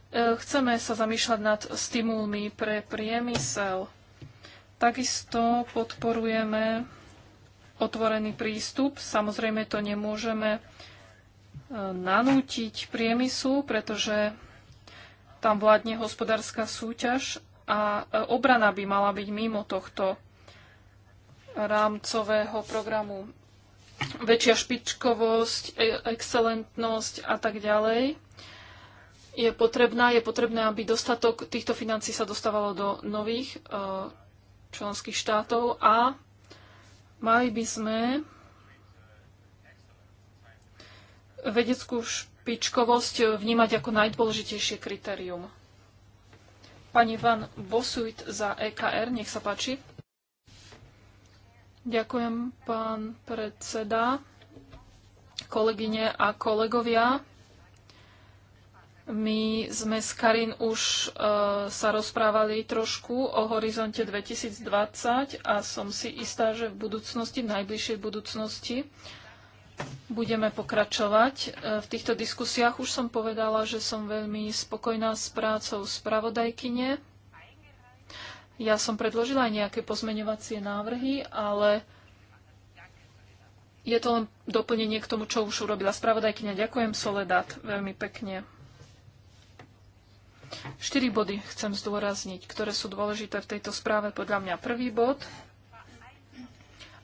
e, chceme sa zamýšľať nad stimulmi pre priemysel. Takisto podporujeme otvorený prístup. Samozrejme to nemôžeme e, nanútiť priemyslu, pretože tam vládne hospodárska súťaž a e, obrana by mala byť mimo tohto rámcového programu. Väčšia špičkovosť, e, excelentnosť a tak ďalej je potrebná. Je potrebné, aby dostatok týchto financí sa dostávalo do nových členských štátov a Mali by sme vedeckú špičkovosť vnímať ako najdôležitejšie kritérium. Pani Van Bosuit za EKR, nech sa páči. Ďakujem, pán predseda, kolegyne a kolegovia. My sme s Karin už e, sa rozprávali trošku o horizonte 2020 a som si istá, že v budúcnosti, v najbližšej budúcnosti budeme pokračovať e, v týchto diskusiách. Už som povedala, že som veľmi spokojná s prácou spravodajkyne. Ja som predložila aj nejaké pozmeňovacie návrhy, ale je to len doplnenie k tomu, čo už urobila spravodajkyňa. Ďakujem, Soledad, veľmi pekne. Štyri body chcem zdôrazniť, ktoré sú dôležité v tejto správe. Podľa mňa prvý bod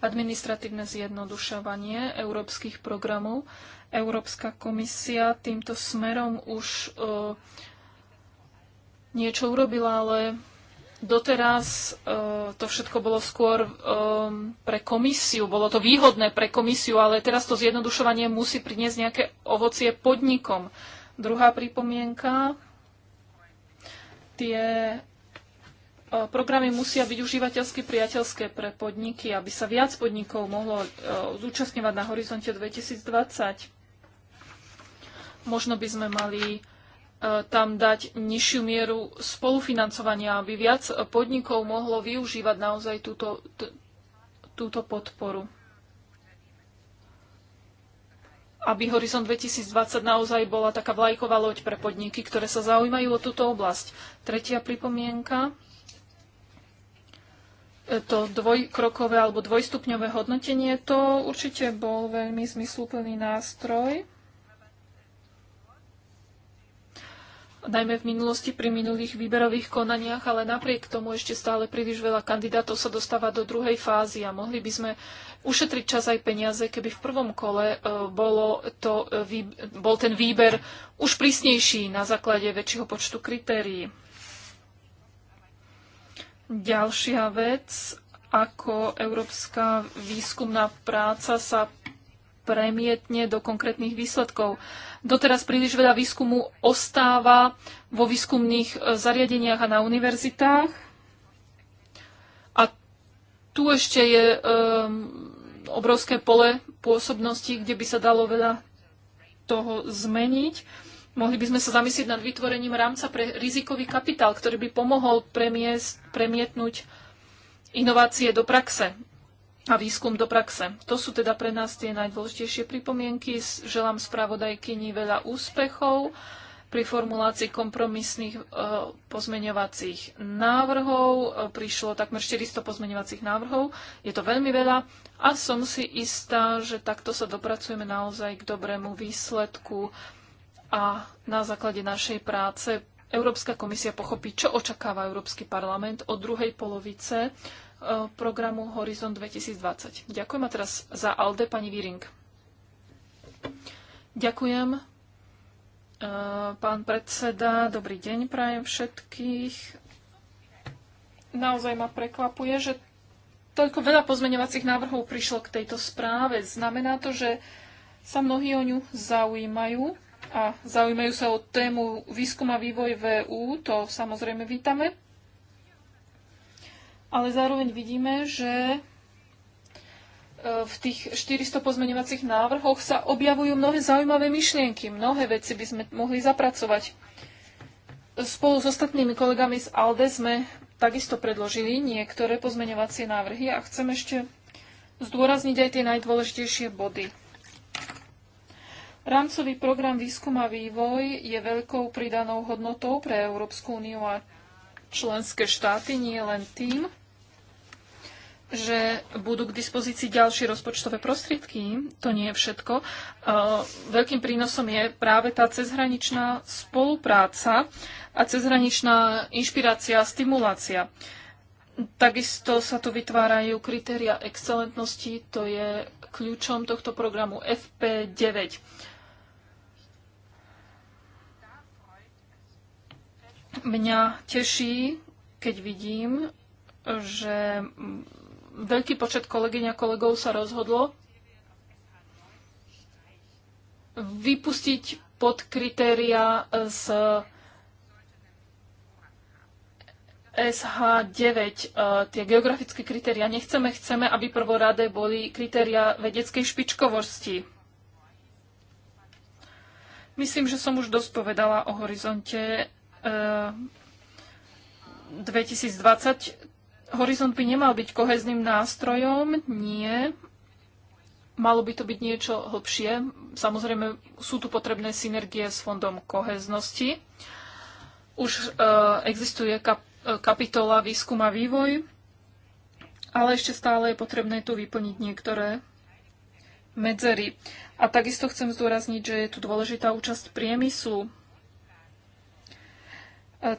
administratívne zjednodušovanie európskych programov. Európska komisia týmto smerom už e, niečo urobila, ale doteraz e, to všetko bolo skôr e, pre komisiu. Bolo to výhodné pre komisiu, ale teraz to zjednodušovanie musí priniesť nejaké ovocie podnikom. Druhá pripomienka tie e, programy musia byť užívateľsky priateľské pre podniky, aby sa viac podnikov mohlo e, zúčastňovať na horizonte 2020. Možno by sme mali e, tam dať nižšiu mieru spolufinancovania, aby viac podnikov mohlo využívať naozaj túto, túto podporu aby Horizon 2020 naozaj bola taká vlajková loď pre podniky, ktoré sa zaujímajú o túto oblasť. Tretia pripomienka, e, to dvojkrokové alebo dvojstupňové hodnotenie, to určite bol veľmi zmysluplný nástroj. najmä v minulosti pri minulých výberových konaniach, ale napriek tomu ešte stále príliš veľa kandidátov sa dostáva do druhej fázy a mohli by sme ušetriť čas aj peniaze, keby v prvom kole e, bolo to, e, bol ten výber už prísnejší na základe väčšieho počtu kritérií. Ďalšia vec, ako európska výskumná práca sa premietne do konkrétnych výsledkov. Doteraz príliš veľa výskumu ostáva vo výskumných e, zariadeniach a na univerzitách. A tu ešte je um, obrovské pole pôsobnosti, kde by sa dalo veľa toho zmeniť. Mohli by sme sa zamyslieť nad vytvorením rámca pre rizikový kapitál, ktorý by pomohol premiesť, premietnúť inovácie do praxe a výskum do praxe. To sú teda pre nás tie najdôležitejšie pripomienky. Želám spravodajkyni veľa úspechov pri formulácii kompromisných e, pozmeňovacích návrhov. E, prišlo takmer 400 pozmeňovacích návrhov. Je to veľmi veľa a som si istá, že takto sa dopracujeme naozaj k dobrému výsledku a na základe našej práce Európska komisia pochopí, čo očakáva Európsky parlament od druhej polovice e, programu Horizon 2020. Ďakujem a teraz za Alde pani Viring. Ďakujem. Eh, pán predseda, dobrý deň prajem všetkých. Naozaj ma prekvapuje, že toľko veľa pozmeňovacích návrhov prišlo k tejto správe. Znamená to, že sa mnohí o ňu zaujímajú a zaujímajú sa o tému výskum a vývoj VÚ, to samozrejme vítame. Ale zároveň vidíme, že E, v tých 400 pozmeňovacích návrhoch sa objavujú mnohé zaujímavé myšlienky. Mnohé veci by sme mohli zapracovať. Spolu s ostatnými kolegami z ALDE sme takisto predložili niektoré pozmeňovacie návrhy a chcem ešte zdôrazniť aj tie najdôležitejšie body. Rámcový program výskum a vývoj je veľkou pridanou hodnotou pre Európsku úniu a členské štáty, nie len tým, že budú k dispozícii ďalšie rozpočtové prostriedky. To nie je všetko. E, veľkým prínosom je práve tá cezhraničná spolupráca a cezhraničná inšpirácia a stimulácia. Takisto sa tu vytvárajú kritéria excelentnosti, to je kľúčom tohto programu FP9. Mňa teší, keď vidím, že veľký počet kolegyň a kolegov sa rozhodlo vypustiť pod kritéria z SH9, e, tie geografické kritéria nechceme, chceme, aby prvoradé boli kritéria vedeckej špičkovosti. Myslím, že som už dosť povedala o horizonte 2020. E, Horizont by nemal byť kohezným nástrojom, nie. Malo by to byť niečo hlbšie. Samozrejme, sú tu potrebné synergie s fondom koheznosti. Už e, existuje kap, e, kapitola výskum a vývoj, ale ešte stále je potrebné tu vyplniť niektoré medzery. A takisto chcem zdôrazniť, že je tu dôležitá účasť priemyslu. E,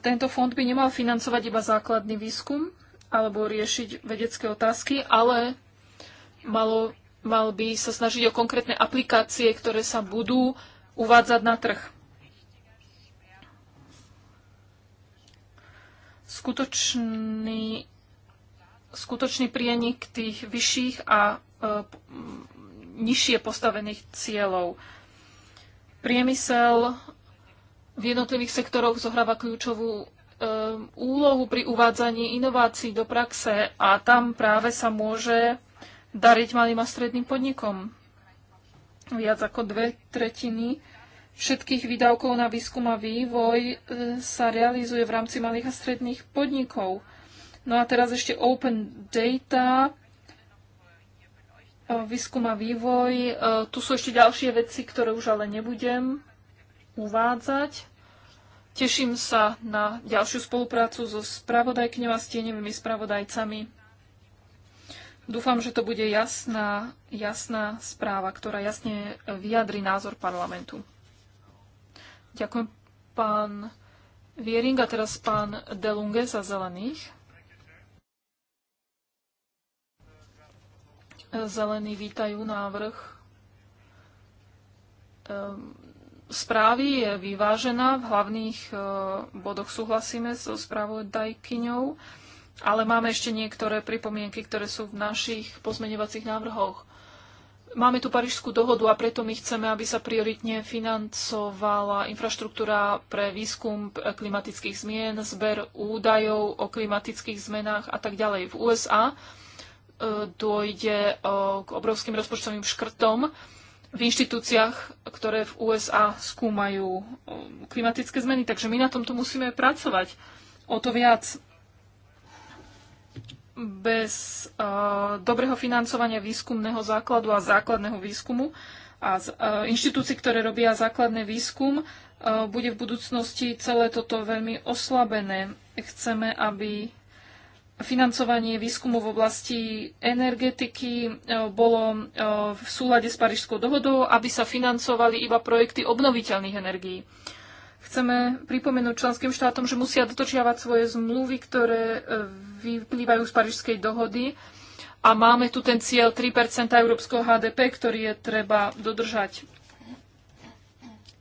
tento fond by nemal financovať iba základný výskum, alebo riešiť vedecké otázky, ale malo, mal by sa snažiť o konkrétne aplikácie, ktoré sa budú uvádzať na trh. Skutočný, skutočný prienik tých vyšších a e, nižšie postavených cieľov. Priemysel v jednotlivých sektoroch zohráva kľúčovú Um, úlohu pri uvádzaní inovácií do praxe a tam práve sa môže dariť malým a stredným podnikom. Viac ako dve tretiny všetkých výdavkov na výskum a vývoj e, sa realizuje v rámci malých a stredných podnikov. No a teraz ešte Open Data, e, výskum a vývoj. E, tu sú ešte ďalšie veci, ktoré už ale nebudem uvádzať. Teším sa na ďalšiu spoluprácu so spravodajkňou a stienevými spravodajcami. Dúfam, že to bude jasná, jasná správa, ktorá jasne vyjadri názor parlamentu. Ďakujem pán Viering a teraz pán Delunge za zelených. Zelení vítajú návrh ehm, správy je vyvážená. V hlavných e, bodoch súhlasíme so Dajkyňou, ale máme ešte niektoré pripomienky, ktoré sú v našich pozmeňovacích návrhoch. Máme tu Parížskú dohodu a preto my chceme, aby sa prioritne financovala infraštruktúra pre výskum klimatických zmien, zber údajov o klimatických zmenách a tak ďalej. V USA e, dojde e, k obrovským rozpočtovým škrtom v inštitúciách, ktoré v USA skúmajú um, klimatické zmeny. Takže my na tomto musíme pracovať. O to viac bez uh, dobrého financovania výskumného základu a základného výskumu a z, uh, inštitúcií, ktoré robia základný výskum, uh, bude v budúcnosti celé toto veľmi oslabené. Chceme, aby financovanie výskumu v oblasti energetiky e, bolo e, v súlade s Parížskou dohodou, aby sa financovali iba projekty obnoviteľných energií. Chceme pripomenúť členským štátom, že musia dotočiavať svoje zmluvy, ktoré e, vyplývajú z Parížskej dohody a máme tu ten cieľ 3 európskeho HDP, ktorý je treba dodržať.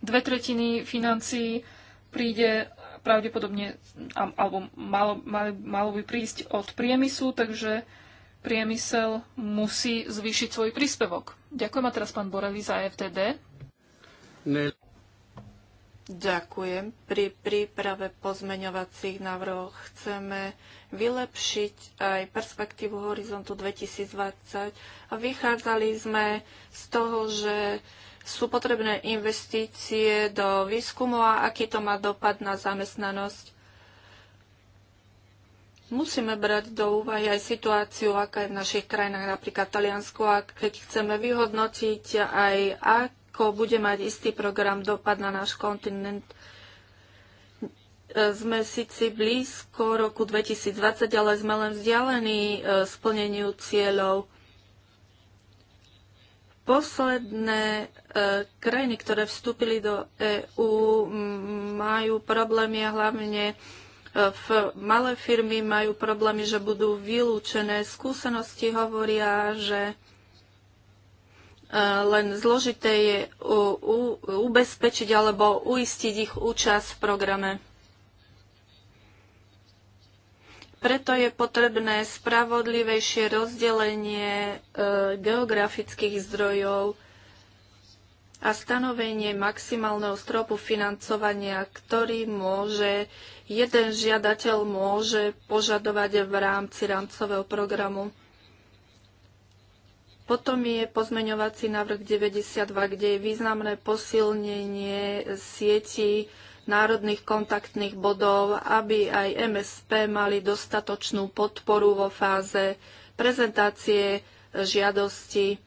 Dve tretiny financií príde pravdepodobne alebo malo, malo, malo by prísť od priemyslu, takže priemysel musí zvýšiť svoj príspevok. Ďakujem a teraz pán Borelý za FTD. Ne. Ďakujem. Pri príprave pozmeňovacích návrhov chceme vylepšiť aj perspektívu horizontu 2020 a vychádzali sme z toho, že sú potrebné investície do výskumu a aký to má dopad na zamestnanosť. Musíme brať do úvahy aj situáciu, aká je v našich krajinách, napríklad Taliansku, a keď chceme vyhodnotiť aj, ako bude mať istý program dopad na náš kontinent, sme síci blízko roku 2020, ale sme len vzdialení e, splneniu cieľov Posledné e, krajiny, ktoré vstúpili do EÚ, majú problémy a hlavne e, v malé firmy majú problémy, že budú vylúčené. Skúsenosti hovoria, že e, len zložité je u, u, ubezpečiť alebo uistiť ich účasť v programe. Preto je potrebné spravodlivejšie rozdelenie e, geografických zdrojov a stanovenie maximálneho stropu financovania, ktorý môže, jeden žiadateľ môže požadovať v rámci rámcového programu. Potom je pozmeňovací návrh 92, kde je významné posilnenie sieti národných kontaktných bodov, aby aj MSP mali dostatočnú podporu vo fáze prezentácie e, žiadosti.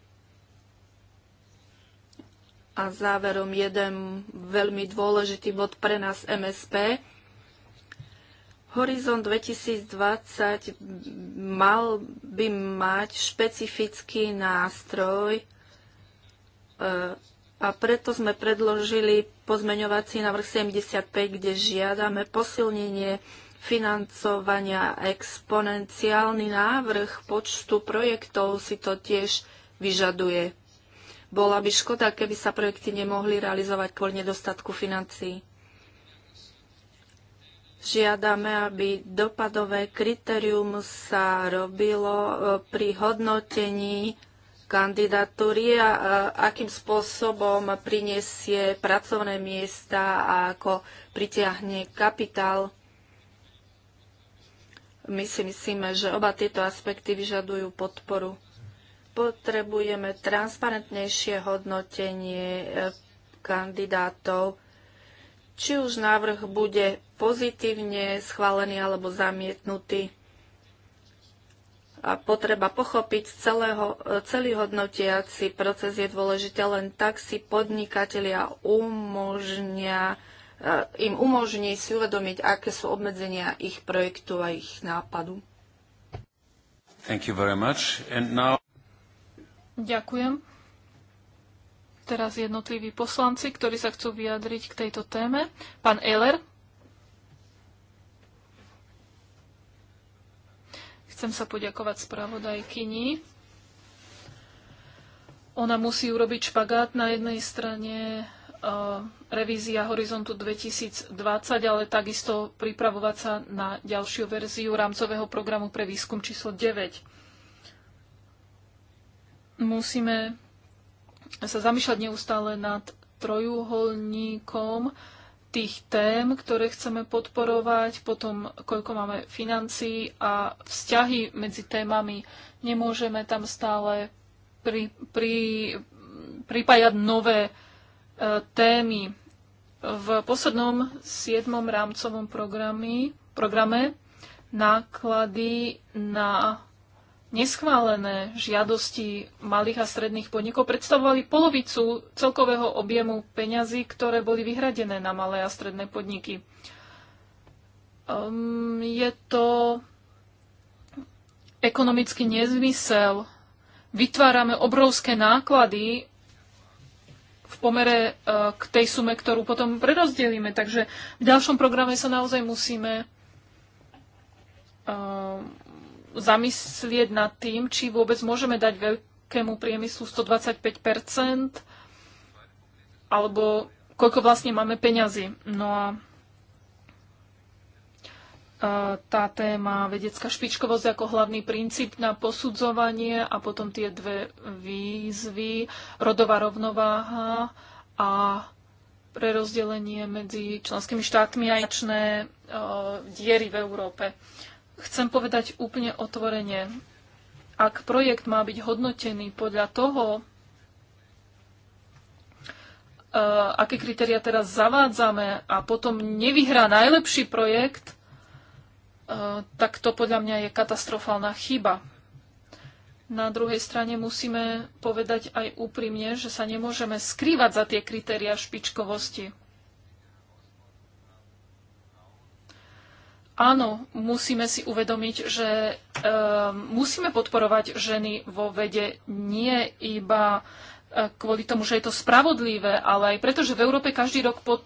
A záverom jeden veľmi dôležitý bod pre nás MSP. Horizont 2020 mal by mať špecifický nástroj e, a preto sme predložili pozmeňovací návrh 75, kde žiadame posilnenie financovania exponenciálny návrh počtu projektov si to tiež vyžaduje. Bola by škoda, keby sa projekty nemohli realizovať kvôli nedostatku financií. Žiadame, aby dopadové kritérium sa robilo e, pri hodnotení kandidatúry a, akým spôsobom prinesie pracovné miesta a ako pritiahne kapitál. My si myslíme, že oba tieto aspekty vyžadujú podporu. Potrebujeme transparentnejšie hodnotenie e, kandidátov, či už návrh bude pozitívne schválený alebo zamietnutý potreba pochopiť celého, celý hodnotiaci proces je dôležité, len tak si podnikatelia umožnia, e, im umožní si uvedomiť, aké sú obmedzenia ich projektu a ich nápadu. Thank you very much. And now... Ďakujem. Teraz jednotliví poslanci, ktorí sa chcú vyjadriť k tejto téme. Pán Eller. Chcem sa poďakovať spravodajkyni. Ona musí urobiť špagát na jednej strane revízia Horizontu 2020, ale takisto pripravovať sa na ďalšiu verziu rámcového programu pre výskum číslo 9. Musíme sa zamýšľať neustále nad trojuholníkom, tých tém, ktoré chceme podporovať, potom koľko máme financií a vzťahy medzi témami. Nemôžeme tam stále pri, pri, pripájať nové e, témy. V poslednom 7. rámcovom programe, programe náklady na neschválené žiadosti malých a stredných podnikov predstavovali polovicu celkového objemu peňazí, ktoré boli vyhradené na malé a stredné podniky. Um, je to ekonomický nezmysel. Vytvárame obrovské náklady v pomere e, k tej sume, ktorú potom prerozdelíme. Takže v ďalšom programe sa naozaj musíme ehm, zamyslieť nad tým, či vôbec môžeme dať veľkému priemyslu 125 alebo koľko vlastne máme peňazí. No a e, tá téma vedecká špičkovosť ako hlavný princíp na posudzovanie a potom tie dve výzvy, rodová rovnováha a prerozdelenie medzi členskými štátmi a jačné e, diery v Európe. Chcem povedať úplne otvorene, ak projekt má byť hodnotený podľa toho, uh, aké kritéria teraz zavádzame a potom nevyhrá najlepší projekt, uh, tak to podľa mňa je katastrofálna chyba. Na druhej strane musíme povedať aj úprimne, že sa nemôžeme skrývať za tie kritéria špičkovosti. Áno, musíme si uvedomiť, že e, musíme podporovať ženy vo vede nie iba e, kvôli tomu, že je to spravodlivé, ale aj preto, že v Európe každý rok pod,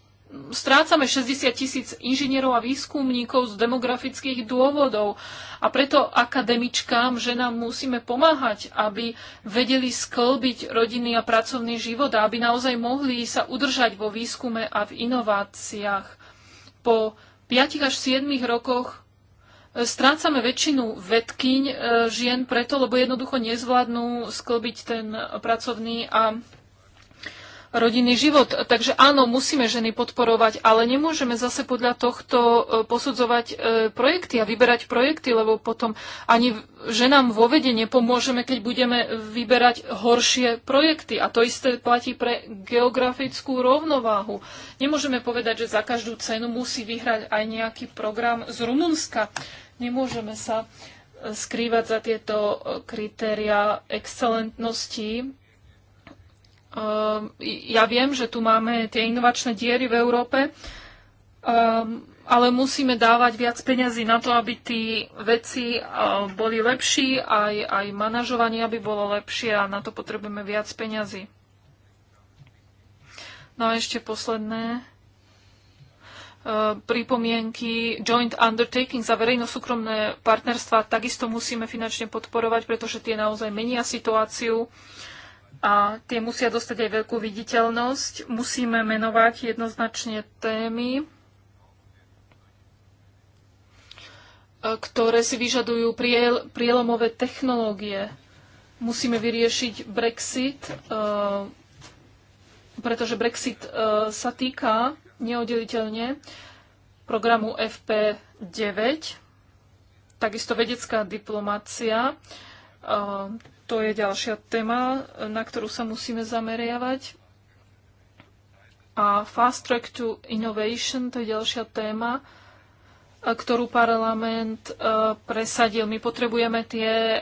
strácame 60 tisíc inžinierov a výskumníkov z demografických dôvodov. A preto akademičkám, ženám musíme pomáhať, aby vedeli sklbiť rodinný a pracovný život a aby naozaj mohli sa udržať vo výskume a v inováciách. Po 5 až 7 rokoch e, strácame väčšinu vedkyň e, žien preto, lebo jednoducho nezvládnu sklbiť ten pracovný a rodinný život. Takže áno, musíme ženy podporovať, ale nemôžeme zase podľa tohto e, posudzovať e, projekty a vyberať projekty, lebo potom ani ženám vo vede nepomôžeme, keď budeme vyberať horšie projekty. A to isté platí pre geografickú rovnováhu. Nemôžeme povedať, že za každú cenu musí vyhrať aj nejaký program z Rumunska. Nemôžeme sa e, skrývať za tieto kritéria excelentnosti Ehm, ja viem, že tu máme tie inovačné diery v Európe, ehm, ale musíme dávať viac peňazí na to, aby tí veci ehm, boli lepší, aj, aj manažovanie, aby bolo lepšie a na to potrebujeme viac peňazí. No a ešte posledné pripomienky joint undertaking za verejno-súkromné partnerstva takisto musíme finančne podporovať, pretože tie naozaj menia situáciu a tie musia dostať aj veľkú viditeľnosť. Musíme menovať jednoznačne témy, ktoré si vyžadujú prielomové technológie. Musíme vyriešiť Brexit, eh, pretože Brexit eh, sa týka neoddeliteľne programu FP9, takisto vedecká diplomácia, eh, to je ďalšia téma, na ktorú sa musíme zameriavať. A Fast Track to Innovation, to je ďalšia téma, ktorú parlament e, presadil. My potrebujeme tie e,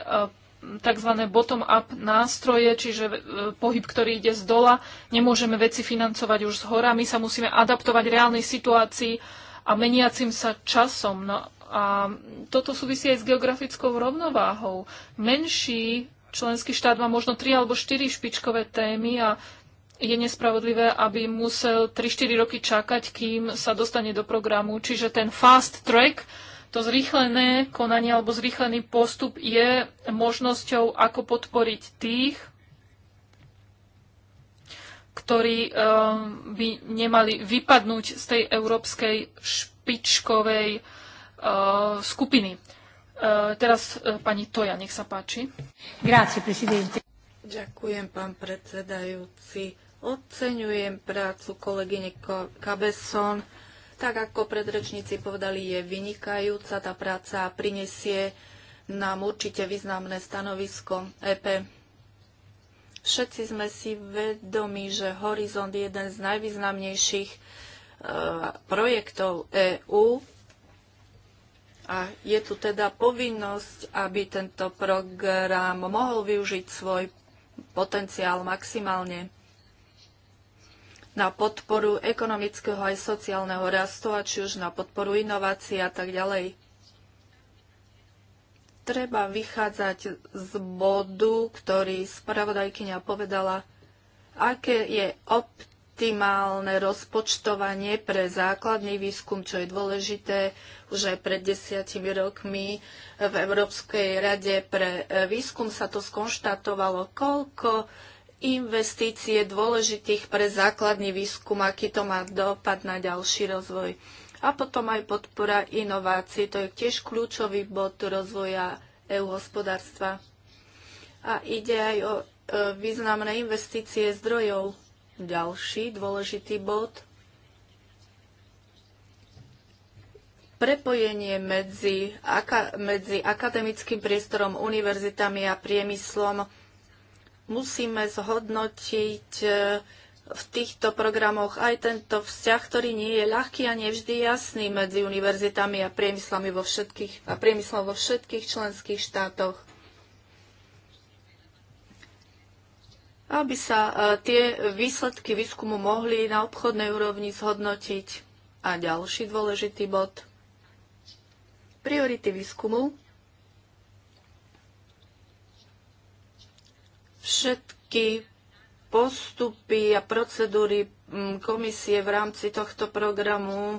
tzv. bottom-up nástroje, čiže e, pohyb, ktorý ide z dola. Nemôžeme veci financovať už z hora, my sa musíme adaptovať reálnej situácii a meniacim sa časom. No a toto súvisí aj s geografickou rovnováhou. Menší členský štát má možno 3 alebo 4 špičkové témy a je nespravodlivé, aby musel 3-4 roky čakať, kým sa dostane do programu. Čiže ten fast track, to zrýchlené konanie alebo zrýchlený postup je možnosťou, ako podporiť tých, ktorí um, by nemali vypadnúť z tej európskej špičkovej uh, skupiny. Eh, teraz eh, pani Toja, nech sa páči. Grazie, presidente. Ďakujem, pán predsedajúci. Oceňujem prácu kolegyne Kabeson. Tak ako predrečníci povedali, je vynikajúca tá práca a prinesie nám určite významné stanovisko EP. Všetci sme si vedomi, že Horizont je jeden z najvýznamnejších eh, projektov EÚ a je tu teda povinnosť, aby tento program mohol využiť svoj potenciál maximálne na podporu ekonomického aj sociálneho rastu a či už na podporu inovácií a tak ďalej. Treba vychádzať z bodu, ktorý spravodajkyňa povedala, aké je optimálne optimálne rozpočtovanie pre základný výskum, čo je dôležité už aj pred desiatimi rokmi v Európskej rade pre výskum sa to skonštatovalo, koľko investície dôležitých pre základný výskum, aký to má dopad na ďalší rozvoj. A potom aj podpora inovácií, to je tiež kľúčový bod rozvoja EU hospodárstva. A ide aj o e, významné investície zdrojov ďalší dôležitý bod. Prepojenie medzi, aka, medzi akademickým priestorom, univerzitami a priemyslom musíme zhodnotiť e, v týchto programoch aj tento vzťah, ktorý nie je ľahký a nevždy jasný medzi univerzitami a priemyslami vo všetkých, a priemyslom vo všetkých členských štátoch. aby sa e, tie výsledky výskumu mohli na obchodnej úrovni zhodnotiť. A ďalší dôležitý bod. Priority výskumu. Všetky postupy a procedúry mm, komisie v rámci tohto programu e,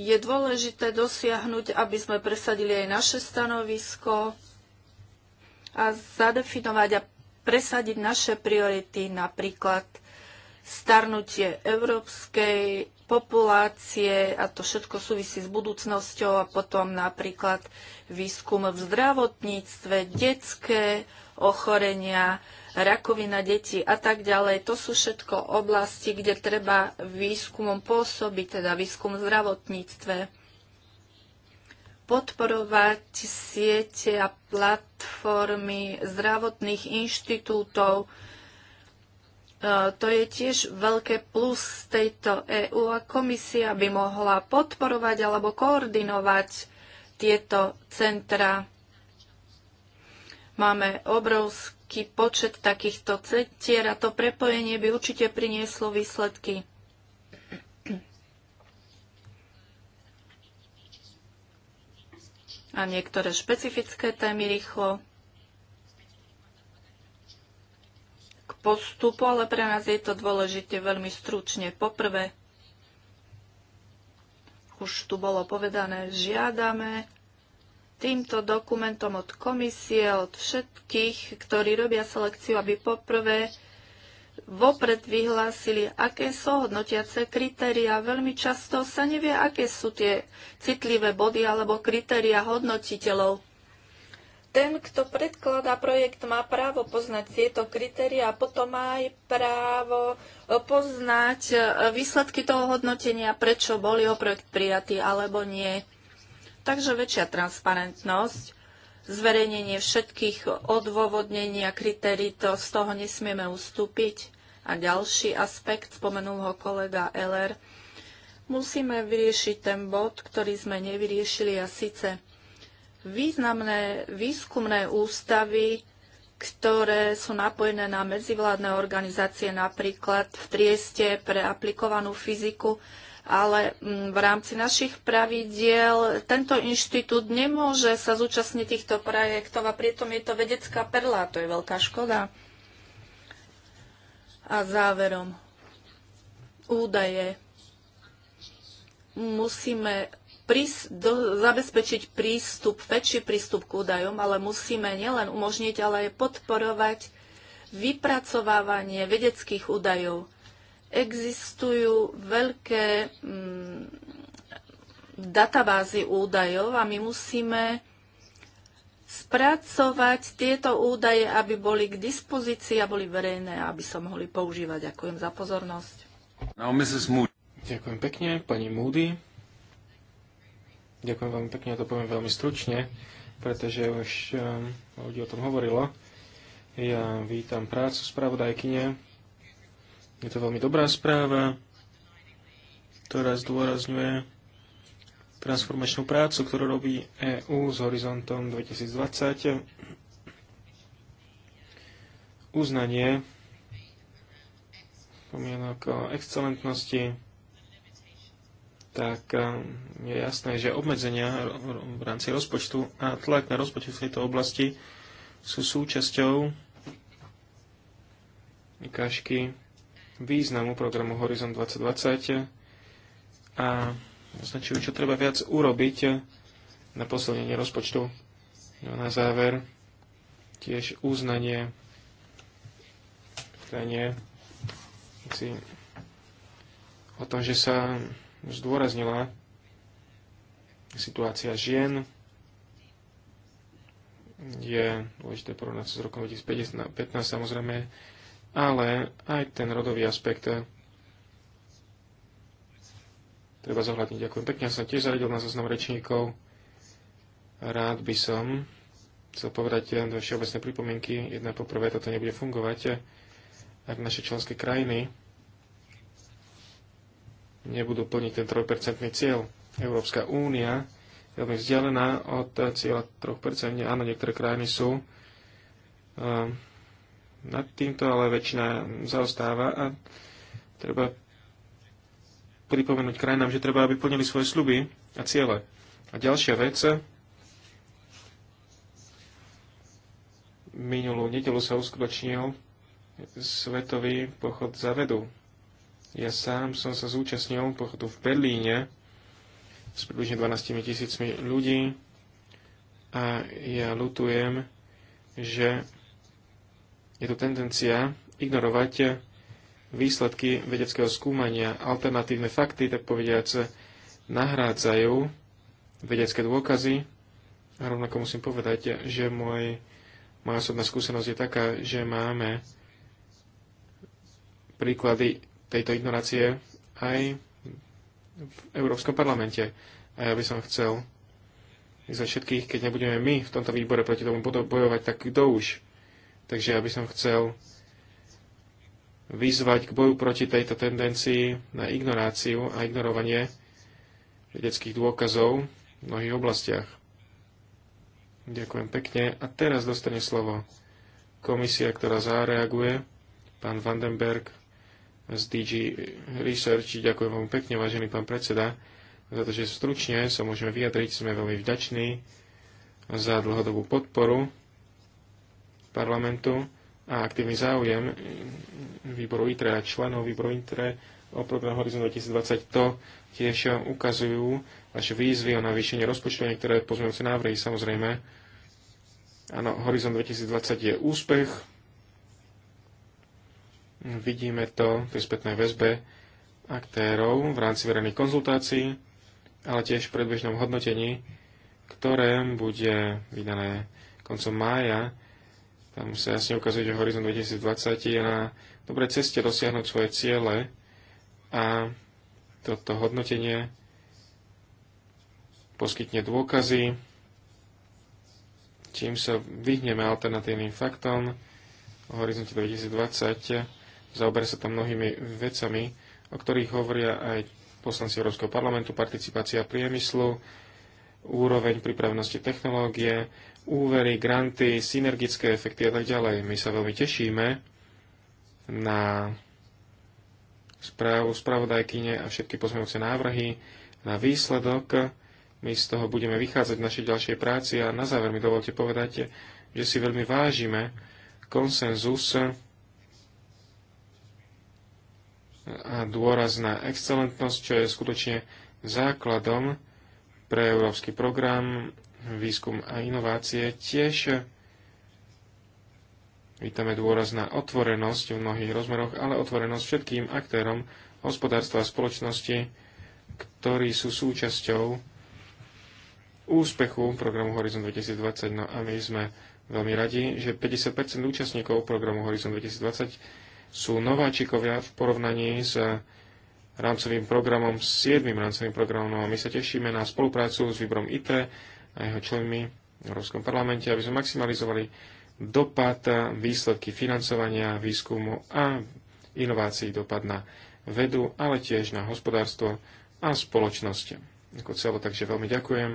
je dôležité dosiahnuť, aby sme presadili aj naše stanovisko a zadefinovať a presadiť naše priority, napríklad starnutie európskej populácie a to všetko súvisí s budúcnosťou a potom napríklad výskum v zdravotníctve, detské ochorenia, rakovina detí a tak ďalej. To sú všetko oblasti, kde treba výskumom pôsobiť, teda výskum v zdravotníctve podporovať siete a platformy zdravotných inštitútov. E, to je tiež veľké plus tejto EÚ a komisia by mohla podporovať alebo koordinovať tieto centra. Máme obrovský počet takýchto centier a to prepojenie by určite prinieslo výsledky. a niektoré špecifické témy rýchlo. K postupu, ale pre nás je to dôležité veľmi stručne. Poprvé, už tu bolo povedané, žiadame týmto dokumentom od komisie, od všetkých, ktorí robia selekciu, aby poprvé vopred vyhlásili, aké sú hodnotiace kritéria. Veľmi často sa nevie, aké sú tie citlivé body alebo kritéria hodnotiteľov. Ten, kto predkladá projekt, má právo poznať tieto kritéria a potom má aj právo e, poznať e, výsledky toho hodnotenia, prečo bol jeho projekt prijatý alebo nie. Takže väčšia transparentnosť zverejnenie všetkých odôvodnení a kritérií, to z toho nesmieme ustúpiť. A ďalší aspekt, spomenul ho kolega LR, musíme vyriešiť ten bod, ktorý sme nevyriešili a síce významné výskumné ústavy, ktoré sú napojené na medzivládne organizácie, napríklad v Trieste pre aplikovanú fyziku, ale mm, v rámci našich pravidiel tento inštitút nemôže sa zúčastniť týchto projektov a pritom je to vedecká perla. To je veľká škoda. A záverom. Údaje. Musíme prís, do, zabezpečiť prístup, väčší prístup k údajom, ale musíme nielen umožniť, ale aj podporovať vypracovávanie vedeckých údajov Existujú veľké mm, databázy údajov a my musíme spracovať tieto údaje, aby boli k dispozícii a boli verejné, aby sa mohli používať. Ďakujem za pozornosť. No, Ďakujem pekne, pani Moody. Ďakujem veľmi pekne, ja to poviem veľmi stručne, pretože už um, ehm, ľudí o tom hovorilo. Ja vítam prácu spravodajkyne je to veľmi dobrá správa, ktorá zdôrazňuje transformačnú prácu, ktorú robí EÚ s horizontom 2020. Uznanie pomienok o excelentnosti, tak um, je jasné, že obmedzenia v rámci rozpočtu a tlak na rozpočet v tejto oblasti sú súčasťou vykážky významu programu Horizon 2020 a naznačujú, čo treba viac urobiť na posilnenie rozpočtu. No na záver tiež uznanie krajine o tom, že sa zdôraznila situácia žien je dôležité porovnať sa s rokom 2015. Samozrejme, ale aj ten rodový aspekt eh, treba zohľadniť. Ďakujem pekne, ja som tiež zaradil na zoznam rečníkov. Rád by som chcel povedať dve všeobecné pripomienky. Jedna poprvé, toto nebude fungovať, eh, ak naše členské krajiny nebudú plniť ten 3% cieľ. Európska únia je veľmi vzdialená od cieľa 3%. Áno, niektoré krajiny sú eh, nad týmto, ale väčšina zaostáva a treba pripomenúť krajinám, že treba, aby plnili svoje sluby a ciele. A ďalšia vec, minulú nedelu sa uskutočnil Svetový pochod za vedu. Ja sám som sa zúčastnil pochodu v Berlíne s približne 12 tisícmi ľudí a ja lutujem, že je tu tendencia ignorovať výsledky vedeckého skúmania. Alternatívne fakty, tak povediac, nahrádzajú vedecké dôkazy. A rovnako musím povedať, že môj, moja osobná skúsenosť je taká, že máme príklady tejto ignorácie aj v Európskom parlamente. A ja by som chcel za všetkých, keď nebudeme my v tomto výbore proti tomu bojovať, tak kto už? Takže ja by som chcel vyzvať k boju proti tejto tendencii na ignoráciu a ignorovanie vedeckých dôkazov v mnohých oblastiach. Ďakujem pekne. A teraz dostane slovo komisia, ktorá zareaguje, pán Vandenberg z DG Research. Ďakujem vám pekne, vážený pán predseda, za to, že stručne sa môžeme vyjadriť. Sme veľmi vďační za dlhodobú podporu parlamentu a aktívny záujem výboru ITRE a členov výboru ITRE o program Horizon 2020 to tiež ukazujú vaše výzvy o navýšenie rozpočtu, niektoré pozmeňujúce návrhy samozrejme. Áno, Horizon 2020 je úspech. Vidíme to pri spätnej väzbe aktérov v rámci verejných konzultácií, ale tiež v predbežnom hodnotení, ktoré bude vydané koncom mája tam sa jasne ukazuje, že Horizon 2020 je na dobrej ceste dosiahnuť svoje ciele a toto hodnotenie poskytne dôkazy, čím sa vyhneme alternatívnym faktom. O horizonte 2020 zaoberá sa tam mnohými vecami, o ktorých hovoria aj poslanci Európskeho parlamentu, participácia priemyslu, úroveň pripravenosti technológie, úvery, granty, synergické efekty a tak ďalej. My sa veľmi tešíme na správu spravodajkyne a všetky pozmeňujúce návrhy, na výsledok. My z toho budeme vychádzať v našej ďalšej práci a na záver mi dovolte povedať, že si veľmi vážime konsenzus a dôraz na excelentnosť, čo je skutočne základom pre európsky program výskum a inovácie. Tiež vítame dôraz na otvorenosť v mnohých rozmeroch, ale otvorenosť všetkým aktérom hospodárstva a spoločnosti, ktorí sú súčasťou úspechu programu Horizon 2020. No a my sme veľmi radi, že 50 účastníkov programu Horizon 2020 sú nováčikovia v porovnaní s rámcovým programom, s 7. rámcovým programom. No a my sa tešíme na spoluprácu s výborom ITRE a jeho členmi v Európskom parlamente, aby sme maximalizovali dopad, výsledky financovania, výskumu a inovácií, dopad na vedu, ale tiež na hospodárstvo a spoločnosť ako celo. Takže veľmi ďakujem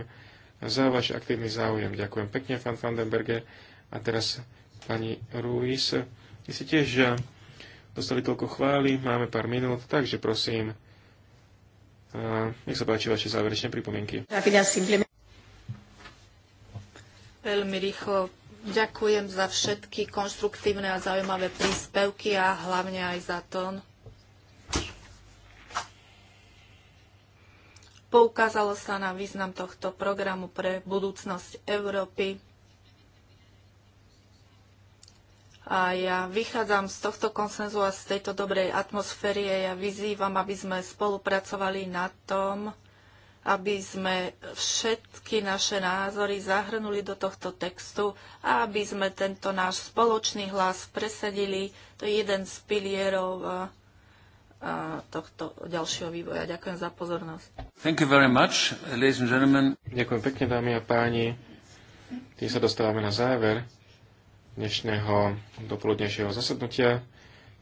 za váš aktívny záujem. Ďakujem pekne, pán Vandenberge. A teraz pani Ruiz. Vy ste tiež eh, dostali toľko chvály, máme pár minút, takže prosím, eh, nech sa páči vaše záverečné pripomienky. Veľmi rýchlo ďakujem za všetky konštruktívne a zaujímavé príspevky a hlavne aj za tón. Poukázalo sa na význam tohto programu pre budúcnosť Európy. A ja vychádzam z tohto konsenzu a z tejto dobrej atmosféry a ja vyzývam, aby sme spolupracovali na tom, aby sme všetky naše názory zahrnuli do tohto textu a aby sme tento náš spoločný hlas presadili. To je jeden z pilierov eh, eh, tohto ďalšieho vývoja. Ďakujem za pozornosť. Thank you very much, ladies and gentlemen. Ďakujem pekne, dámy a páni. Tým sa dostávame na záver dnešného dopoludnejšieho zasadnutia.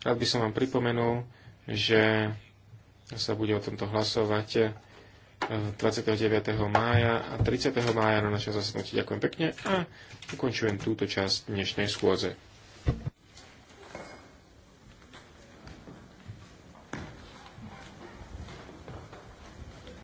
Rád by som vám pripomenul, že sa bude o tomto hlasovať 29. mája a 30. mája na naše zasadnutie. Ďakujem pekne a ukončujem túto časť dnešnej schôdze.